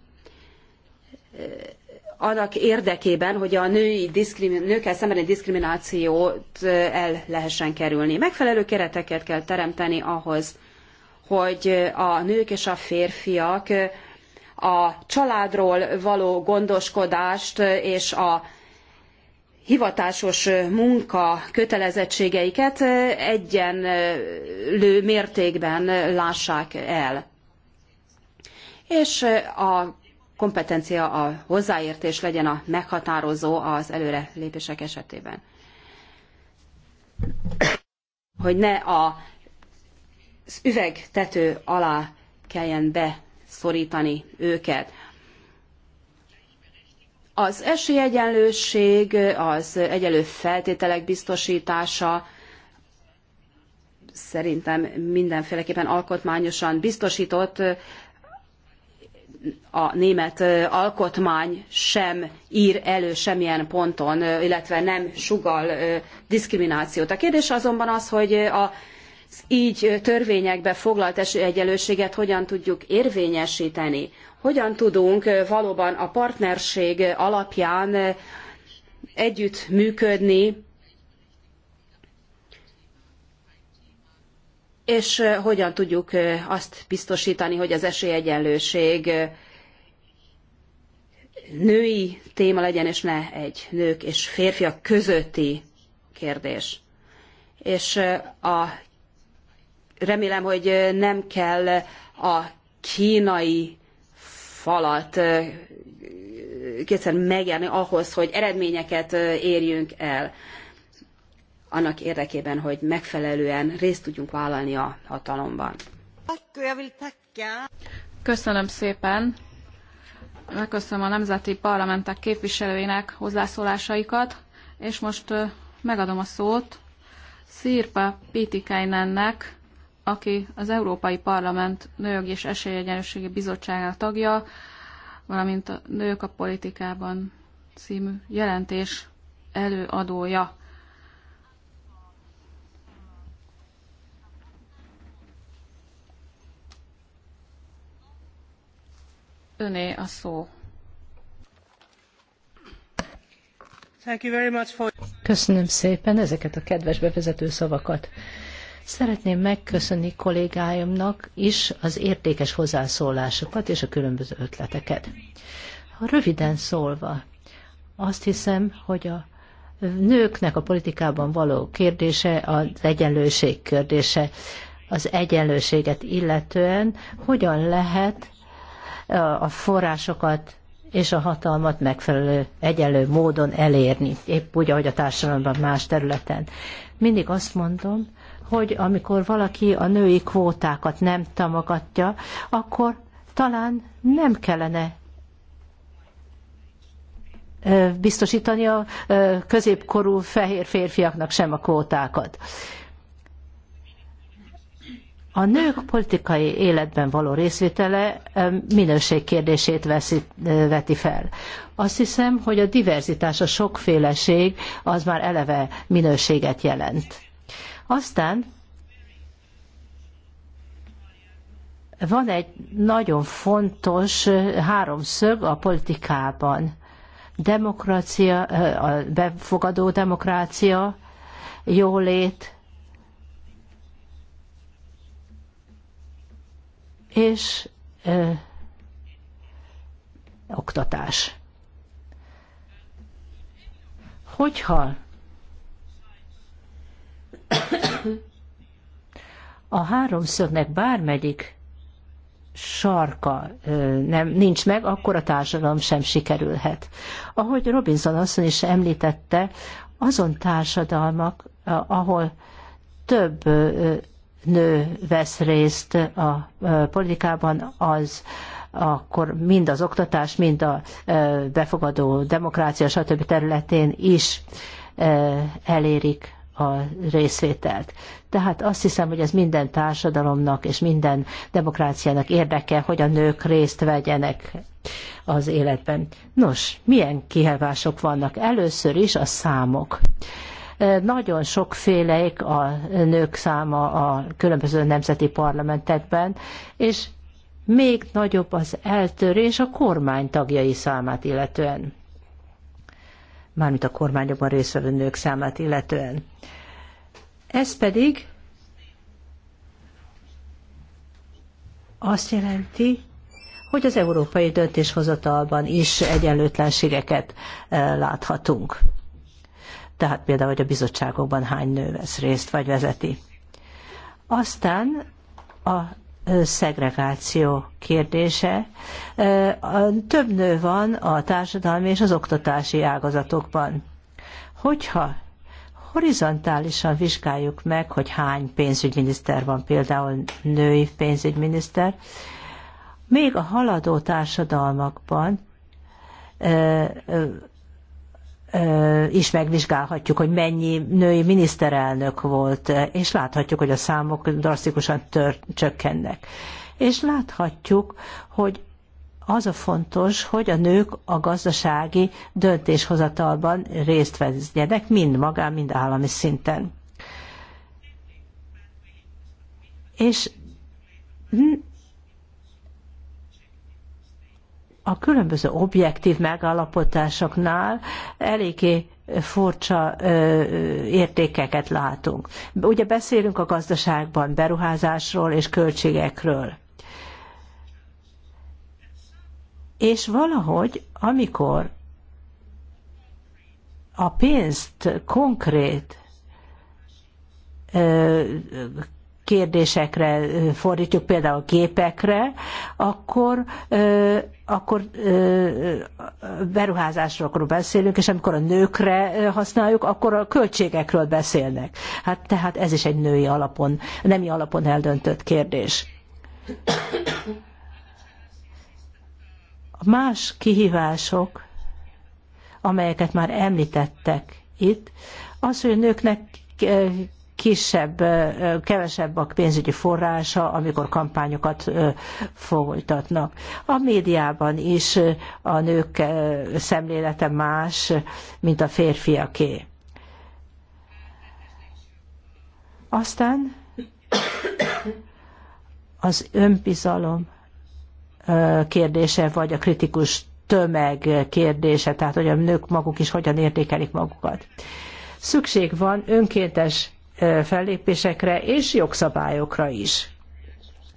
S4: annak érdekében, hogy a női diszkrimi- nőkkel szembeni diszkriminációt el lehessen kerülni. Megfelelő kereteket kell teremteni ahhoz, hogy a nők és a férfiak a családról való gondoskodást és a hivatásos munka kötelezettségeiket egyenlő mértékben lássák el. És a kompetencia, a hozzáértés legyen a meghatározó az előre lépések esetében. Hogy ne a üvegtető alá kelljen be szorítani őket. Az esélyegyenlőség, az egyenlő feltételek biztosítása szerintem mindenféleképpen alkotmányosan biztosított, a német alkotmány sem ír elő semmilyen ponton, illetve nem sugal diszkriminációt. A kérdés azonban az, hogy a így törvényekbe foglalt esélyegyenlőséget hogyan tudjuk érvényesíteni, hogyan tudunk valóban a partnerség alapján együttműködni, és hogyan tudjuk azt biztosítani, hogy az esélyegyenlőség női téma legyen, és ne egy nők és férfiak közötti kérdés. És a remélem, hogy nem kell a kínai falat kétszer megjárni ahhoz, hogy eredményeket érjünk el annak érdekében, hogy megfelelően részt tudjunk vállalni a hatalomban.
S3: Köszönöm szépen! Megköszönöm a Nemzeti Parlamentek képviselőinek hozzászólásaikat, és most megadom a szót Szirpa Pitikainennek, aki az Európai Parlament Nők és Esélyegyenlőségi Bizottságának tagja, valamint a Nők a politikában című jelentés előadója. Öné a szó.
S1: Köszönöm szépen ezeket a kedves bevezető szavakat. Szeretném megköszönni kollégáimnak is az értékes hozzászólásokat és a különböző ötleteket. Röviden szólva, azt hiszem, hogy a nőknek a politikában való kérdése, az egyenlőség kérdése, az egyenlőséget illetően hogyan lehet a forrásokat és a hatalmat megfelelő egyenlő módon elérni, épp úgy, ahogy a társadalomban más területen. Mindig azt mondom, hogy amikor valaki a női kvótákat nem támogatja, akkor talán nem kellene biztosítani a középkorú fehér férfiaknak sem a kvótákat. A nők politikai életben való részvétele minőség kérdését veszi, veti fel. Azt hiszem, hogy a diverzitás, a sokféleség az már eleve minőséget jelent. Aztán van egy nagyon fontos háromszög a politikában. Demokrácia, a befogadó demokrácia, jólét, és ö, oktatás. Hogyha a háromszögnek bármelyik sarka nem, nincs meg, akkor a társadalom sem sikerülhet. Ahogy Robinson asszony is említette, azon társadalmak, ahol több nő vesz részt a politikában, az akkor mind az oktatás, mind a befogadó demokrácia, stb. területén is elérik a részvételt. Tehát azt hiszem, hogy ez minden társadalomnak és minden demokráciának érdeke, hogy a nők részt vegyenek az életben. Nos, milyen kihívások vannak? Először is a számok nagyon sokféleik a nők száma a különböző nemzeti parlamentekben, és még nagyobb az eltörés a kormány tagjai számát illetően mármint a kormányokban résztvevő nők számát illetően. Ez pedig azt jelenti, hogy az európai döntéshozatalban is egyenlőtlenségeket e, láthatunk. Tehát például, hogy a bizottságokban hány nő vesz részt, vagy vezeti. Aztán a szegregáció kérdése. Több nő van a társadalmi és az oktatási ágazatokban. Hogyha horizontálisan vizsgáljuk meg, hogy hány pénzügyminiszter van, például női pénzügyminiszter, még a haladó társadalmakban is megvizsgálhatjuk, hogy mennyi női miniszterelnök volt, és láthatjuk, hogy a számok drasztikusan tör, csökkennek. És láthatjuk, hogy az a fontos, hogy a nők a gazdasági döntéshozatalban részt vegyenek, mind magán, mind állami szinten. És a különböző objektív megállapotásoknál eléggé furcsa ö, értékeket látunk. Ugye beszélünk a gazdaságban beruházásról és költségekről. És valahogy, amikor a pénzt konkrét kérdésekre fordítjuk, például gépekre, akkor, akkor beruházásokról beszélünk, és amikor a nőkre használjuk, akkor a költségekről beszélnek. Hát tehát ez is egy női alapon, nemi alapon eldöntött kérdés. A más kihívások, amelyeket már említettek itt, az, hogy a nőknek kisebb, kevesebb a pénzügyi forrása, amikor kampányokat folytatnak. A médiában is a nők szemlélete más, mint a férfiaké. Aztán az önbizalom kérdése, vagy a kritikus tömeg kérdése, tehát hogy a nők maguk is hogyan értékelik magukat. Szükség van önkéntes fellépésekre és jogszabályokra is.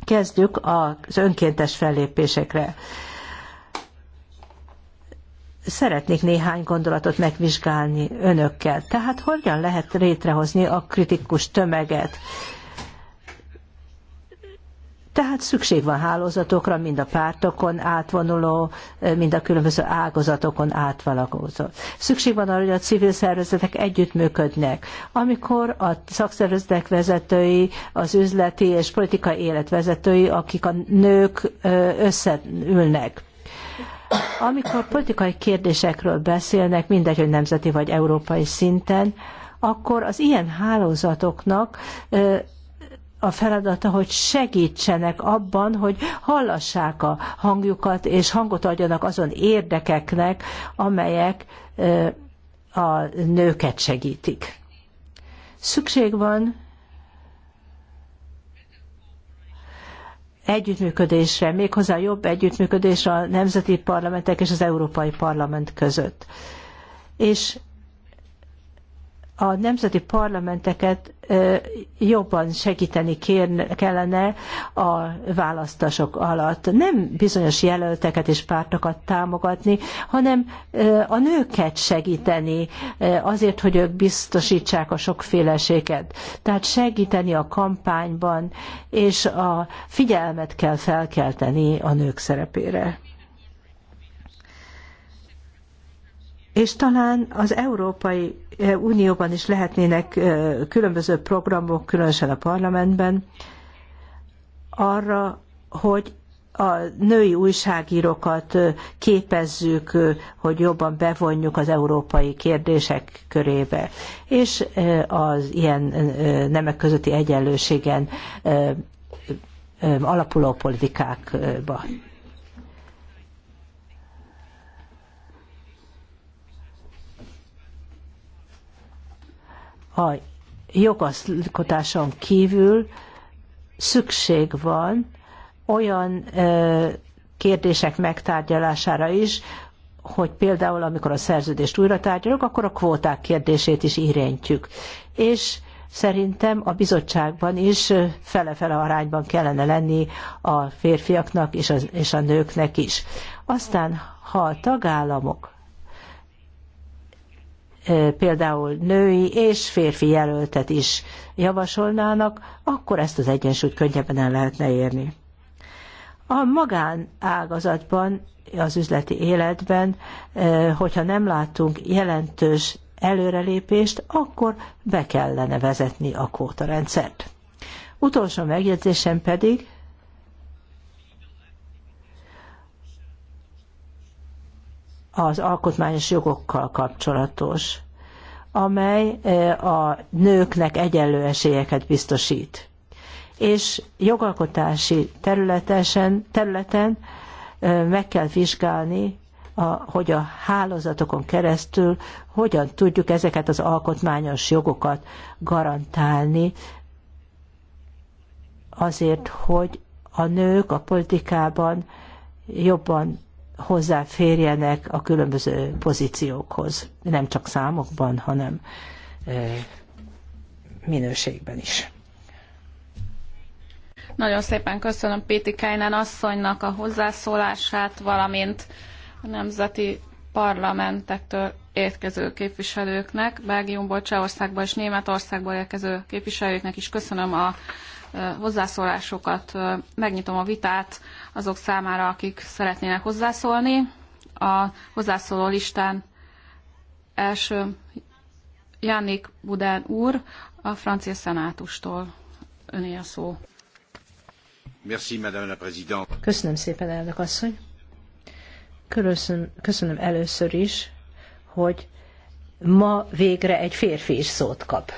S1: Kezdjük az önkéntes fellépésekre. Szeretnék néhány gondolatot megvizsgálni önökkel. Tehát hogyan lehet létrehozni a kritikus tömeget? Tehát szükség van hálózatokra, mind a pártokon átvonuló, mind a különböző ágazatokon átvalagozó. Szükség van arra, hogy a civil szervezetek együttműködnek. Amikor a szakszervezetek vezetői, az üzleti és politikai élet vezetői, akik a nők összeülnek. Amikor politikai kérdésekről beszélnek, mindegy, hogy nemzeti vagy európai szinten, akkor az ilyen hálózatoknak a feladata, hogy segítsenek abban, hogy hallassák a hangjukat, és hangot adjanak azon érdekeknek, amelyek a nőket segítik. Szükség van együttműködésre, méghozzá jobb együttműködésre a nemzeti parlamentek és az Európai Parlament között. És a nemzeti parlamenteket jobban segíteni kellene a választások alatt. Nem bizonyos jelölteket és pártokat támogatni, hanem a nőket segíteni azért, hogy ők biztosítsák a sokféleséget. Tehát segíteni a kampányban, és a figyelmet kell felkelteni a nők szerepére. És talán az európai Unióban is lehetnének különböző programok, különösen a parlamentben, arra, hogy a női újságírókat képezzük, hogy jobban bevonjuk az európai kérdések körébe, és az ilyen nemek közötti egyenlőségen alapuló politikákba. a jogalkotáson kívül szükség van olyan kérdések megtárgyalására is, hogy például amikor a szerződést újra tárgyalok, akkor a kvóták kérdését is irentjük. És szerintem a bizottságban is fele-fele arányban kellene lenni a férfiaknak és a, és a nőknek is. Aztán, ha a tagállamok például női és férfi jelöltet is javasolnának, akkor ezt az egyensúlyt könnyebben el lehetne érni. A magánágazatban, az üzleti életben, hogyha nem látunk jelentős előrelépést, akkor be kellene vezetni a kvótarendszert. Utolsó megjegyzésem pedig az alkotmányos jogokkal kapcsolatos, amely e, a nőknek egyenlő esélyeket biztosít. És jogalkotási területesen, területen e, meg kell vizsgálni, a, hogy a hálózatokon keresztül hogyan tudjuk ezeket az alkotmányos jogokat garantálni azért, hogy a nők a politikában jobban hozzáférjenek a különböző pozíciókhoz. Nem csak számokban, hanem minőségben is.
S3: Nagyon szépen köszönöm Péti Kájnán asszonynak a hozzászólását, valamint a nemzeti parlamentektől érkező képviselőknek, Belgiumból, Csehországból és Németországból érkező képviselőknek is köszönöm a hozzászólásokat. Megnyitom a vitát azok számára, akik szeretnének hozzászólni. A hozzászóló listán első Jannik Budán úr a francia szenátustól. Öné a szó.
S1: Merci, Madame la
S3: Köszönöm szépen, elnök asszony.
S1: köszönöm először is, hogy ma végre egy férfi is szót kap.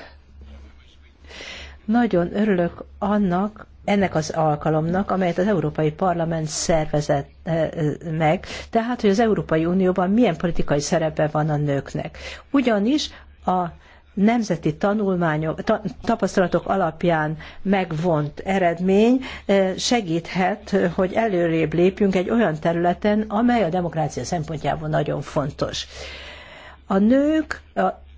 S1: Nagyon örülök annak, ennek az alkalomnak, amelyet az Európai Parlament szervezett eh, eh, meg, tehát, hogy az Európai Unióban milyen politikai szerepe van a nőknek. Ugyanis a nemzeti tanulmányok, tapasztalatok alapján megvont eredmény eh, segíthet, hogy előrébb lépjünk egy olyan területen, amely a demokrácia szempontjából nagyon fontos. A nők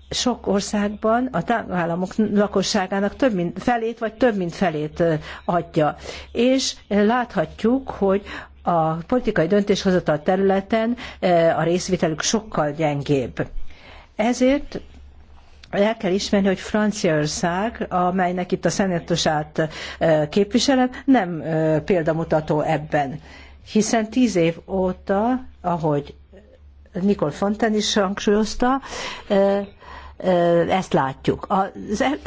S1: sok országban a tagállamok lakosságának több mint felét, vagy több mint felét adja. És láthatjuk, hogy a politikai döntéshozatal területen a részvitelük sokkal gyengébb. Ezért el kell ismerni, hogy Franciaország, amelynek itt a szenátusát képviselem, nem példamutató ebben. Hiszen tíz év óta, ahogy Nicole Fontaine is hangsúlyozta, ezt látjuk. A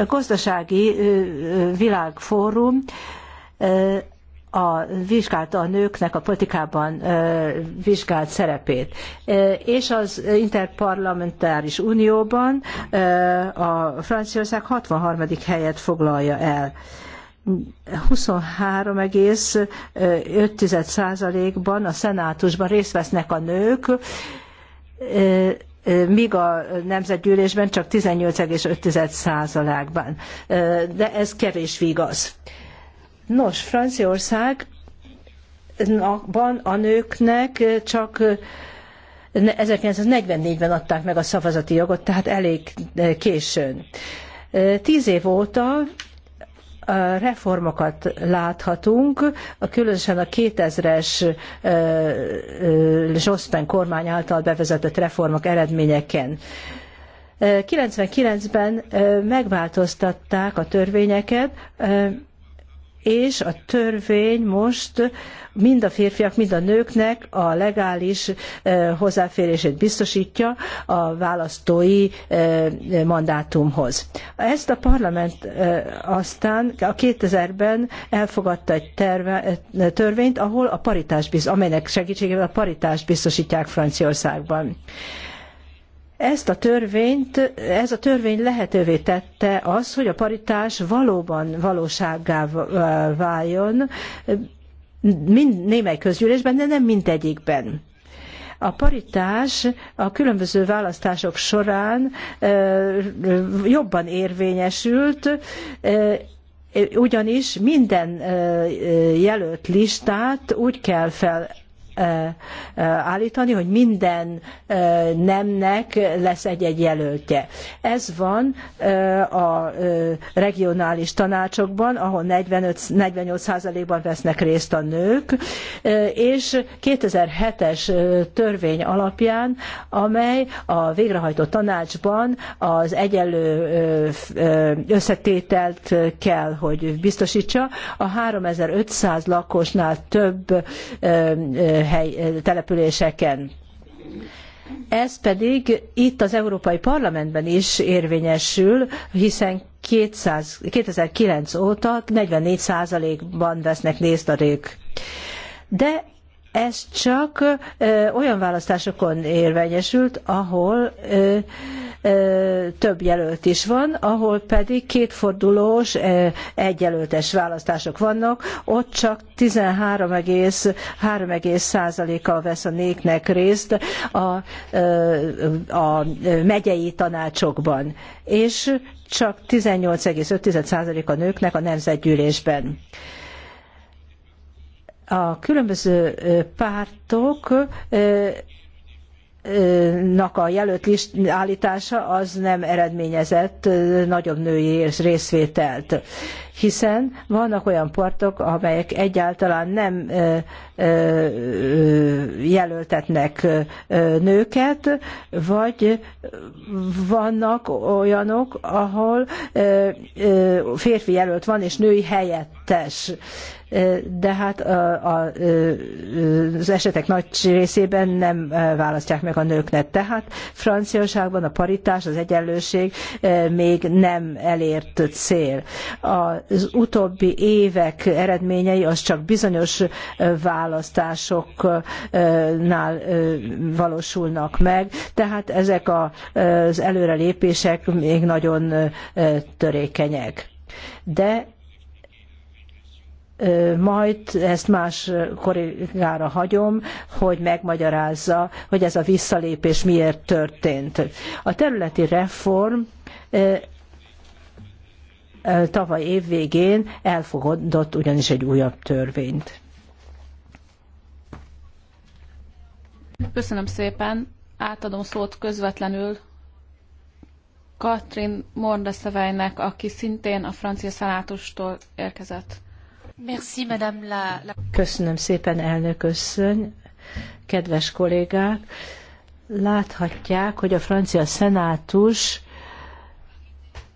S1: gazdasági világfórum a, vizsgálta a nőknek a politikában vizsgált szerepét. E, és az interparlamentáris unióban ö, a Franciaország 63. helyet foglalja el. 23,5%-ban a szenátusban részt vesznek a nők, míg a nemzetgyűlésben csak 18,5 százalékban, De ez kevés igaz. Nos, Franciaországban a nőknek csak 1944-ben adták meg a szavazati jogot, tehát elég későn. Tíz év óta reformokat láthatunk, különösen a 2000-es Jospin kormány által bevezetett reformok eredményeken. 99-ben megváltoztatták a törvényeket, és a törvény most mind a férfiak, mind a nőknek a legális eh, hozzáférését biztosítja a választói eh, mandátumhoz. Ezt a parlament eh, aztán a 2000-ben elfogadta egy terve, törvényt, ahol a paritás, amelynek segítségével a paritást biztosítják Franciaországban. Ezt a törvényt, ez a törvény lehetővé tette az, hogy a paritás valóban valósággá váljon mind, némely közgyűlésben, de nem mindegyikben. A paritás a különböző választások során jobban érvényesült, ugyanis minden jelölt listát úgy kell fel állítani, hogy minden nemnek lesz egy-egy jelöltje. Ez van a regionális tanácsokban, ahol 45-48%-ban vesznek részt a nők, és 2007-es törvény alapján, amely a végrehajtó tanácsban az egyenlő összetételt kell, hogy biztosítsa. A 3500 lakosnál több hely, településeken. Ez pedig itt az Európai Parlamentben is érvényesül, hiszen 200, 2009 óta 44%-ban vesznek részt a rők. De ez csak olyan választásokon érvényesült, ahol több jelölt is van, ahol pedig kétfordulós, egyjelöltes választások vannak, ott csak 13,3%-a vesz a néknek részt a, a megyei tanácsokban, és csak 18,5%-a nőknek a nemzetgyűlésben. A különböző pártok nak a jelölt list állítása az nem eredményezett nagyobb női részvételt hiszen vannak olyan partok, amelyek egyáltalán nem jelöltetnek nőket, vagy vannak olyanok, ahol férfi jelölt van, és női helyettes de hát az esetek nagy részében nem választják meg a nőknek. Tehát Franciaországban a paritás, az egyenlőség még nem elért cél. A az utóbbi évek eredményei az csak bizonyos választásoknál valósulnak meg, tehát ezek az előrelépések még nagyon törékenyek. De majd ezt más kollégára hagyom, hogy megmagyarázza, hogy ez a visszalépés miért történt. A területi reform tavaly év végén elfogadott ugyanis egy újabb törvényt.
S3: Köszönöm szépen. Átadom szót közvetlenül Katrin Mordeszeveinek, aki szintén a francia szenátustól érkezett. Merci, madame la, la...
S1: Köszönöm szépen, elnök összöny, kedves kollégák. Láthatják, hogy a francia szenátus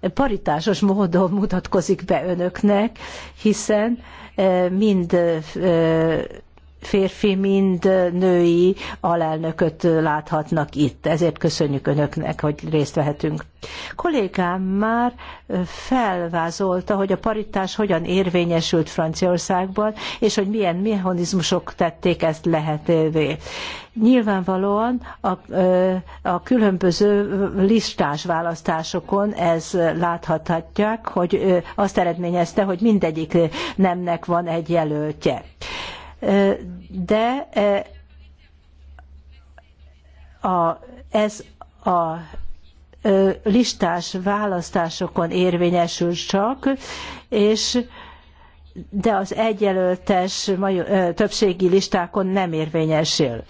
S1: paritásos módon mutatkozik be önöknek, hiszen eh, mind eh, férfi, mind női alelnököt láthatnak itt. Ezért köszönjük Önöknek, hogy részt vehetünk. Kollégám már felvázolta, hogy a paritás hogyan érvényesült Franciaországban, és hogy milyen mechanizmusok tették ezt lehetővé. Nyilvánvalóan a, a különböző listás választásokon ez láthatják, hogy azt eredményezte, hogy mindegyik nemnek van egy jelöltje de e, a, ez a e, listás választásokon érvényesül csak, és de az egyelőltes e, többségi listákon nem érvényesül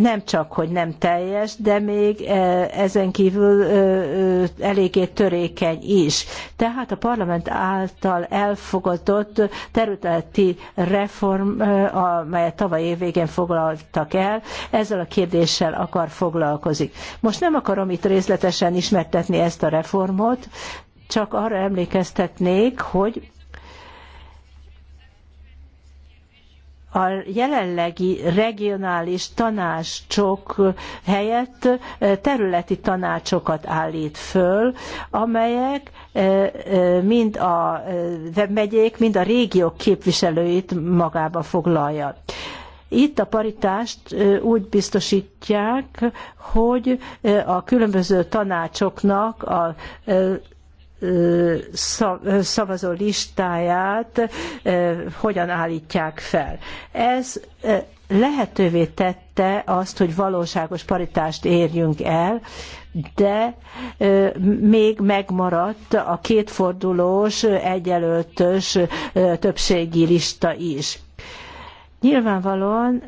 S1: nem csak, hogy nem teljes, de még e, ezen kívül e, e, eléggé törékeny is. Tehát a parlament által elfogadott területi reform, amelyet tavaly év végén foglaltak el, ezzel a kérdéssel akar foglalkozni. Most nem akarom itt részletesen ismertetni ezt a reformot, csak arra emlékeztetnék, hogy a jelenlegi regionális tanácsok helyett eh, területi tanácsokat állít föl, amelyek eh, eh, mind a megyék, mind a régiók képviselőit magába foglalja. Itt a paritást úgy biztosítják, hogy a különböző tanácsoknak a szavazó listáját hogyan állítják fel. Ez lehetővé tette azt, hogy valóságos paritást érjünk el, de még megmaradt a kétfordulós, egyelőtös többségi lista is. Nyilvánvalóan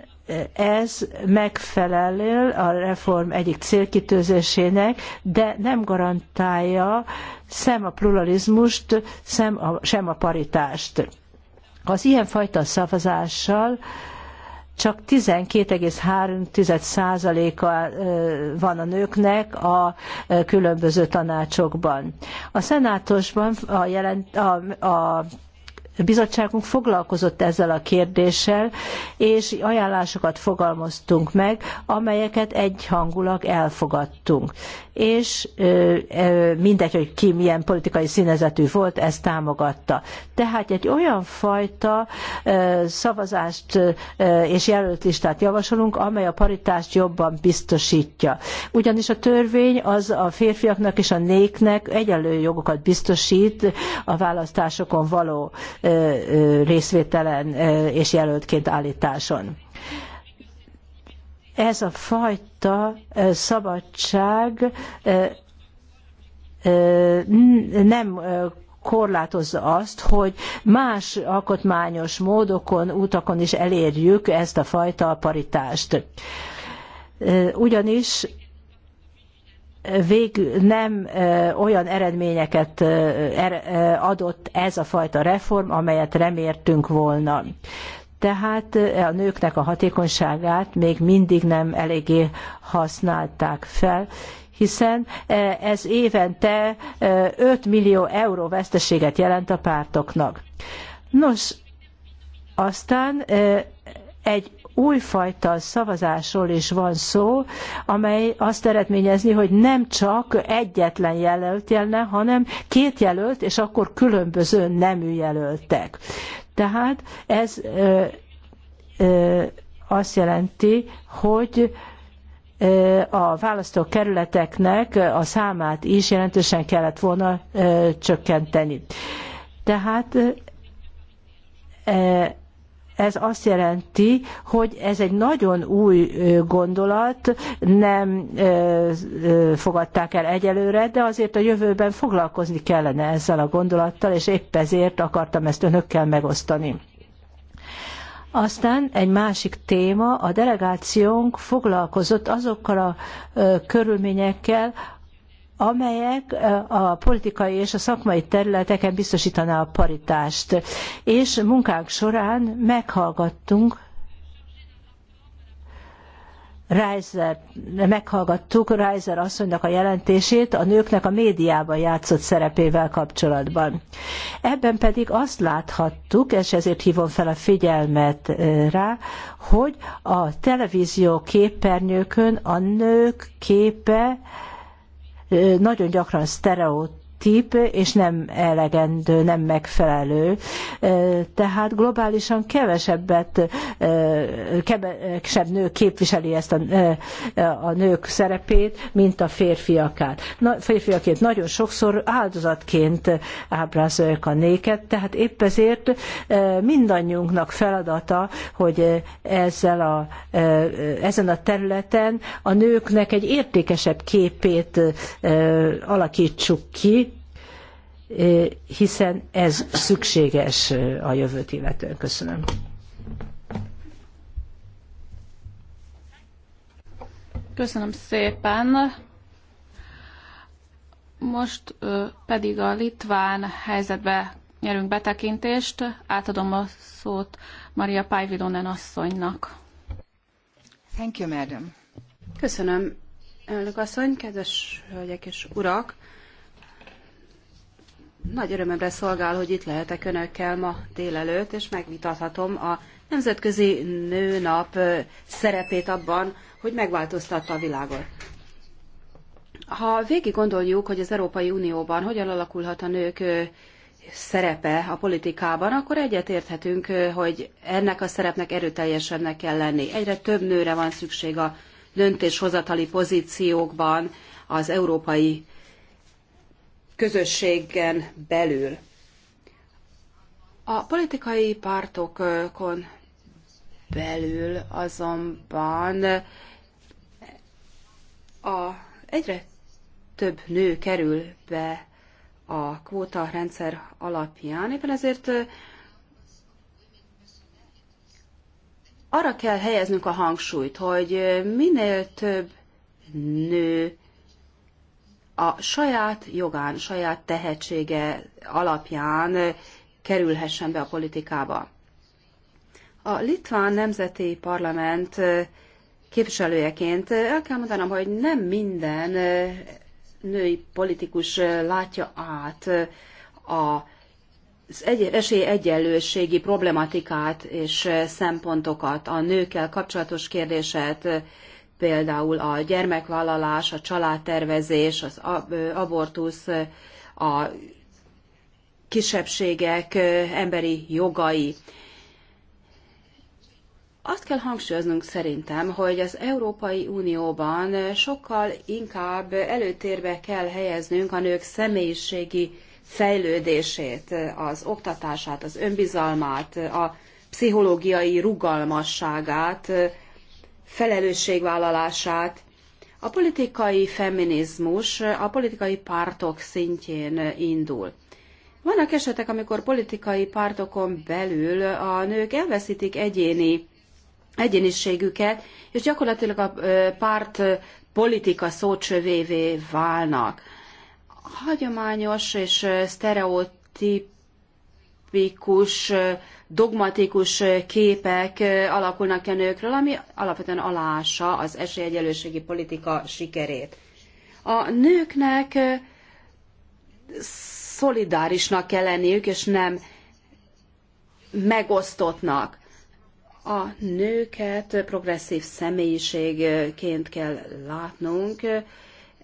S1: ez megfelel a reform egyik célkitőzésének, de nem garantálja sem a pluralizmust, sem a, sem a paritást. Az ilyen fajta szavazással csak 12,3%-a van a nőknek a különböző tanácsokban. A szenátusban a, jelent, a, a bizottságunk foglalkozott ezzel a kérdéssel, és ajánlásokat fogalmaztunk meg, amelyeket egyhangulag elfogadtunk és mindegy, hogy ki milyen politikai színezetű volt, ezt támogatta. Tehát egy olyan fajta szavazást és jelöltlistát javasolunk, amely a paritást jobban biztosítja. Ugyanis a törvény az a férfiaknak és a néknek egyenlő jogokat biztosít a választásokon való részvételen és jelöltként állításon ez a fajta szabadság nem korlátozza azt, hogy más alkotmányos módokon, útakon is elérjük ezt a fajta paritást. Ugyanis végül nem olyan eredményeket er, adott ez a fajta reform, amelyet reméltünk volna. Tehát eh, a nőknek a hatékonyságát még mindig nem eléggé használták fel, hiszen eh, ez évente 5 eh, millió euró veszteséget jelent a pártoknak. Nos, aztán egy újfajta szavazásról is van szó, amely azt eredményezni, hogy nem csak egyetlen jelölt jelne, hanem két jelölt, és akkor különböző nemű jelöltek. Tehát ez ö, ö, azt jelenti, hogy a választókerületeknek a számát is jelentősen kellett volna csökkenteni. Tehát ez azt jelenti, hogy ez egy nagyon új gondolat, nem fogadták el egyelőre, de azért a jövőben foglalkozni kellene ezzel a gondolattal, és épp ezért akartam ezt önökkel megosztani. Aztán egy másik téma, a delegációnk foglalkozott azokkal a körülményekkel, amelyek a politikai és a szakmai területeken biztosítaná a paritást. És munkánk során meghallgattunk Reiser, meghallgattuk Reiser asszonynak a jelentését a nőknek a médiában játszott szerepével kapcsolatban. Ebben pedig azt láthattuk, és ezért hívom fel a figyelmet rá, hogy a televízió képernyőkön a nők képe nagyon gyakran sztereot TTIP, és nem elegendő, nem megfelelő. Tehát globálisan kevesebbet, kevesebb nő képviseli ezt a, a nők szerepét, mint a férfiakát. Na, férfiakét nagyon sokszor áldozatként ábrázolják a néket, tehát épp ezért mindannyiunknak feladata, hogy ezzel a, ezen a területen a nőknek egy értékesebb képét alakítsuk ki, Eh, hiszen ez szükséges eh, a jövőt illetően. Köszönöm.
S3: Köszönöm szépen. Most pedig a litván helyzetbe nyerünk betekintést. Átadom a szót Maria Pajvilonen asszonynak.
S4: Thank you, madam. Köszönöm, elnök asszony, kedves hölgyek és urak. Nagy örömömre szolgál, hogy itt lehetek Önökkel ma délelőtt, és megvitathatom a Nemzetközi Nőnap szerepét abban, hogy megváltoztatta a világot. Ha végig gondoljuk, hogy az Európai Unióban hogyan alakulhat a nők szerepe a politikában, akkor egyetérthetünk, hogy ennek a szerepnek erőteljesebbnek kell lenni. Egyre több nőre van szükség a döntéshozatali pozíciókban az európai közösségen belül. A politikai pártokon belül azonban a, egyre több nő kerül be a kvóta rendszer alapján, éppen ezért arra kell helyeznünk a hangsúlyt, hogy minél több nő a saját jogán, saját tehetsége alapján kerülhessen be a politikába. A litván nemzeti parlament képviselőjeként el kell mondanom, hogy nem minden női politikus látja át a az egy, egyenlőségi problematikát és szempontokat, a nőkkel kapcsolatos kérdéset, például a gyermekvállalás, a családtervezés, az abortusz, a kisebbségek emberi jogai. Azt kell hangsúlyoznunk szerintem, hogy az Európai Unióban sokkal inkább előtérbe kell helyeznünk a nők személyiségi fejlődését, az oktatását, az önbizalmát, a pszichológiai rugalmasságát, felelősségvállalását. A politikai feminizmus a politikai pártok szintjén indul. Vannak esetek, amikor politikai pártokon belül a nők elveszítik egyéni egyéniségüket, és gyakorlatilag a párt politika szócsövévé válnak. Hagyományos és sztereotíp sztereotipikus, dogmatikus képek alakulnak ki a nőkről, ami alapvetően aláássa az esélyegyelőségi politika sikerét. A nőknek szolidárisnak kell lenniük, és nem megosztottnak. A nőket progresszív személyiségként kell látnunk,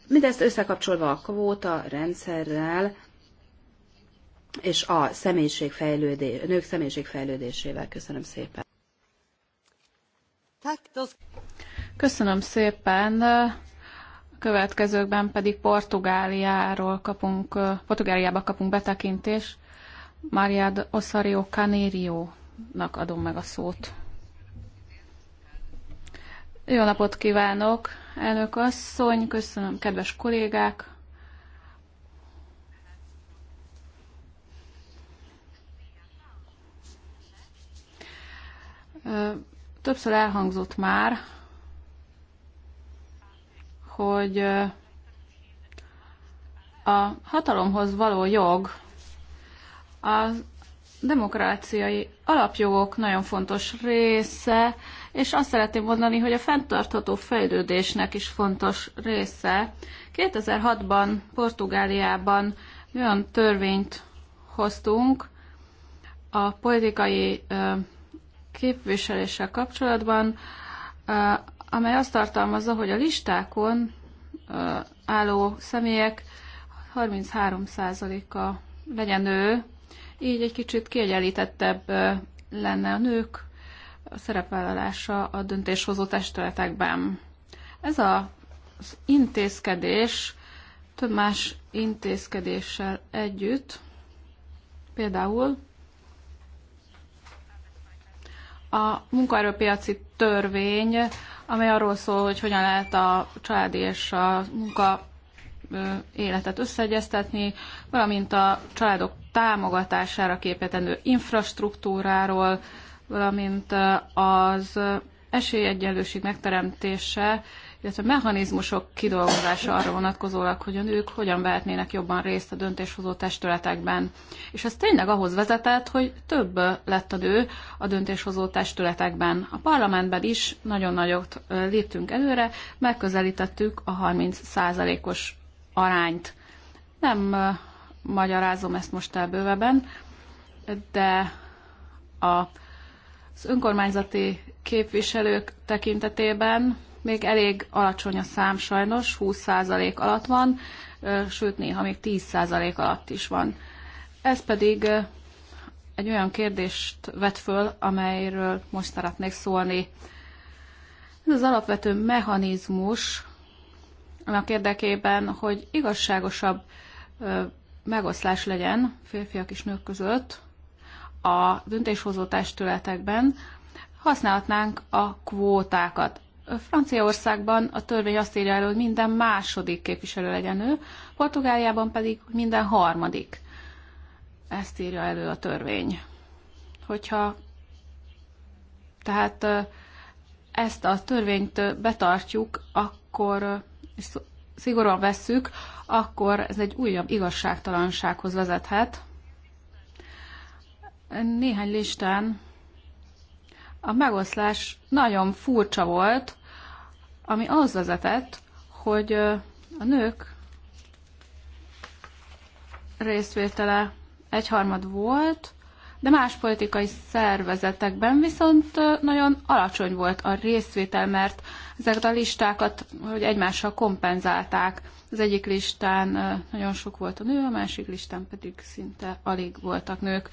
S4: mindezt összekapcsolva a kvóta rendszerrel, és a személyiségfejlődés, nők személyiségfejlődésével. Köszönöm szépen.
S3: Köszönöm szépen. A következőkben pedig Portugáliáról kapunk, Portugáliába kapunk betekintést. Maria Osario Canério-nak adom meg a szót. Jó napot kívánok, elnök asszony, köszönöm, kedves kollégák! Többször elhangzott már, hogy a hatalomhoz való jog a demokráciai alapjogok nagyon fontos része, és azt szeretném mondani, hogy a fenntartható fejlődésnek is fontos része. 2006-ban Portugáliában olyan törvényt hoztunk a politikai képviseléssel kapcsolatban, amely azt tartalmazza, hogy a listákon álló személyek 33%-a legyen nő, így egy kicsit kiegyenlítettebb lenne a nők a szerepvállalása a döntéshozó testületekben. Ez az intézkedés több más intézkedéssel együtt, például a munkaerőpiaci törvény, amely arról szól, hogy hogyan lehet a családi és a munka életet összeegyeztetni, valamint a családok támogatására képetendő infrastruktúráról, valamint az esélyegyenlőség megteremtése illetve mechanizmusok kidolgozása arra vonatkozólag, hogy a nők hogyan vehetnének jobban részt a döntéshozó testületekben. És ez tényleg ahhoz vezetett, hogy több lett a nő a döntéshozó testületekben. A parlamentben is nagyon nagyot léptünk előre, megközelítettük a 30%-os arányt. Nem magyarázom ezt most el bővebben, de a az önkormányzati képviselők tekintetében még elég alacsony a szám sajnos, 20% alatt van, sőt néha még 10% alatt is van. Ez pedig egy olyan kérdést vet föl, amelyről most szeretnék szólni. Ez az alapvető mechanizmus annak érdekében, hogy igazságosabb megoszlás legyen férfiak és nők között a döntéshozó testületekben, használhatnánk a kvótákat. Franciaországban a törvény azt írja elő, hogy minden második képviselő legyen ő, Portugáliában pedig minden harmadik. Ezt írja elő a törvény. Hogyha tehát ezt a törvényt betartjuk, akkor szigorúan vesszük, akkor ez egy újabb igazságtalansághoz vezethet. Néhány listán a megoszlás nagyon furcsa volt, ami ahhoz vezetett, hogy a nők részvétele egyharmad volt, de más politikai szervezetekben viszont nagyon alacsony volt a részvétel, mert ezeket a listákat hogy egymással kompenzálták. Az egyik listán nagyon sok volt a nő, a másik listán pedig szinte alig voltak nők.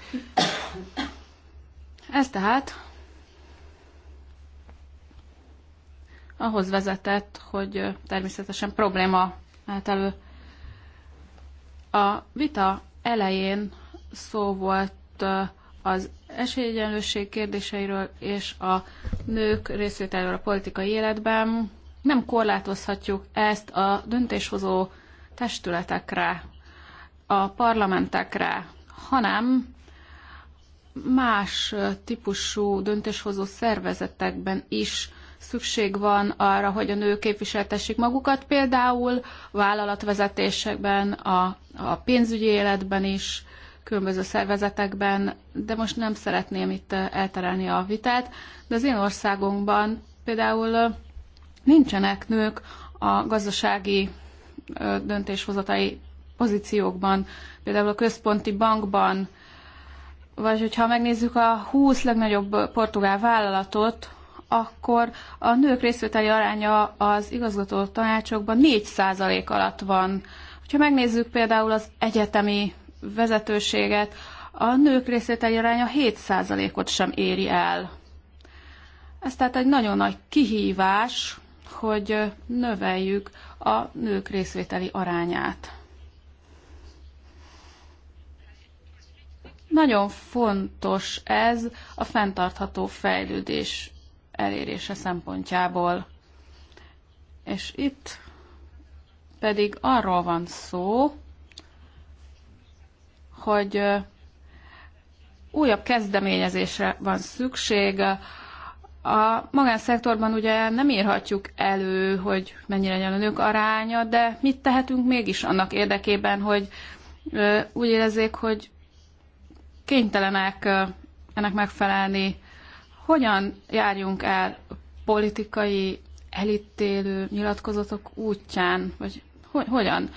S3: Ez tehát ahhoz vezetett, hogy természetesen probléma állt elő. A vita elején szó volt az esélyegyenlőség kérdéseiről és a nők részvételéről a politikai életben. Nem korlátozhatjuk ezt a döntéshozó testületekre, a parlamentekre, hanem más típusú döntéshozó szervezetekben is szükség van arra, hogy a nők képviseltessék magukat, például vállalatvezetésekben, a, a pénzügyi életben is, különböző szervezetekben, de most nem szeretném itt elterelni a vitát, de az én országomban például nincsenek nők a gazdasági döntéshozatai pozíciókban, például a központi bankban, vagy hogyha megnézzük a 20 legnagyobb portugál vállalatot, akkor a nők részvételi aránya az igazgató tanácsokban 4% alatt van. Ha megnézzük például az egyetemi vezetőséget, a nők részvételi aránya 7%-ot sem éri el. Ez tehát egy nagyon nagy kihívás, hogy növeljük a nők részvételi arányát. Nagyon fontos ez a fenntartható fejlődés elérése szempontjából. És itt pedig arról van szó, hogy újabb kezdeményezésre van szükség. A magánszektorban ugye nem írhatjuk elő, hogy mennyire legyen a nők aránya, de mit tehetünk mégis annak érdekében, hogy úgy érezzék, hogy kénytelenek ennek megfelelni hogyan járjunk el politikai elítélő nyilatkozatok útján, vagy ho- hogyan?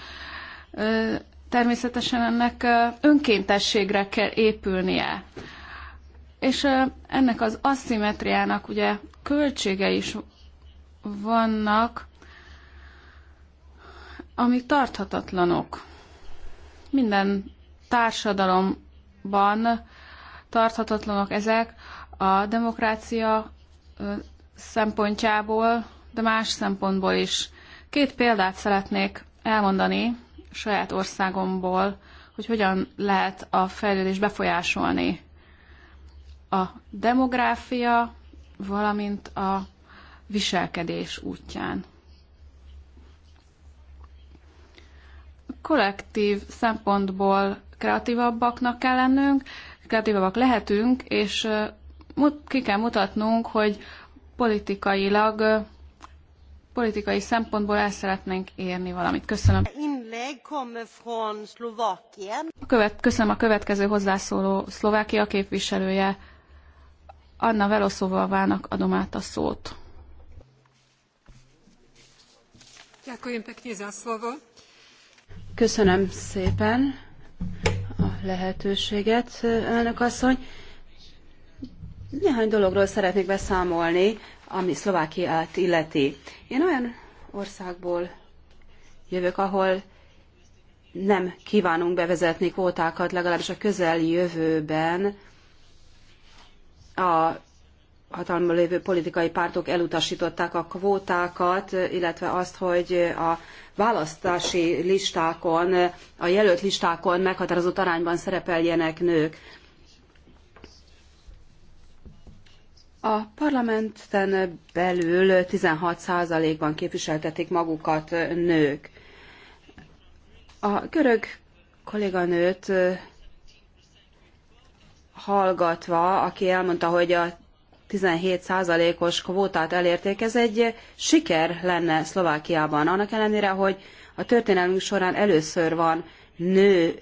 S3: Természetesen ennek önkéntességre kell épülnie. És ennek az aszimetriának ugye költsége is vannak, amik tarthatatlanok. Minden társadalomban tarthatatlanok ezek, a demokrácia szempontjából, de más szempontból is. Két példát szeretnék elmondani saját országomból, hogy hogyan lehet a fejlődés befolyásolni. A demográfia, valamint a viselkedés útján. Kollektív szempontból kreatívabbaknak kell lennünk, kreatívabbak lehetünk, és ki kell mutatnunk, hogy politikailag, politikai szempontból el szeretnénk érni valamit. Köszönöm. A követ, köszönöm a következő hozzászóló Szlovákia képviselője. Anna Veloszóvalvának adom át a szót. Köszönöm
S4: szépen a lehetőséget, elnök asszony. Néhány dologról szeretnék beszámolni, ami Szlovákiát illeti. Én olyan országból jövök, ahol nem kívánunk bevezetni kvótákat, legalábbis a közeljövőben a hatalmon lévő politikai pártok elutasították a kvótákat, illetve azt, hogy a választási listákon, a jelölt listákon meghatározott arányban szerepeljenek nők. A parlamenten belül 16%-ban képviseltetik magukat nők. A görög kolléganőt hallgatva, aki elmondta, hogy a 17%-os kvótát elérték, ez egy siker lenne Szlovákiában. Annak ellenére, hogy a történelmünk során először van nő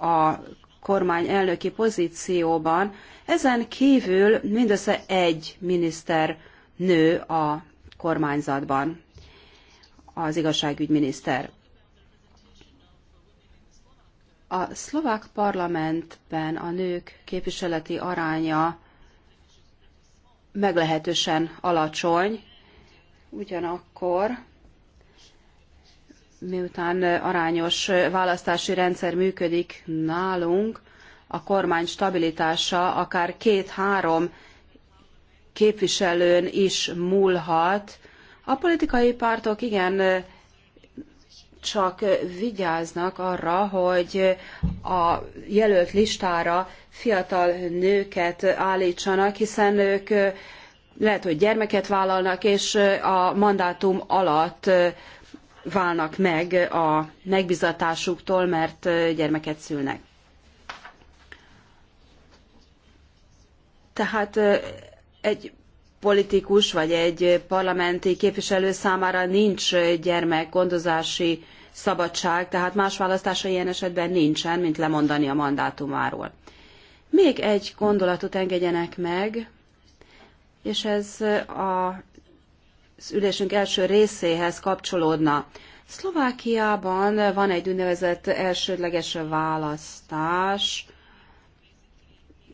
S4: a kormány elnöki pozícióban, ezen kívül mindössze egy miniszter nő a kormányzatban, az igazságügyminiszter. A szlovák parlamentben a nők képviseleti aránya meglehetősen alacsony, ugyanakkor miután arányos választási rendszer működik nálunk, a kormány stabilitása akár két-három képviselőn is múlhat. A politikai pártok igen csak vigyáznak arra, hogy a jelölt listára fiatal nőket állítsanak, hiszen ők lehet, hogy gyermeket vállalnak, és a mandátum alatt válnak meg a megbizatásuktól, mert gyermeket szülnek. Tehát egy politikus vagy egy parlamenti képviselő számára nincs gyermekgondozási szabadság, tehát más választása ilyen esetben nincsen, mint lemondani a mandátumáról. Még egy gondolatot engedjenek meg, és ez a, az ülésünk első részéhez kapcsolódna. Szlovákiában van egy úgynevezett elsődleges választás,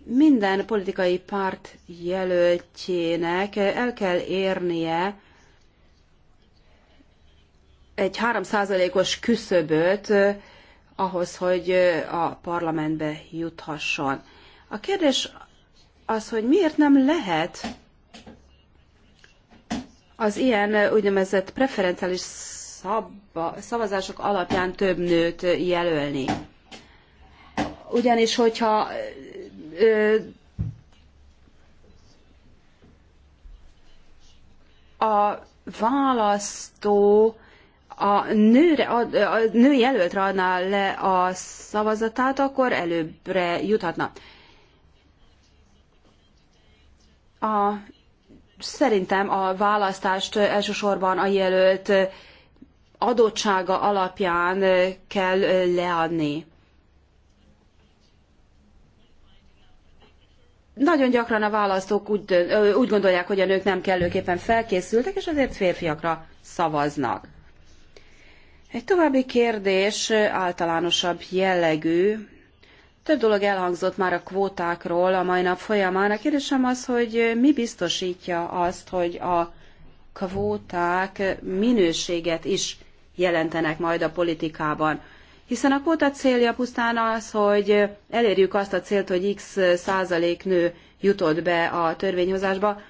S4: minden politikai párt jelöltjének el kell érnie egy 3%-os küszöböt eh, ahhoz, hogy eh, a parlamentbe juthasson. A kérdés az, hogy miért nem lehet az ilyen eh, úgynevezett preferenciális szavazások alapján több nőt jelölni. Ugyanis, hogyha a választó a, nőre, ad, a nő jelöltre adná le a szavazatát, akkor előbbre juthatna. A, szerintem a választást elsősorban a jelölt adottsága alapján kell leadni. Nagyon gyakran a választók úgy, úgy gondolják, hogy a nők nem kellőképpen felkészültek, és azért férfiakra szavaznak. Egy további kérdés általánosabb jellegű. Több dolog elhangzott már a kvótákról a mai nap folyamán. A kérdésem az, hogy mi biztosítja azt, hogy a kvóták minőséget is jelentenek majd a politikában. Hiszen a kvóta célja pusztán az, hogy elérjük azt a célt, hogy x százalék nő jutott be a törvényhozásba,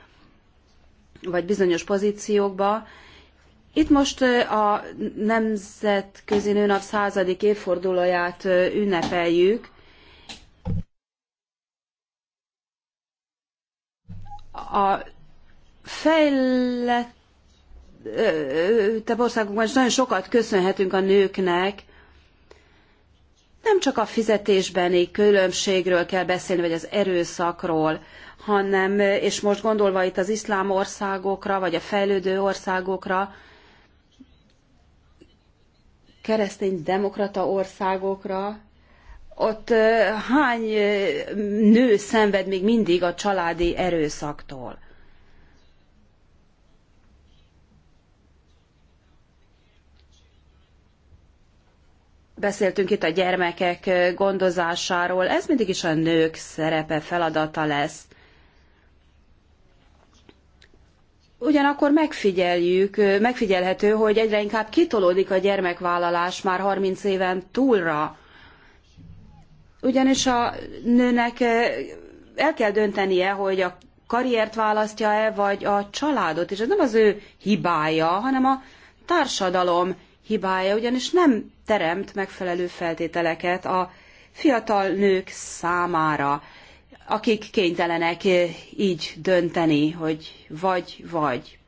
S4: vagy bizonyos pozíciókba. Itt most a Nemzetközi Nőnap századik évfordulóját ünnepeljük. A fejlett országokban is nagyon sokat köszönhetünk a nőknek, nem csak a fizetésbeni különbségről kell beszélni, vagy az erőszakról, hanem, és most gondolva itt az iszlám országokra, vagy a fejlődő országokra, keresztény demokrata országokra, ott eh, hány eh, nő szenved még mindig a családi erőszaktól? beszéltünk itt a gyermekek gondozásáról, ez mindig is a nők szerepe, feladata lesz. Ugyanakkor megfigyeljük, megfigyelhető, hogy egyre inkább kitolódik a gyermekvállalás már 30 éven túlra. Ugyanis a nőnek el kell döntenie, hogy a karriert választja-e, vagy a családot, és ez nem az ő hibája, hanem a társadalom hibája, ugyanis nem teremt megfelelő feltételeket a fiatal nők számára, akik kénytelenek így dönteni, hogy vagy, vagy.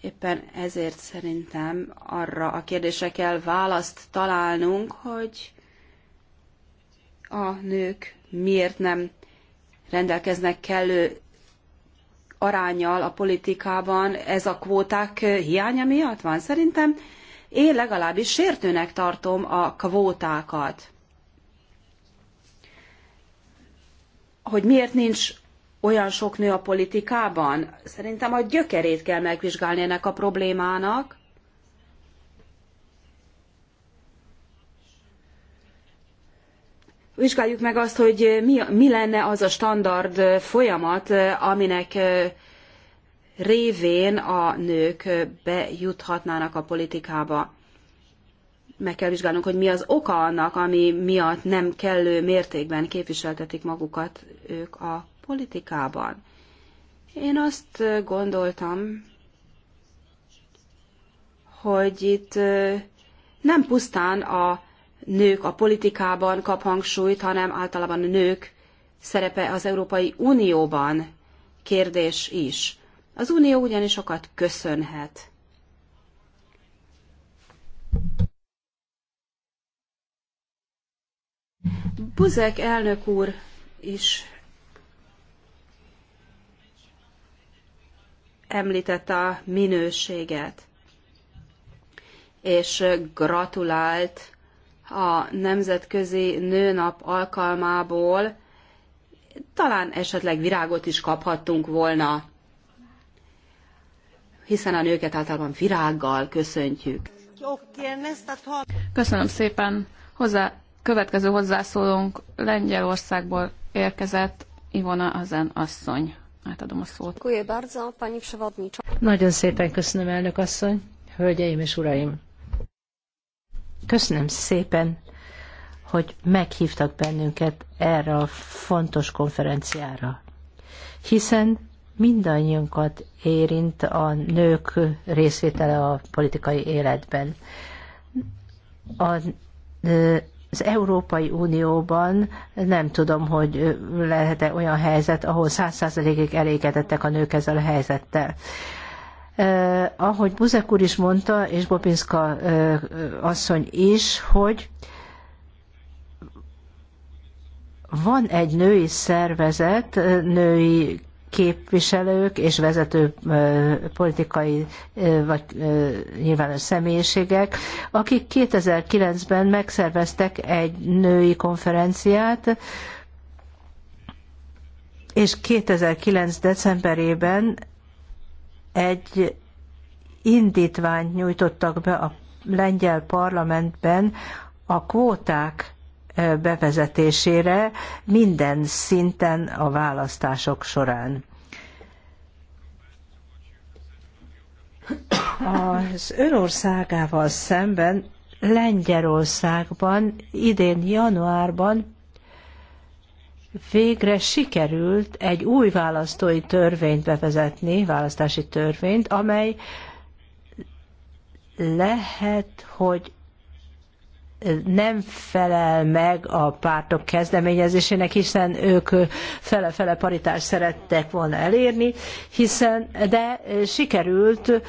S4: Éppen ezért szerintem arra a kérdésre kell választ találnunk, hogy a nők miért nem rendelkeznek kellő arányjal a politikában ez a kvóták hiánya miatt van. Szerintem én legalábbis sértőnek tartom a kvótákat. Hogy miért nincs olyan sok nő a politikában? Szerintem a gyökerét kell megvizsgálni ennek a problémának, vizsgáljuk meg azt, hogy mi, mi lenne az a standard folyamat, aminek révén a nők bejuthatnának a politikába. Meg kell vizsgálnunk, hogy mi az oka annak, ami miatt nem kellő mértékben képviseltetik magukat ők a politikában. Én azt gondoltam, hogy itt nem pusztán a nők a politikában kap hangsúlyt, hanem általában a nők szerepe az Európai Unióban kérdés is. Az Unió ugyanis sokat köszönhet. Buzek elnök úr is említette a minőséget, és gratulált a Nemzetközi Nőnap alkalmából talán esetleg virágot is kaphattunk volna,
S3: hiszen a nőket általában virággal köszöntjük. Köszönöm szépen. Hozzá, következő hozzászólónk Lengyelországból érkezett Ivona Azen asszony. Átadom a szót. Nagyon szépen köszönöm, elnök asszony, hölgyeim és uraim!
S1: Köszönöm szépen, hogy meghívtak bennünket erre a fontos konferenciára. Hiszen mindannyiunkat érint a nők részvétele a politikai életben. A, az Európai Unióban nem tudom, hogy lehet-e olyan helyzet, ahol százszázalékig elégedettek a nők ezzel a helyzettel. Eh, ahogy Buzek úr is mondta, és Bobinska eh, asszony is, hogy van egy női szervezet, eh, női képviselők és vezető eh, politikai eh, vagy nyilvános személyiségek, akik 2009-ben megszerveztek egy női konferenciát, és 2009. decemberében egy indítványt nyújtottak be a lengyel parlamentben a kvóták bevezetésére minden szinten a választások során. Az önországával szemben Lengyelországban idén januárban végre sikerült egy új választói törvényt bevezetni, választási törvényt, amely lehet, hogy nem felel meg a pártok kezdeményezésének, hiszen ők fele-fele paritást szerettek volna elérni, hiszen de sikerült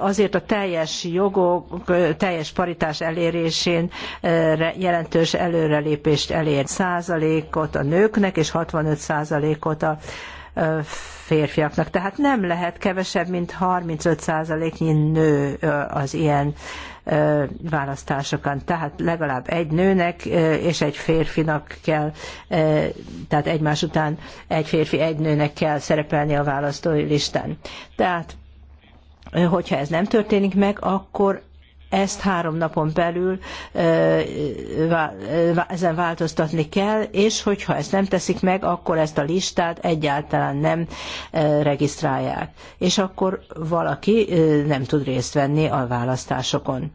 S1: azért a teljes jogok, teljes paritás elérésén jelentős előrelépést elért százalékot a nőknek, és 65 százalékot a férfiaknak. Tehát nem lehet kevesebb, mint 35%-nyi nő az ilyen választásokon. Tehát legalább egy nőnek és egy férfinak kell, tehát egymás után egy férfi egy nőnek kell szerepelni a választói listán. Tehát hogyha ez nem történik meg, akkor ezt három napon belül ezen változtatni kell, és hogyha ezt nem teszik meg, akkor ezt a listát egyáltalán nem regisztrálják. És akkor valaki nem tud részt venni a választásokon.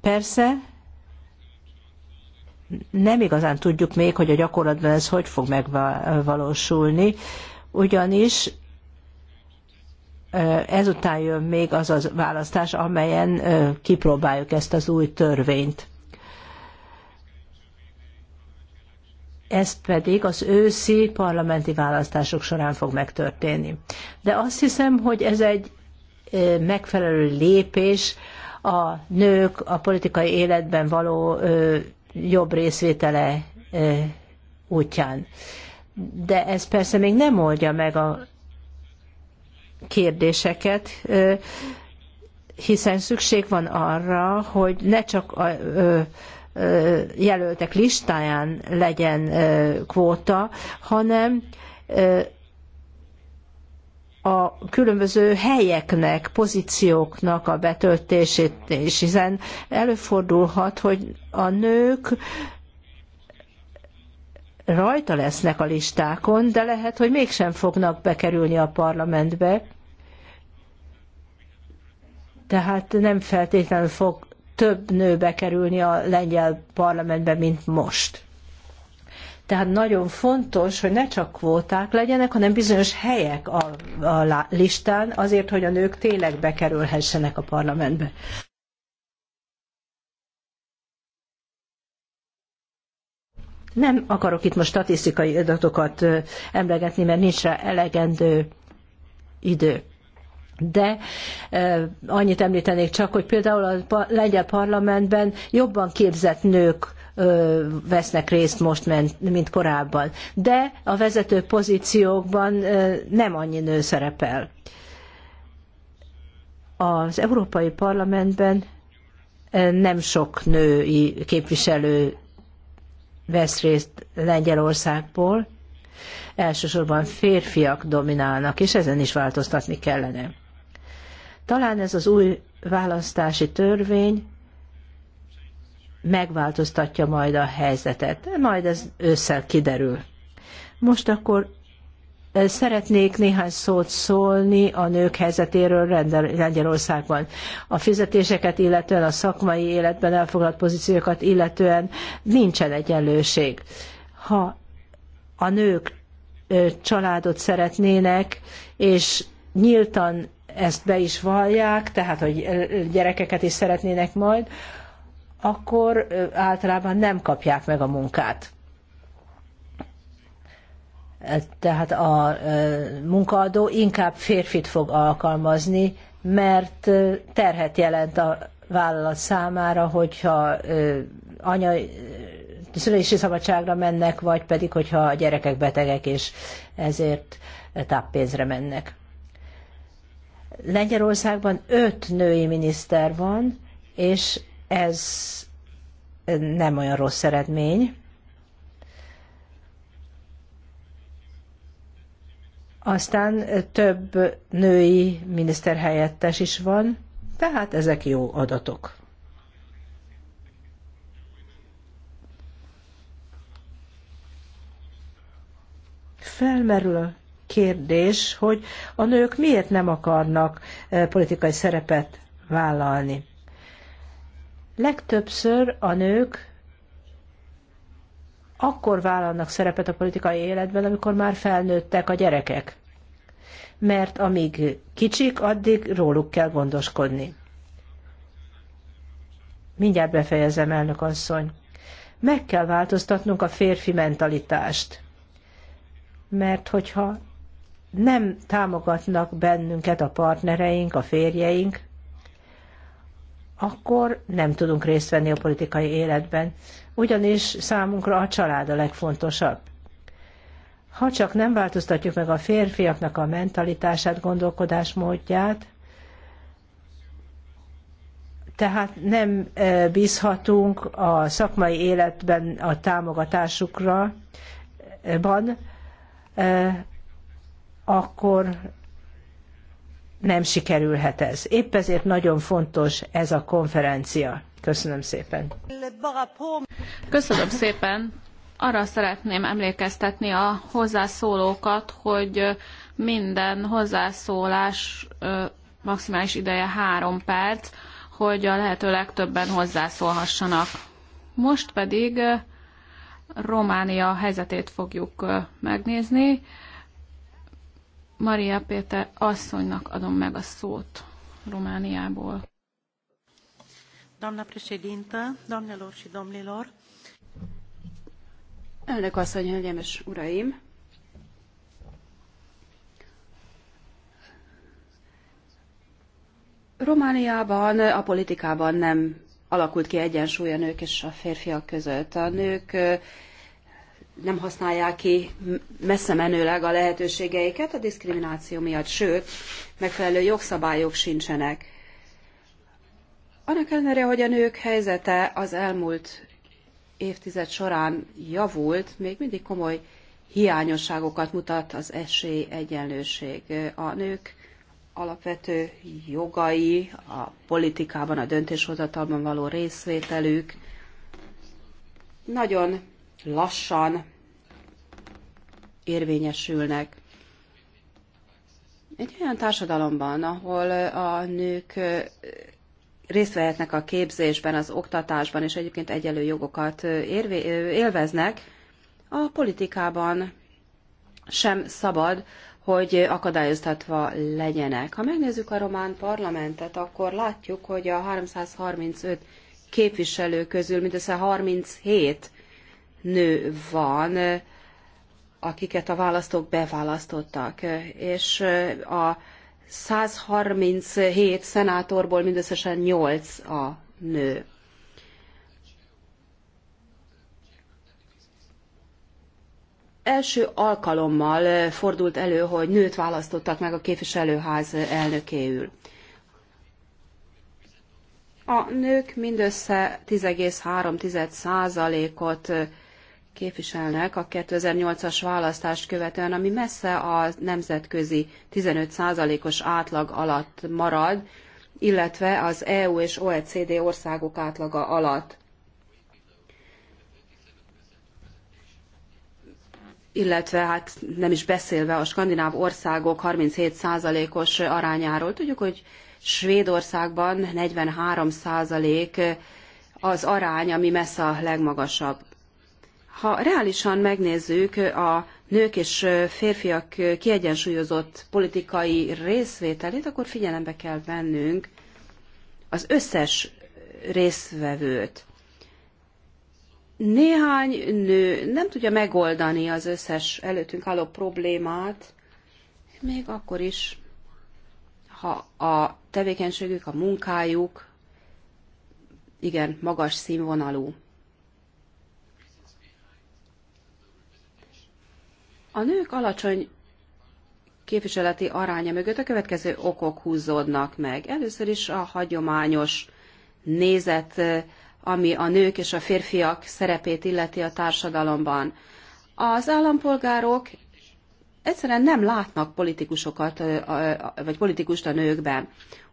S1: Persze, nem igazán tudjuk még, hogy a gyakorlatban ez hogy fog megvalósulni, ugyanis ezután jön még az a választás, amelyen kipróbáljuk ezt az új törvényt. Ez pedig az őszi parlamenti választások során fog megtörténni. De azt hiszem, hogy ez egy megfelelő lépés a nők a politikai életben való jobb részvétele útján. De ez persze még nem oldja meg a kérdéseket, hiszen szükség van arra, hogy ne csak a jelöltek listáján legyen kvóta, hanem a különböző helyeknek, pozícióknak a betöltését is, hiszen előfordulhat, hogy a nők rajta lesznek a listákon, de lehet, hogy mégsem fognak bekerülni a parlamentbe. Tehát nem feltétlenül fog több nő bekerülni a lengyel parlamentbe, mint most. Tehát nagyon fontos, hogy ne csak kvóták legyenek, hanem bizonyos helyek a, a listán, azért, hogy a nők tényleg bekerülhessenek a parlamentbe. Nem akarok itt most statisztikai adatokat emlegetni, mert nincs rá elegendő idő. De annyit említenék csak, hogy például a lengyel parlamentben jobban képzett nők vesznek részt most, mint korábban. De a vezető pozíciókban nem annyi nő szerepel. Az Európai Parlamentben nem sok női képviselő vesz részt Lengyelországból, elsősorban férfiak dominálnak, és ezen is változtatni kellene. Talán ez az új választási törvény megváltoztatja majd a helyzetet, majd ez ősszel kiderül. Most akkor Szeretnék néhány szót szólni a nők helyzetéről Lengyelországban. A fizetéseket illetően, a szakmai életben elfoglalt pozíciókat illetően nincsen egyenlőség. Ha a nők családot szeretnének, és nyíltan ezt be is vallják, tehát hogy gyerekeket is szeretnének majd, akkor általában nem kapják meg a munkát. Tehát a munkaadó inkább férfit fog alkalmazni, mert terhet jelent a vállalat számára, hogyha anya szülési szabadságra mennek, vagy pedig, hogyha a gyerekek betegek, és ezért táppénzre mennek. Lengyelországban öt női miniszter van, és ez nem olyan rossz eredmény. Aztán több női miniszterhelyettes is van, tehát ezek jó adatok. Felmerül a kérdés, hogy a nők miért nem akarnak politikai szerepet vállalni. Legtöbbször a nők akkor vállalnak szerepet a politikai életben, amikor már felnőttek a gyerekek. Mert amíg kicsik, addig róluk kell gondoskodni. Mindjárt befejezem, elnök asszony. Meg kell változtatnunk a férfi mentalitást. Mert hogyha nem támogatnak bennünket a partnereink, a férjeink, akkor nem tudunk részt venni a politikai életben ugyanis számunkra a család a legfontosabb. Ha csak nem változtatjuk meg a férfiaknak a mentalitását, gondolkodásmódját, tehát nem e, bízhatunk a szakmai életben a támogatásukra, e, ban, e, akkor nem sikerülhet ez. Épp ezért nagyon fontos ez a konferencia. Köszönöm szépen.
S3: Köszönöm szépen. Arra szeretném emlékeztetni a hozzászólókat, hogy minden hozzászólás maximális ideje három perc, hogy a lehető legtöbben hozzászólhassanak. Most pedig Románia helyzetét fogjuk megnézni. Maria Péter asszonynak adom meg a szót Romániából.
S1: Doamna președintă, doamnelor și domnilor.
S3: Elnök asszony, hölgyeim és
S4: uraim! Romániában a politikában nem alakult ki egyensúly a nők és a férfiak között. A nők nem használják ki messze menőleg a lehetőségeiket a diszkrimináció miatt, sőt, megfelelő jogszabályok sincsenek. Annak ellenére, hogy a nők helyzete az elmúlt évtized során javult, még mindig komoly hiányosságokat mutat az esély egyenlőség. A nők alapvető jogai, a politikában, a döntéshozatalban való részvételük nagyon lassan érvényesülnek. Egy olyan társadalomban, ahol a nők részt vehetnek a képzésben, az oktatásban, és egyébként egyenlő jogokat érvé, élveznek, a politikában sem szabad, hogy akadályoztatva legyenek. Ha megnézzük a román parlamentet, akkor látjuk, hogy a 335 képviselő közül mindössze 37 nő van, akiket a választók beválasztottak. És a 137 szenátorból mindösszesen 8 a nő. Első alkalommal fordult elő, hogy nőt választottak meg a képviselőház elnökéül. A nők mindössze 10,3%-ot képviselnek a 2008-as választást követően, ami messze a nemzetközi 15%-os átlag alatt marad, illetve az EU és OECD országok átlaga alatt. illetve hát nem is beszélve a skandináv országok 37%-os arányáról. Tudjuk, hogy Svédországban 43% az arány, ami messze a legmagasabb. Ha reálisan megnézzük a nők és férfiak kiegyensúlyozott politikai részvételét, akkor figyelembe kell vennünk az összes résztvevőt. Néhány nő nem tudja megoldani az összes előttünk álló problémát, még akkor is, ha a tevékenységük, a munkájuk igen magas színvonalú. A nők alacsony képviseleti aránya mögött a következő okok húzódnak meg. Először is a hagyományos nézet, ami a nők és a férfiak szerepét illeti a társadalomban. Az állampolgárok egyszerűen nem látnak politikusokat, vagy politikust a nőkben.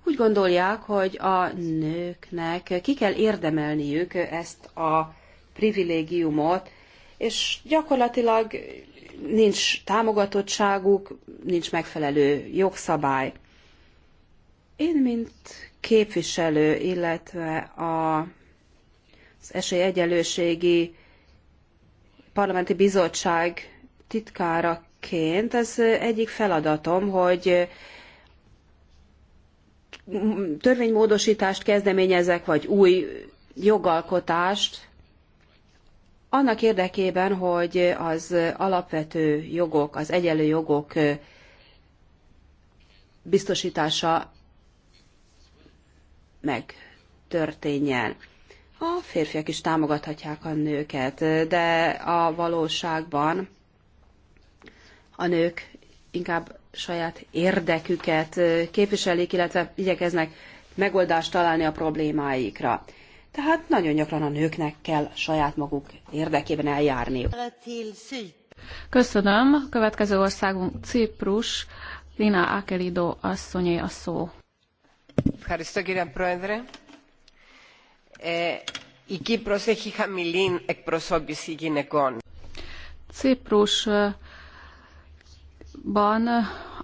S4: Úgy gondolják, hogy a nőknek ki kell érdemelniük ezt a privilégiumot, és gyakorlatilag nincs támogatottságuk, nincs megfelelő jogszabály. Én, mint képviselő, illetve a, az esélyegyelőségi parlamenti bizottság titkáraként, ez egyik feladatom, hogy törvénymódosítást kezdeményezek, vagy új jogalkotást, annak érdekében, hogy az alapvető jogok, az egyenlő jogok biztosítása megtörténjen. A férfiak is támogathatják a nőket, de a valóságban a nők inkább saját érdeküket képviselik, illetve igyekeznek megoldást találni a problémáikra. Tehát nagyon
S3: gyakran a nőknek kell saját maguk érdekében eljárniuk. Köszönöm. Következő országunk Ciprus. Lina Akelido asszonyé a szó. Ciprusban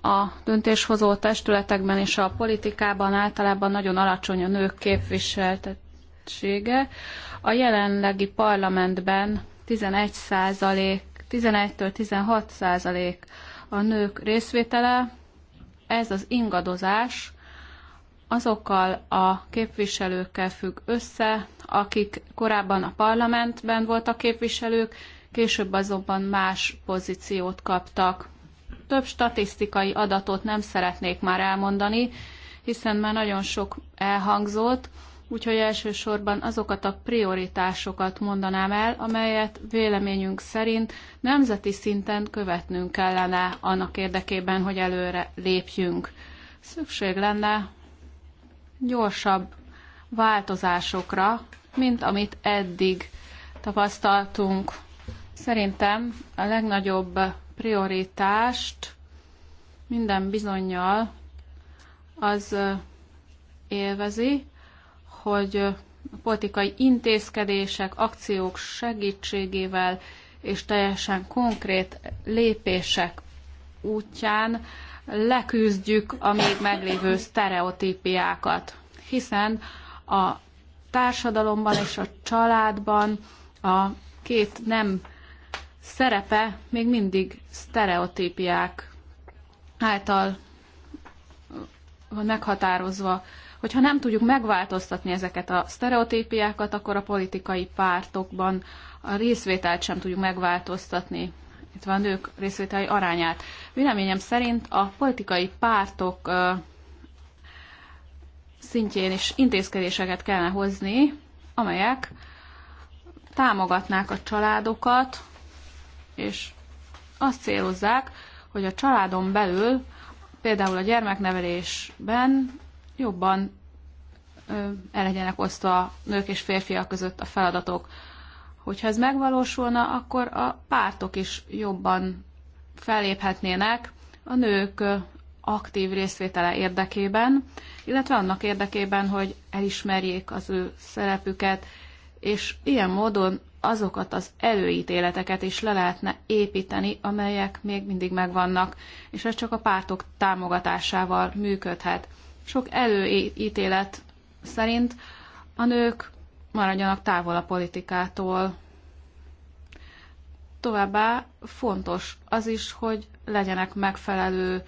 S3: a döntéshozó testületekben és a politikában általában nagyon alacsony a nők képviseltet költsége. A jelenlegi parlamentben 11 százalék, 11-től 16 százalék a nők részvétele. Ez az ingadozás azokkal a képviselőkkel függ össze, akik korábban a parlamentben voltak képviselők, később azonban más pozíciót kaptak. Több statisztikai adatot nem szeretnék már elmondani, hiszen már nagyon sok elhangzott, úgyhogy elsősorban azokat a prioritásokat mondanám el, amelyet véleményünk szerint nemzeti szinten követnünk kellene annak érdekében, hogy előre lépjünk. Szükség lenne gyorsabb változásokra, mint amit eddig tapasztaltunk. Szerintem a legnagyobb prioritást minden bizonyal az élvezi, hogy a politikai intézkedések, akciók segítségével és teljesen konkrét lépések útján leküzdjük a még meglévő sztereotípiákat. Hiszen a társadalomban és a családban a két nem szerepe még mindig sztereotípiák által meghatározva hogyha nem tudjuk megváltoztatni ezeket a sztereotípiákat, akkor a politikai pártokban a részvételt sem tudjuk megváltoztatni itt van a nők részvételi arányát. Véleményem szerint a politikai pártok szintjén is intézkedéseket kellene hozni, amelyek támogatnák a családokat, és azt célozzák, hogy a családon belül, például a gyermeknevelésben jobban el legyenek osztva nők és férfiak között a feladatok. Hogyha ez megvalósulna, akkor a pártok is jobban felléphetnének a nők aktív részvétele érdekében, illetve annak érdekében, hogy elismerjék az ő szerepüket, és ilyen módon azokat az előítéleteket is le lehetne építeni, amelyek még mindig megvannak, és ez csak a pártok támogatásával működhet. Sok előítélet szerint a nők maradjanak távol a politikától. Továbbá fontos az is, hogy legyenek megfelelő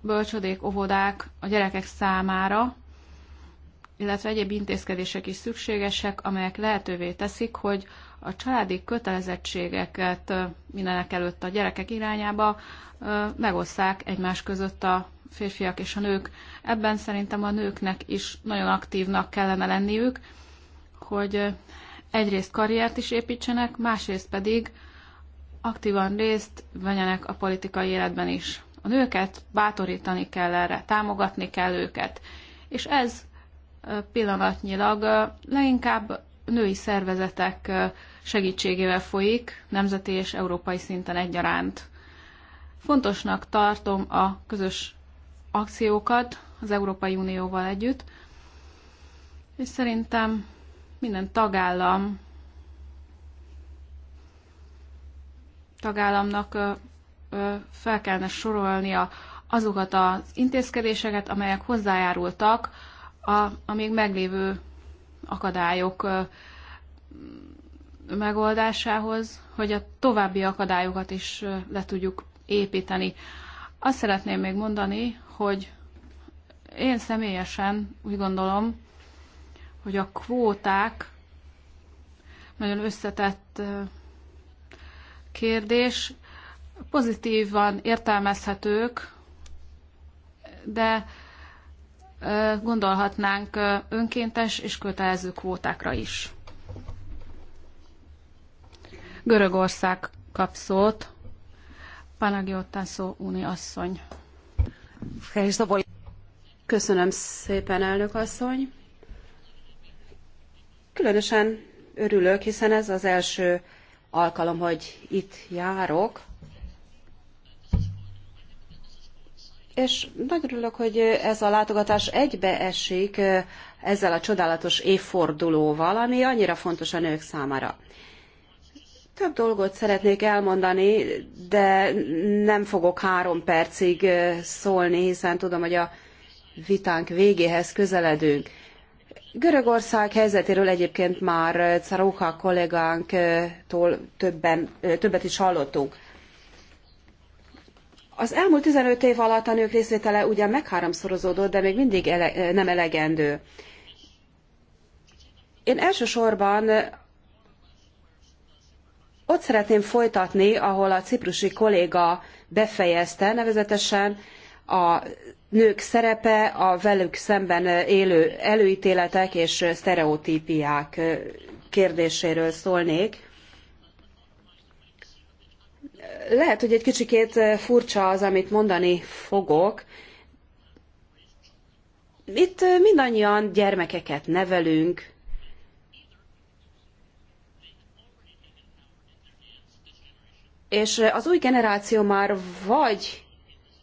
S3: bölcsödék, óvodák a gyerekek számára, illetve egyéb intézkedések is szükségesek, amelyek lehetővé teszik, hogy a családi kötelezettségeket mindenek előtt a gyerekek irányába megosszák egymás között a férfiak és a nők. Ebben szerintem a nőknek is nagyon aktívnak kellene lenniük, hogy egyrészt karriert is építsenek, másrészt pedig aktívan részt venjenek a politikai életben is. A nőket bátorítani kell erre, támogatni kell őket. És ez pillanatnyilag leginkább női szervezetek segítségével folyik, nemzeti és európai szinten egyaránt. Fontosnak tartom a közös akciókat az Európai Unióval együtt, és szerintem minden tagállam tagállamnak fel kellene sorolnia azokat az intézkedéseket, amelyek hozzájárultak a, a még meglévő akadályok megoldásához, hogy a további akadályokat is le tudjuk építeni. Azt szeretném még mondani, hogy én személyesen úgy gondolom, hogy a kvóták nagyon összetett kérdés, pozitívan értelmezhetők, de gondolhatnánk önkéntes és kötelező kvótákra is. Görögország kap szót. Panagiotászó Uni asszony. Köszönöm szépen, elnök asszony.
S4: Különösen örülök, hiszen ez az első alkalom, hogy itt járok. És nagyon örülök, hogy ez a látogatás egybeesik eh, ezzel a csodálatos évfordulóval, ami annyira fontos a nők számára. Több dolgot szeretnék elmondani, de nem fogok három percig szólni, hiszen tudom, hogy a vitánk végéhez közeledünk. Görögország helyzetéről egyébként már Caróka kollégánktól többen, többet is hallottunk. Az elmúlt 15 év alatt a nők részvétele ugyan megháromszorozódott, de még mindig ele nem elegendő. Én elsősorban ott szeretném folytatni, ahol a ciprusi kolléga befejezte, nevezetesen a nők szerepe, a velük szemben élő előítéletek és sztereotípiák kérdéséről szólnék. Lehet, hogy egy kicsikét furcsa az, amit mondani fogok. Itt mindannyian gyermekeket nevelünk, és az új generáció már vagy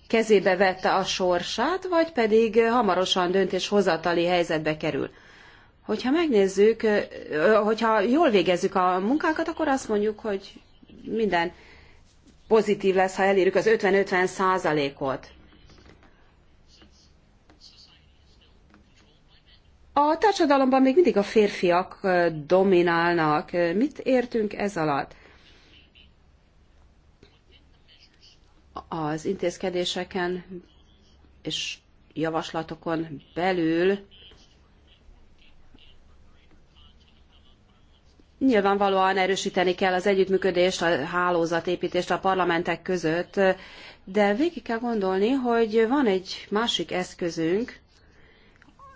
S4: kezébe vette a sorsát, vagy pedig hamarosan döntéshozatali helyzetbe kerül. Hogyha megnézzük, hogyha jól végezzük a munkákat, akkor azt mondjuk, hogy minden pozitív lesz, ha elérjük az 50-50 százalékot. A társadalomban még mindig a férfiak dominálnak. Mit értünk ez alatt? az intézkedéseken és javaslatokon belül nyilvánvalóan erősíteni kell az együttműködést, a hálózatépítést a parlamentek között, de végig kell gondolni, hogy van egy másik eszközünk,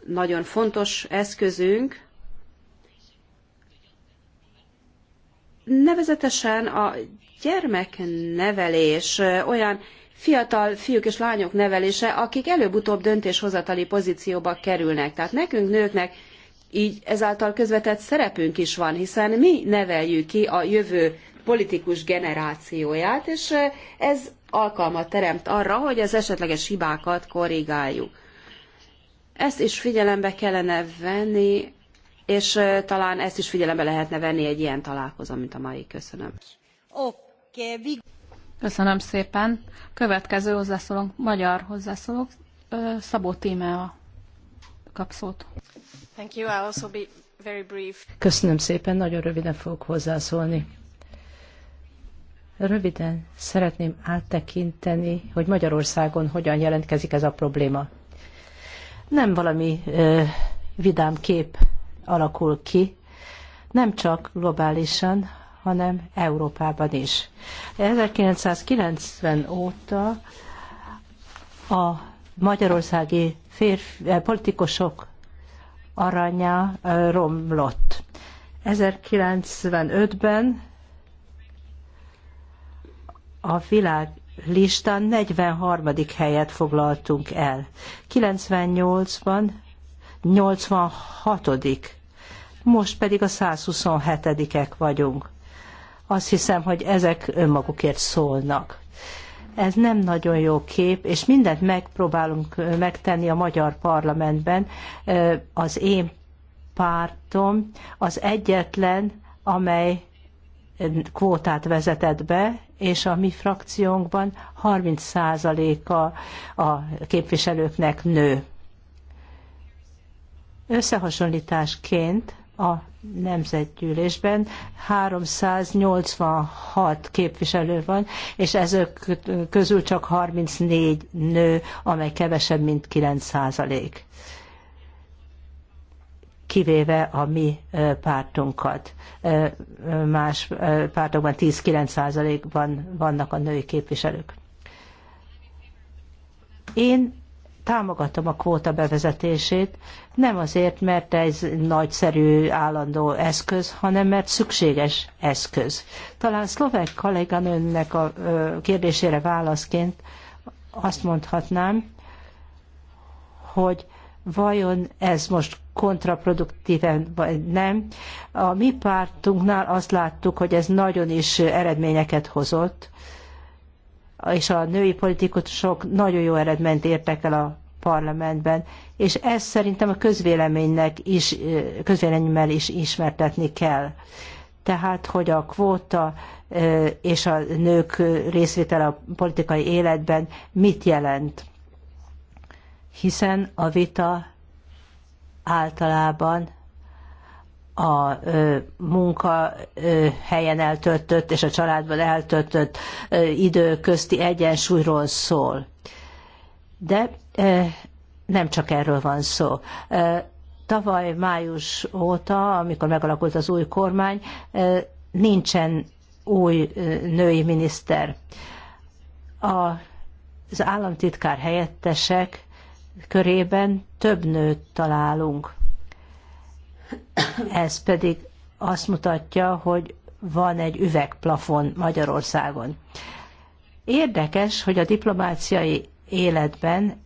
S4: nagyon fontos eszközünk, nevezetesen a gyermeknevelés, olyan fiatal fiúk és lányok nevelése, akik előbb-utóbb döntéshozatali pozícióba kerülnek. Tehát nekünk nőknek így ezáltal közvetett szerepünk is van, hiszen mi neveljük ki a jövő politikus generációját, és ez alkalmat teremt arra, hogy az esetleges hibákat korrigáljuk. Ezt is figyelembe kellene venni, és talán ezt is figyelembe lehetne venni egy ilyen találkozón, mint a mai. Köszönöm.
S3: Ok. Köszönöm szépen. Következő hozzászólónk, magyar hozzászólók, Szabó Tímea kap szót. Thank you. I'll also be very brief. Köszönöm
S1: szépen, nagyon röviden fogok hozzászólni. Röviden szeretném áttekinteni, hogy Magyarországon hogyan jelentkezik ez a probléma. Nem valami ö, vidám kép alakul ki, nem csak globálisan, hanem Európában is. 1990 óta a magyarországi férfi, eh, politikusok aranya eh, romlott. 1995-ben a világ listán 43. helyet foglaltunk el. 98-ban 86. Most pedig a 127-ek vagyunk. Azt hiszem, hogy ezek önmagukért szólnak. Ez nem nagyon jó kép, és mindent megpróbálunk megtenni a magyar parlamentben. Az én pártom az egyetlen, amely kvótát vezetett be, és a mi frakciónkban 30%-a a képviselőknek nő. Összehasonlításként a nemzetgyűlésben 386 képviselő van, és ezek közül csak 34 nő, amely kevesebb, mint 9 százalék. Kivéve a mi pártunkat. Más pártokban 10-9 százalékban vannak a női képviselők. Én támogatom a kvóta bevezetését, nem azért, mert ez nagyszerű állandó eszköz, hanem mert szükséges eszköz. Talán szlovák kolléganőnnek a kérdésére válaszként azt mondhatnám, hogy vajon ez most kontraproduktíven vagy nem. A mi pártunknál azt láttuk, hogy ez nagyon is eredményeket hozott, és a női politikusok nagyon jó eredményt értek el a parlamentben, és ezt szerintem a közvéleménynek is, közvéleménymel is ismertetni kell. Tehát, hogy a kvóta és a nők részvétele a politikai életben mit jelent. Hiszen a vita általában a munkahelyen eltöltött és a családban eltöltött idő közti egyensúlyról szól. De nem csak erről van szó. Tavaly május óta, amikor megalakult az új kormány, nincsen új női miniszter. Az államtitkár helyettesek körében több nőt találunk ez pedig azt mutatja, hogy van egy üvegplafon Magyarországon. Érdekes, hogy a diplomáciai életben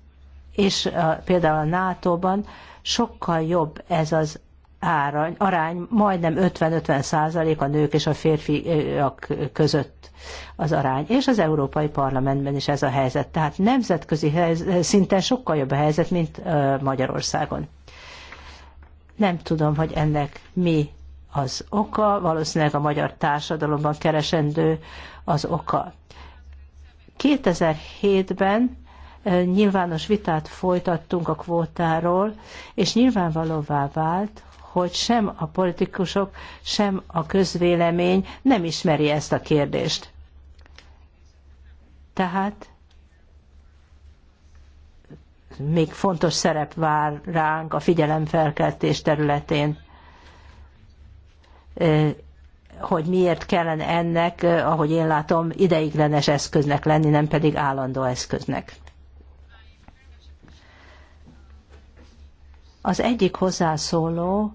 S1: és a, például a NATO-ban sokkal jobb ez az árany, arány, majdnem 50-50 százalék -50 a nők és a férfiak között az arány. És az Európai Parlamentben is ez a helyzet. Tehát nemzetközi szinten sokkal jobb a helyzet, mint Magyarországon. Nem tudom, hogy ennek mi az oka, valószínűleg a magyar társadalomban keresendő az oka. 2007-ben nyilvános vitát folytattunk a kvótáról, és nyilvánvalóvá vált, hogy sem a politikusok, sem a közvélemény nem ismeri ezt a kérdést. Tehát még fontos szerep vár ránk a figyelemfelkeltés területén, hogy miért kellene ennek, ahogy én látom, ideiglenes eszköznek lenni, nem pedig állandó eszköznek. Az egyik hozzászóló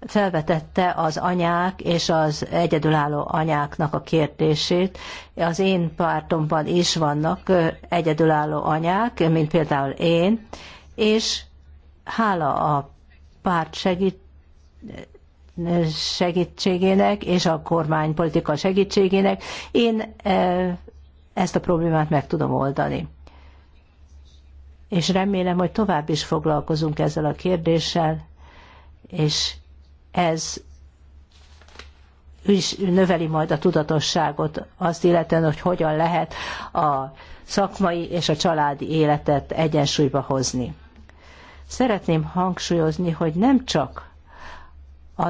S1: felvetette az anyák és az egyedülálló anyáknak a kérdését. Az én pártomban is vannak egyedülálló anyák, mint például én, és hála a párt segít, segítségének és a kormánypolitika segítségének én ezt a problémát meg tudom oldani. És remélem, hogy tovább is foglalkozunk ezzel a kérdéssel, és ez is növeli majd a tudatosságot azt illetően, hogy hogyan lehet a szakmai és a családi életet egyensúlyba hozni. Szeretném hangsúlyozni, hogy nem csak a,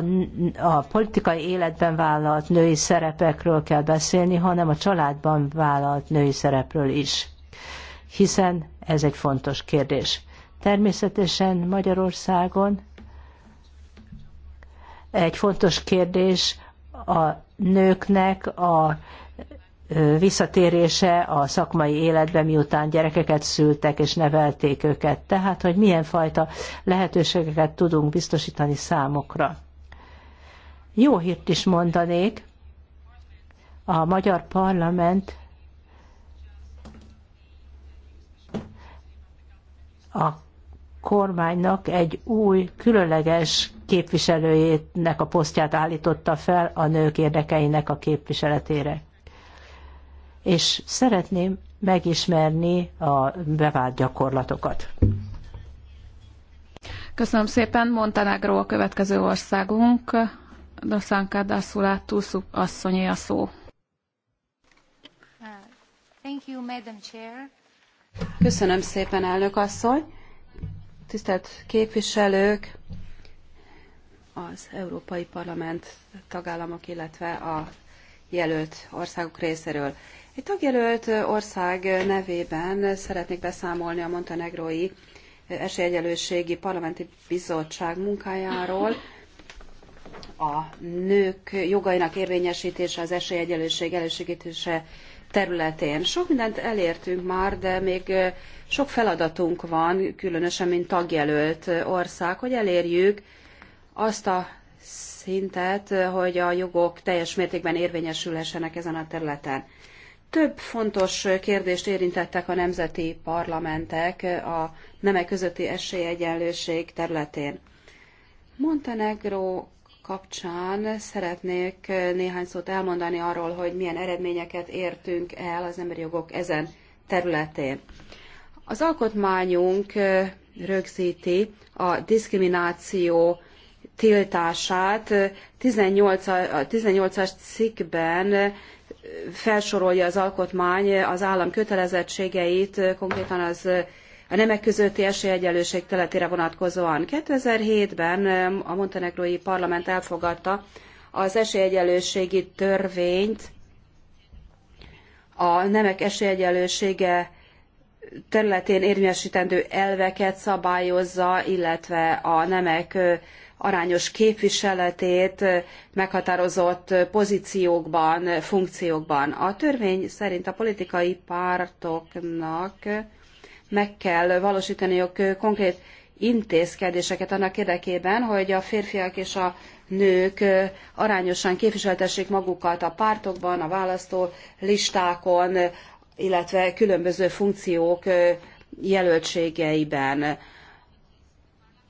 S1: a politikai életben vállalt női szerepekről kell beszélni, hanem a családban vállalt női szerepről is. Hiszen ez egy fontos kérdés. Természetesen Magyarországon egy fontos kérdés a nőknek a visszatérése a szakmai életbe, miután gyerekeket szültek és nevelték őket. Tehát, hogy milyen fajta lehetőségeket tudunk biztosítani számokra. Jó hírt is mondanék. A magyar parlament a kormánynak egy új, különleges képviselőjének a posztját állította fel a nők érdekeinek a képviseletére. És szeretném megismerni a bevált gyakorlatokat.
S3: Köszönöm szépen. Montenegro a következő országunk. Dasanka Dasulá Tuszup asszonyé a szó. Uh, Köszönöm szépen, elnök
S4: asszony. Tisztelt képviselők, az Európai Parlament tagállamok, illetve a jelölt országok részéről. Egy tagjelölt ország nevében szeretnék beszámolni a Montenegrói Esélyegyelőségi Parlamenti Bizottság munkájáról, a nők jogainak érvényesítése, az esélyegyelőség elősegítése területén. Sok mindent elértünk már, de még sok feladatunk van, különösen mint tagjelölt ország, hogy elérjük azt a szintet, hogy a jogok teljes mértékben érvényesülhessenek ezen a területen. Több fontos kérdést érintettek a nemzeti parlamentek a nemek közötti esélyegyenlőség területén. Montenegro kapcsán szeretnék néhány szót elmondani arról, hogy milyen eredményeket értünk el az emberi jogok ezen területén. Az alkotmányunk rögzíti a diszkrimináció tiltását. 18, 18-as cikkben felsorolja az alkotmány az állam kötelezettségeit, konkrétan az a nemek közötti esélyegyenlőség területére vonatkozóan. 2007-ben a montenegrói parlament elfogadta az esélyegyenlőségi törvényt, a nemek esélyegyenlősége területén érvényesítendő elveket szabályozza, illetve a nemek arányos képviseletét meghatározott pozíciókban, funkciókban. A törvény szerint a politikai pártoknak meg kell valósítaniuk konkrét intézkedéseket annak érdekében, hogy a férfiak és a nők arányosan képviseltessék magukat a pártokban, a választó listákon, illetve különböző funkciók jelöltségeiben.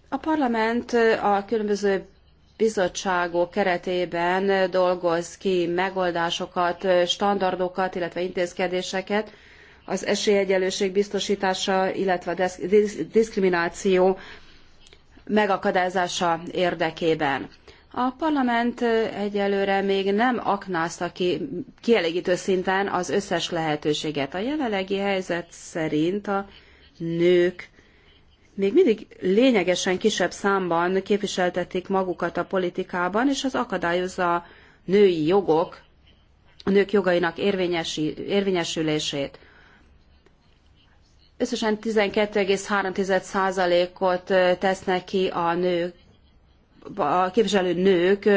S4: A parlament a különböző bizottságok keretében dolgoz ki megoldásokat, standardokat, illetve intézkedéseket, az esélyegyenlőség biztosítása, illetve a diszkrimináció megakadályozása érdekében. A parlament egyelőre még nem aknázta ki kielégítő szinten az összes lehetőséget. A jelenlegi helyzet szerint a nők még mindig lényegesen kisebb számban képviseltetik magukat a politikában, és az akadályozza a női jogok, a nők jogainak érvényesülését összesen 12,3%-ot tesznek ki a nők, a képviselő nők,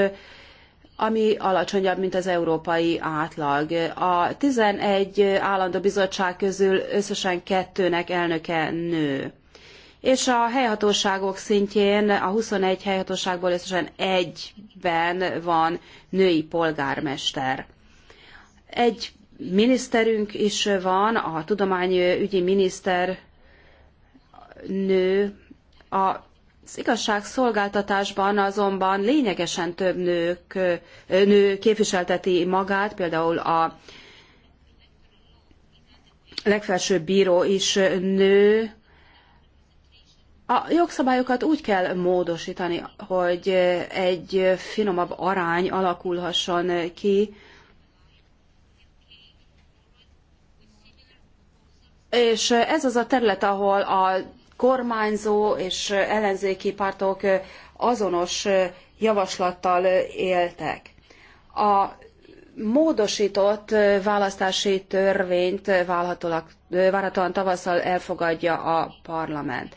S4: ami alacsonyabb, mint az európai átlag. A 11 állandó bizottság közül összesen kettőnek elnöke nő. És a helyhatóságok szintjén a 21 helyhatóságból összesen egyben van női polgármester. Egy miniszterünk is van, a tudományügyi miniszter nő. Az igazságszolgáltatásban azonban lényegesen több nők, nő képviselteti magát, például a legfelsőbb bíró is nő. A jogszabályokat úgy kell módosítani, hogy egy finomabb arány alakulhasson ki, És ez az a terület, ahol a kormányzó és ellenzéki pártok azonos javaslattal éltek. A módosított választási törvényt várhatóan tavasszal elfogadja a parlament.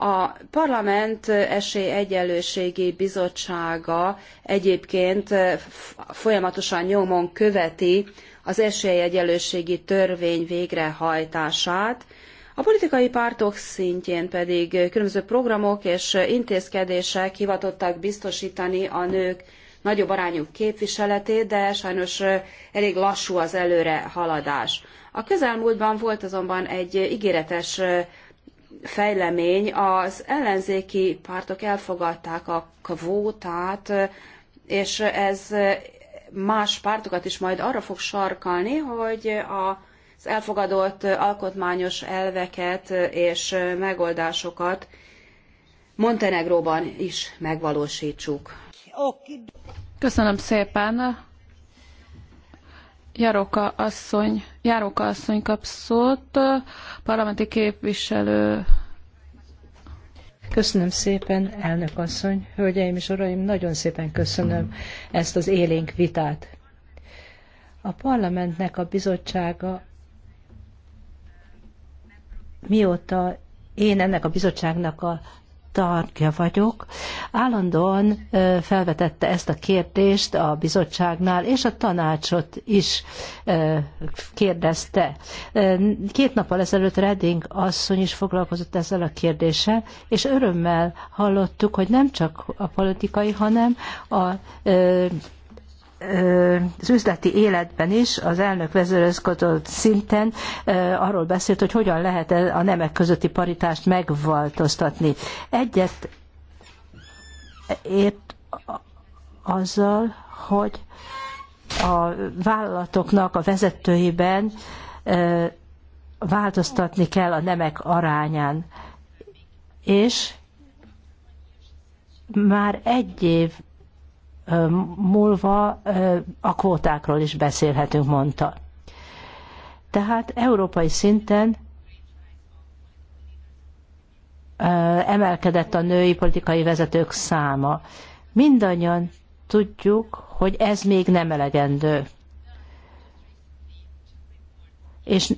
S4: A Parlament Esélyegyenlőségi Bizottsága egyébként folyamatosan nyomon követi az esélyegyelőségi törvény végrehajtását, a politikai pártok szintjén pedig különböző programok és intézkedések hivatottak biztosítani a nők nagyobb arányú képviseletét, de sajnos elég lassú az előrehaladás. A közelmúltban volt azonban egy ígéretes fejlemény, az ellenzéki pártok elfogadták a kvótát, és ez más pártokat is majd arra fog sarkalni, hogy a az elfogadott alkotmányos elveket és megoldásokat Montenegróban is megvalósítsuk.
S3: Köszönöm szépen. Jaroka asszony, Jaroka asszony kap szót, parlamenti képviselő
S1: Köszönöm szépen, elnök asszony,
S3: hölgyeim és uraim, nagyon
S1: szépen köszönöm ezt az élénk vitát. A parlamentnek a bizottsága, mióta én ennek a bizottságnak a tartja vagyok, állandóan felvetette ezt a kérdést a bizottságnál, és a tanácsot is kérdezte. Két nappal ezelőtt Redding asszony is foglalkozott ezzel a kérdéssel, és örömmel hallottuk, hogy nem csak a politikai, hanem a az üzleti életben is az elnök vezérőzködött szinten arról beszélt, hogy hogyan lehet e a nemek közötti paritást megváltoztatni. Egyet ért azzal, hogy a vállalatoknak a vezetőiben változtatni kell a nemek arányán. És már egy év múlva a kvótákról is beszélhetünk, mondta. Tehát európai szinten emelkedett a női politikai vezetők száma. Mindannyian tudjuk, hogy ez még nem elegendő. És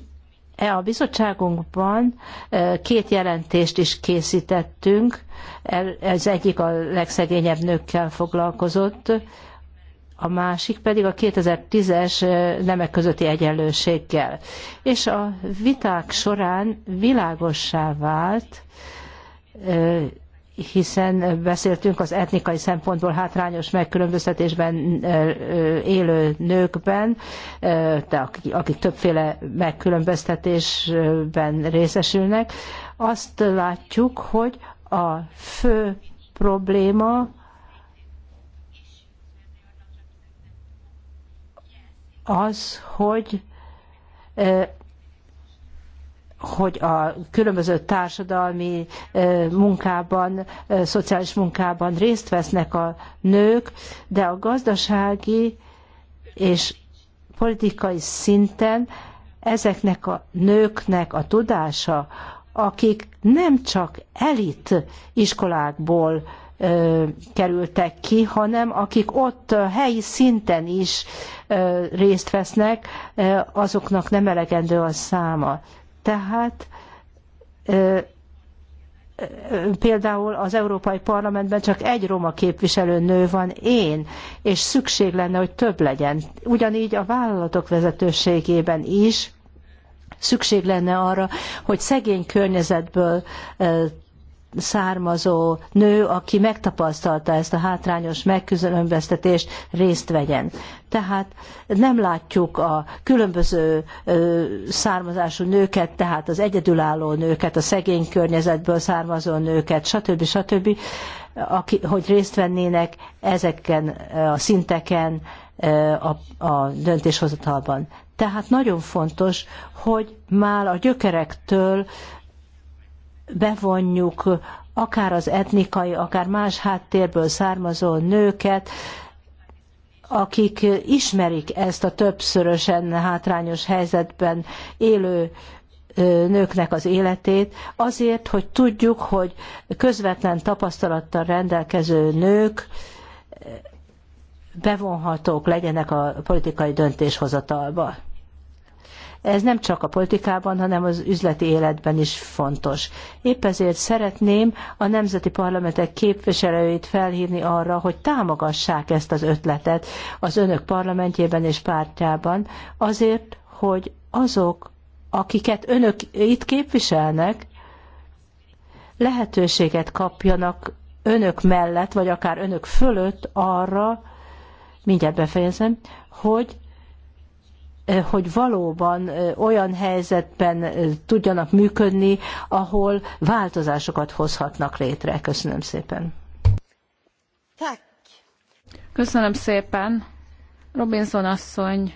S1: E a bizottságunkban e, két jelentést is készítettünk, ez egyik a legszegényebb nőkkel foglalkozott, a másik pedig a 2010-es e, nemek közötti egyenlőséggel. És a viták során világossá vált, hiszen beszéltünk az etnikai szempontból hátrányos megkülönböztetésben élő nőkben, akik többféle megkülönböztetésben részesülnek. Azt látjuk, hogy a fő probléma az, hogy hogy a különböző társadalmi munkában, szociális munkában részt vesznek a nők, de a gazdasági és politikai szinten ezeknek a nőknek a tudása, akik nem csak elit iskolákból ö, kerültek ki, hanem akik ott helyi szinten is ö, részt vesznek, ö, azoknak nem elegendő a száma. Tehát például az Európai Parlamentben csak egy roma képviselő nő van, én, és szükség lenne, hogy több legyen. Ugyanígy a vállalatok vezetőségében is szükség lenne arra, hogy szegény környezetből származó nő, aki megtapasztalta ezt a hátrányos megkülönböztetést, részt vegyen. Tehát nem látjuk a különböző származású nőket, tehát az egyedülálló nőket, a szegény környezetből származó nőket, stb. stb., aki, hogy részt vennének ezeken a szinteken a, a döntéshozatalban. Tehát nagyon fontos, hogy már a gyökerektől bevonjuk akár az etnikai, akár más háttérből származó nőket, akik ismerik ezt a többszörösen hátrányos helyzetben élő nőknek az életét, azért, hogy tudjuk, hogy közvetlen tapasztalattal rendelkező nők bevonhatók legyenek a politikai döntéshozatalba. Ez nem csak a politikában, hanem az üzleti életben is fontos. Épp ezért szeretném a nemzeti parlamentek képviselőit felhívni arra, hogy támogassák ezt az ötletet az önök parlamentjében és pártjában, azért, hogy azok, akiket önök itt képviselnek, lehetőséget kapjanak önök mellett, vagy akár önök fölött arra, mindjárt befejezem, hogy hogy valóban olyan helyzetben tudjanak működni, ahol változásokat hozhatnak létre. Köszönöm szépen. Köszönöm szépen. Robinson
S3: asszony.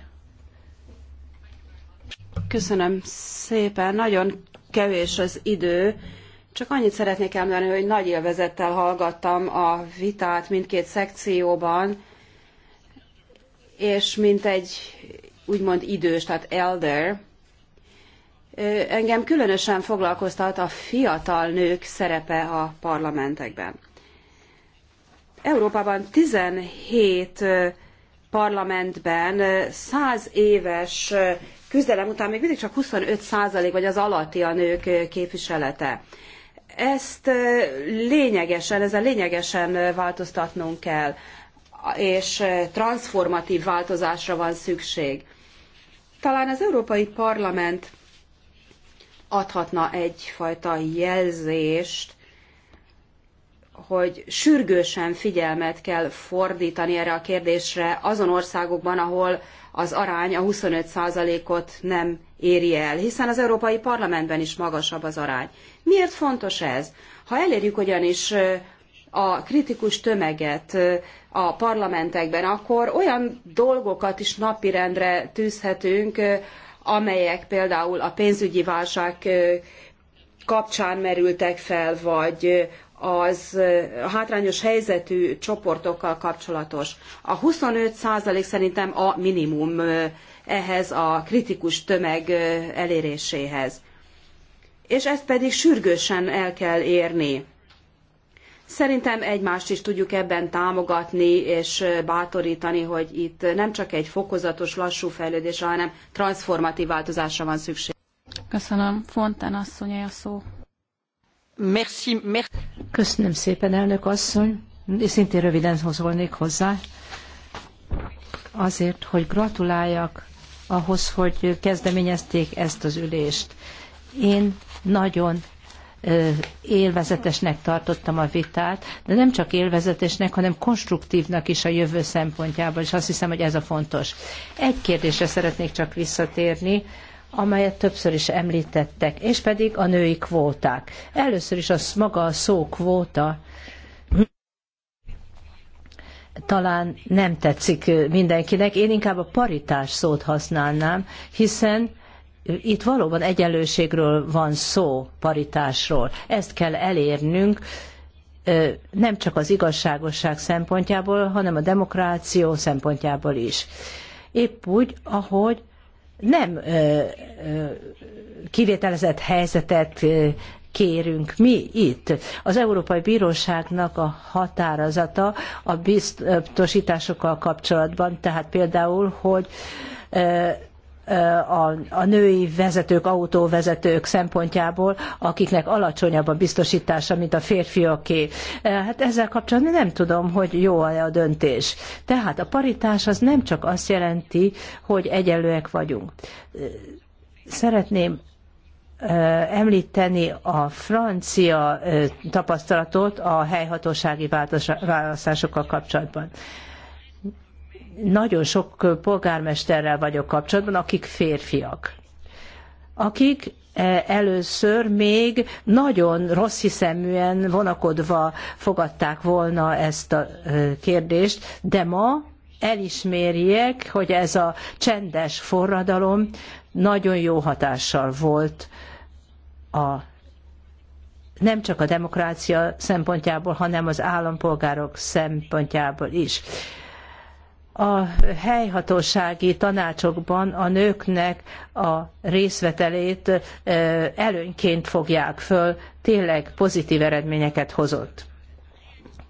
S4: Köszönöm szépen. Nagyon kevés az idő. Csak annyit szeretnék elmondani, hogy nagy élvezettel hallgattam a vitát mindkét szekcióban, és mint egy úgymond idős, tehát elder, engem különösen foglalkoztat a fiatal nők szerepe a parlamentekben. Európában 17 parlamentben 100 éves küzdelem után még mindig csak 25 százalék vagy az alatti a nők képviselete. Ezt lényegesen, ezzel lényegesen változtatnunk kell, és transformatív változásra van szükség. Talán az Európai Parlament adhatna egyfajta jelzést, hogy sürgősen figyelmet kell fordítani erre a kérdésre azon országokban, ahol az arány a 25%-ot nem éri el, hiszen az Európai Parlamentben is magasabb az arány. Miért fontos ez? Ha elérjük ugyanis a kritikus tömeget, a parlamentekben, akkor olyan dolgokat is napirendre tűzhetünk, amelyek például a pénzügyi válság kapcsán merültek fel, vagy az a hátrányos helyzetű csoportokkal kapcsolatos. A 25% szerintem a minimum ehhez a kritikus tömeg eléréséhez. És ezt pedig sürgősen el kell érni. Szerintem egymást is tudjuk ebben támogatni és bátorítani, hogy itt nem csak egy fokozatos, lassú fejlődésre, hanem transformatív változásra van szükség.
S3: Köszönöm. a szó.
S1: Merci, merci. Köszönöm szépen, elnök asszony. És szintén röviden hozolnék hozzá. Azért, hogy gratuláljak ahhoz, hogy kezdeményezték ezt az ülést. Én nagyon élvezetesnek tartottam a vitát, de nem csak élvezetesnek, hanem konstruktívnak is a jövő szempontjából, és azt hiszem, hogy ez a fontos. Egy kérdésre szeretnék csak visszatérni, amelyet többször is említettek, és pedig a női kvóták. Először is az maga a szó kvóta, talán nem tetszik mindenkinek. Én inkább a paritás szót használnám, hiszen itt valóban egyenlőségről van szó, paritásról. Ezt kell elérnünk, nem csak az igazságosság szempontjából, hanem a demokráció szempontjából is. Épp úgy, ahogy nem kivételezett helyzetet kérünk mi itt. Az Európai Bíróságnak a határozata a biztosításokkal kapcsolatban, tehát például, hogy a, a női vezetők, autóvezetők szempontjából, akiknek alacsonyabb a biztosítása, mint a férfiaké. E, hát ezzel kapcsolatban nem tudom, hogy jó-e a döntés. Tehát a paritás az nem csak azt jelenti, hogy egyenlőek vagyunk. Szeretném e, említeni a francia e, tapasztalatot a helyhatósági választásokkal kapcsolatban nagyon sok polgármesterrel vagyok kapcsolatban, akik férfiak, akik e, először még nagyon rossz hiszeműen vonakodva fogadták volna ezt a e, kérdést, de ma elismerjék, hogy ez a csendes forradalom nagyon jó hatással volt a nem csak a demokrácia szempontjából, hanem az állampolgárok szempontjából is a helyhatósági tanácsokban a nőknek a részvetelét előnyként fogják föl, tényleg pozitív eredményeket hozott.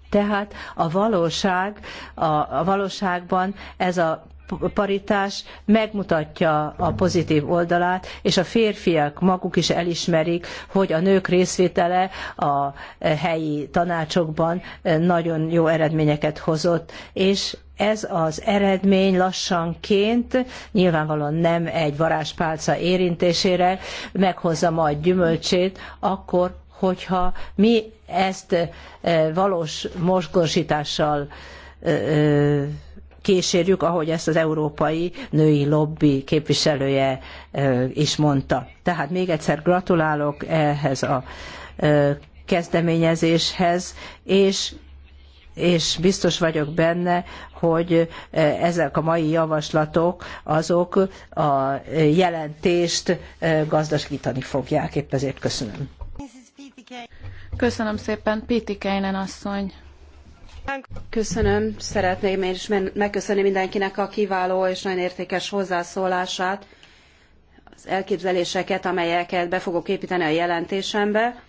S1: Tehát a valóság, a, a valóságban ez a paritás megmutatja a pozitív oldalát, és a férfiak maguk is elismerik, hogy a nők részvétele a helyi tanácsokban nagyon jó eredményeket hozott, és ez az eredmény lassanként, nyilvánvalóan nem egy varázspálca érintésére, meghozza majd gyümölcsét, akkor, hogyha mi ezt e, valós mozgósítással e, e, kísérjük, ahogy ezt az európai női lobby képviselője is mondta. Tehát még egyszer gratulálok ehhez a kezdeményezéshez, és és biztos vagyok benne, hogy e, ezek a mai javaslatok azok a e, jelentést e, gazdagítani fogják. Épp ezért köszönöm.
S3: Köszönöm szépen, Piti Keinen asszony. Köszönöm, szeretném
S4: én is megköszönni mindenkinek a kiváló és nagyon értékes hozzászólását, az elképzeléseket, amelyeket be fogok építeni a jelentésembe.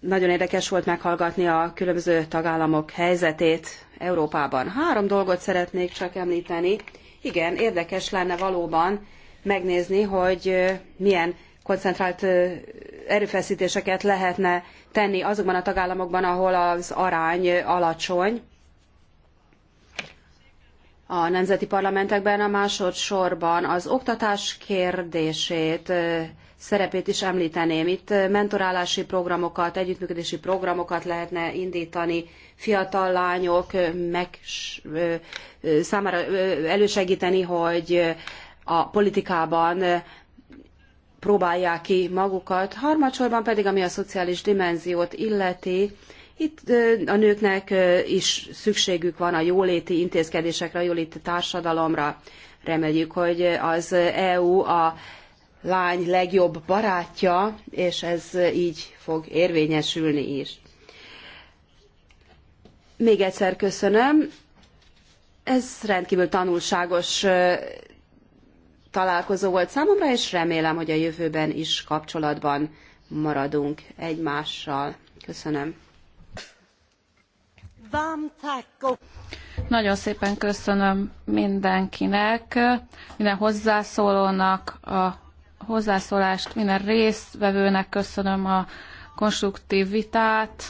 S4: Nagyon érdekes volt meghallgatni a különböző tagállamok helyzetét Európában. Három dolgot szeretnék csak említeni. Igen, érdekes lenne valóban megnézni, hogy milyen koncentrált erőfeszítéseket lehetne tenni azokban a tagállamokban, ahol az arány alacsony. A nemzeti parlamentekben a másodszorban az oktatás kérdését szerepét is említeném. Itt mentorálási programokat, együttműködési programokat lehetne indítani fiatal lányok meg, számára elősegíteni, hogy a politikában próbálják ki magukat. Harmadsorban pedig, ami a szociális dimenziót illeti, itt a nőknek is szükségük van a jóléti intézkedésekre, a jóléti társadalomra. Reméljük, hogy az EU a lány legjobb barátja, és ez így fog érvényesülni is. Még egyszer köszönöm. Ez rendkívül tanulságos találkozó volt számomra, és remélem, hogy a jövőben is kapcsolatban maradunk egymással. Köszönöm.
S3: Nagyon szépen köszönöm mindenkinek, minden hozzászólónak a hozzászólást, minden résztvevőnek köszönöm a konstruktív vitát.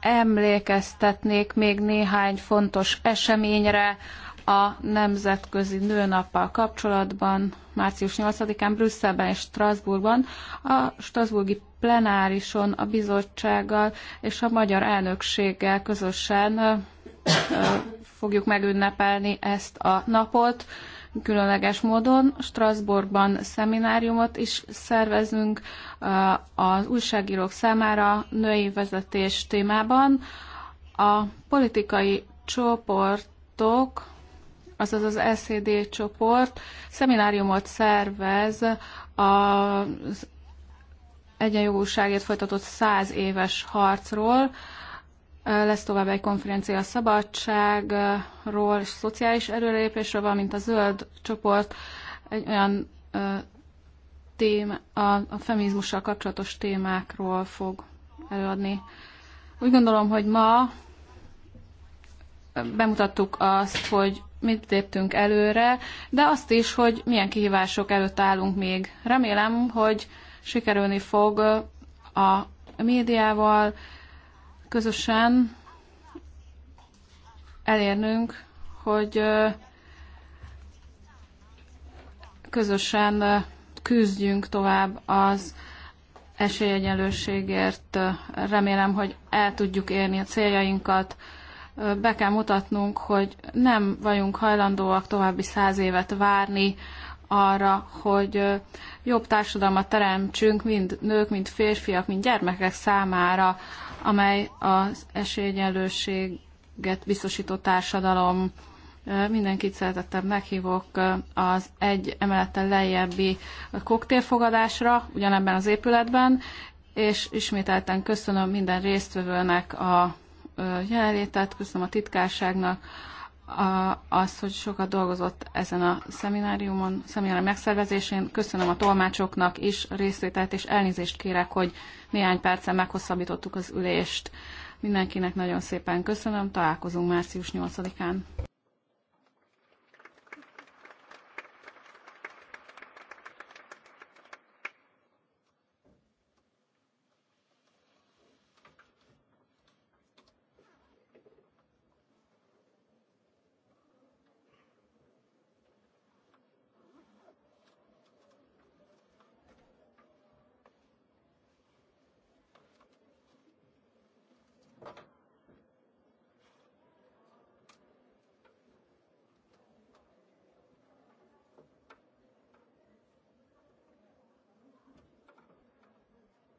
S3: Emlékeztetnék még néhány fontos eseményre a Nemzetközi Nőnappal kapcsolatban, március 8-án Brüsszelben és Strasbourgban, a Strasbourgi plenárison a bizottsággal és a magyar elnökséggel közösen fogjuk megünnepelni ezt a napot különleges módon. Strasbourgban szemináriumot is szervezünk eh, az újságírók számára női vezetés témában. A politikai csoportok, azaz az SZD csoport szemináriumot szervez az egyenjogúságért folytatott száz éves harcról, lesz tovább egy konferencia a szabadságról és szociális erőrelépésről, valamint a zöld csoport egy olyan téma, a, a feminizmussal kapcsolatos témákról fog előadni. Úgy gondolom, hogy ma bemutattuk azt, hogy mit léptünk előre, de azt is, hogy milyen kihívások előtt állunk még. Remélem, hogy sikerülni fog a médiával közösen elérnünk, hogy közösen küzdjünk tovább az esélyegyenlőségért. Remélem, hogy el tudjuk érni a céljainkat. Be kell mutatnunk, hogy nem vagyunk hajlandóak további száz évet várni arra, hogy jobb társadalmat teremtsünk mind nők, mind férfiak, mind gyermekek számára amely az esélyegyenlőséget biztosító társadalom mindenkit szeretettel meghívok az egy emeleten lejjebbi koktélfogadásra, ugyanebben az épületben, és ismételten köszönöm minden résztvevőnek a jelenlétet, köszönöm a titkárságnak az hogy sokat dolgozott ezen a szemináriumon, szeminárium megszervezésén. Köszönöm a tolmácsoknak is részvételt, és elnézést kérek, hogy néhány perccel meghosszabbítottuk az ülést. Mindenkinek nagyon szépen köszönöm, találkozunk március 8-án.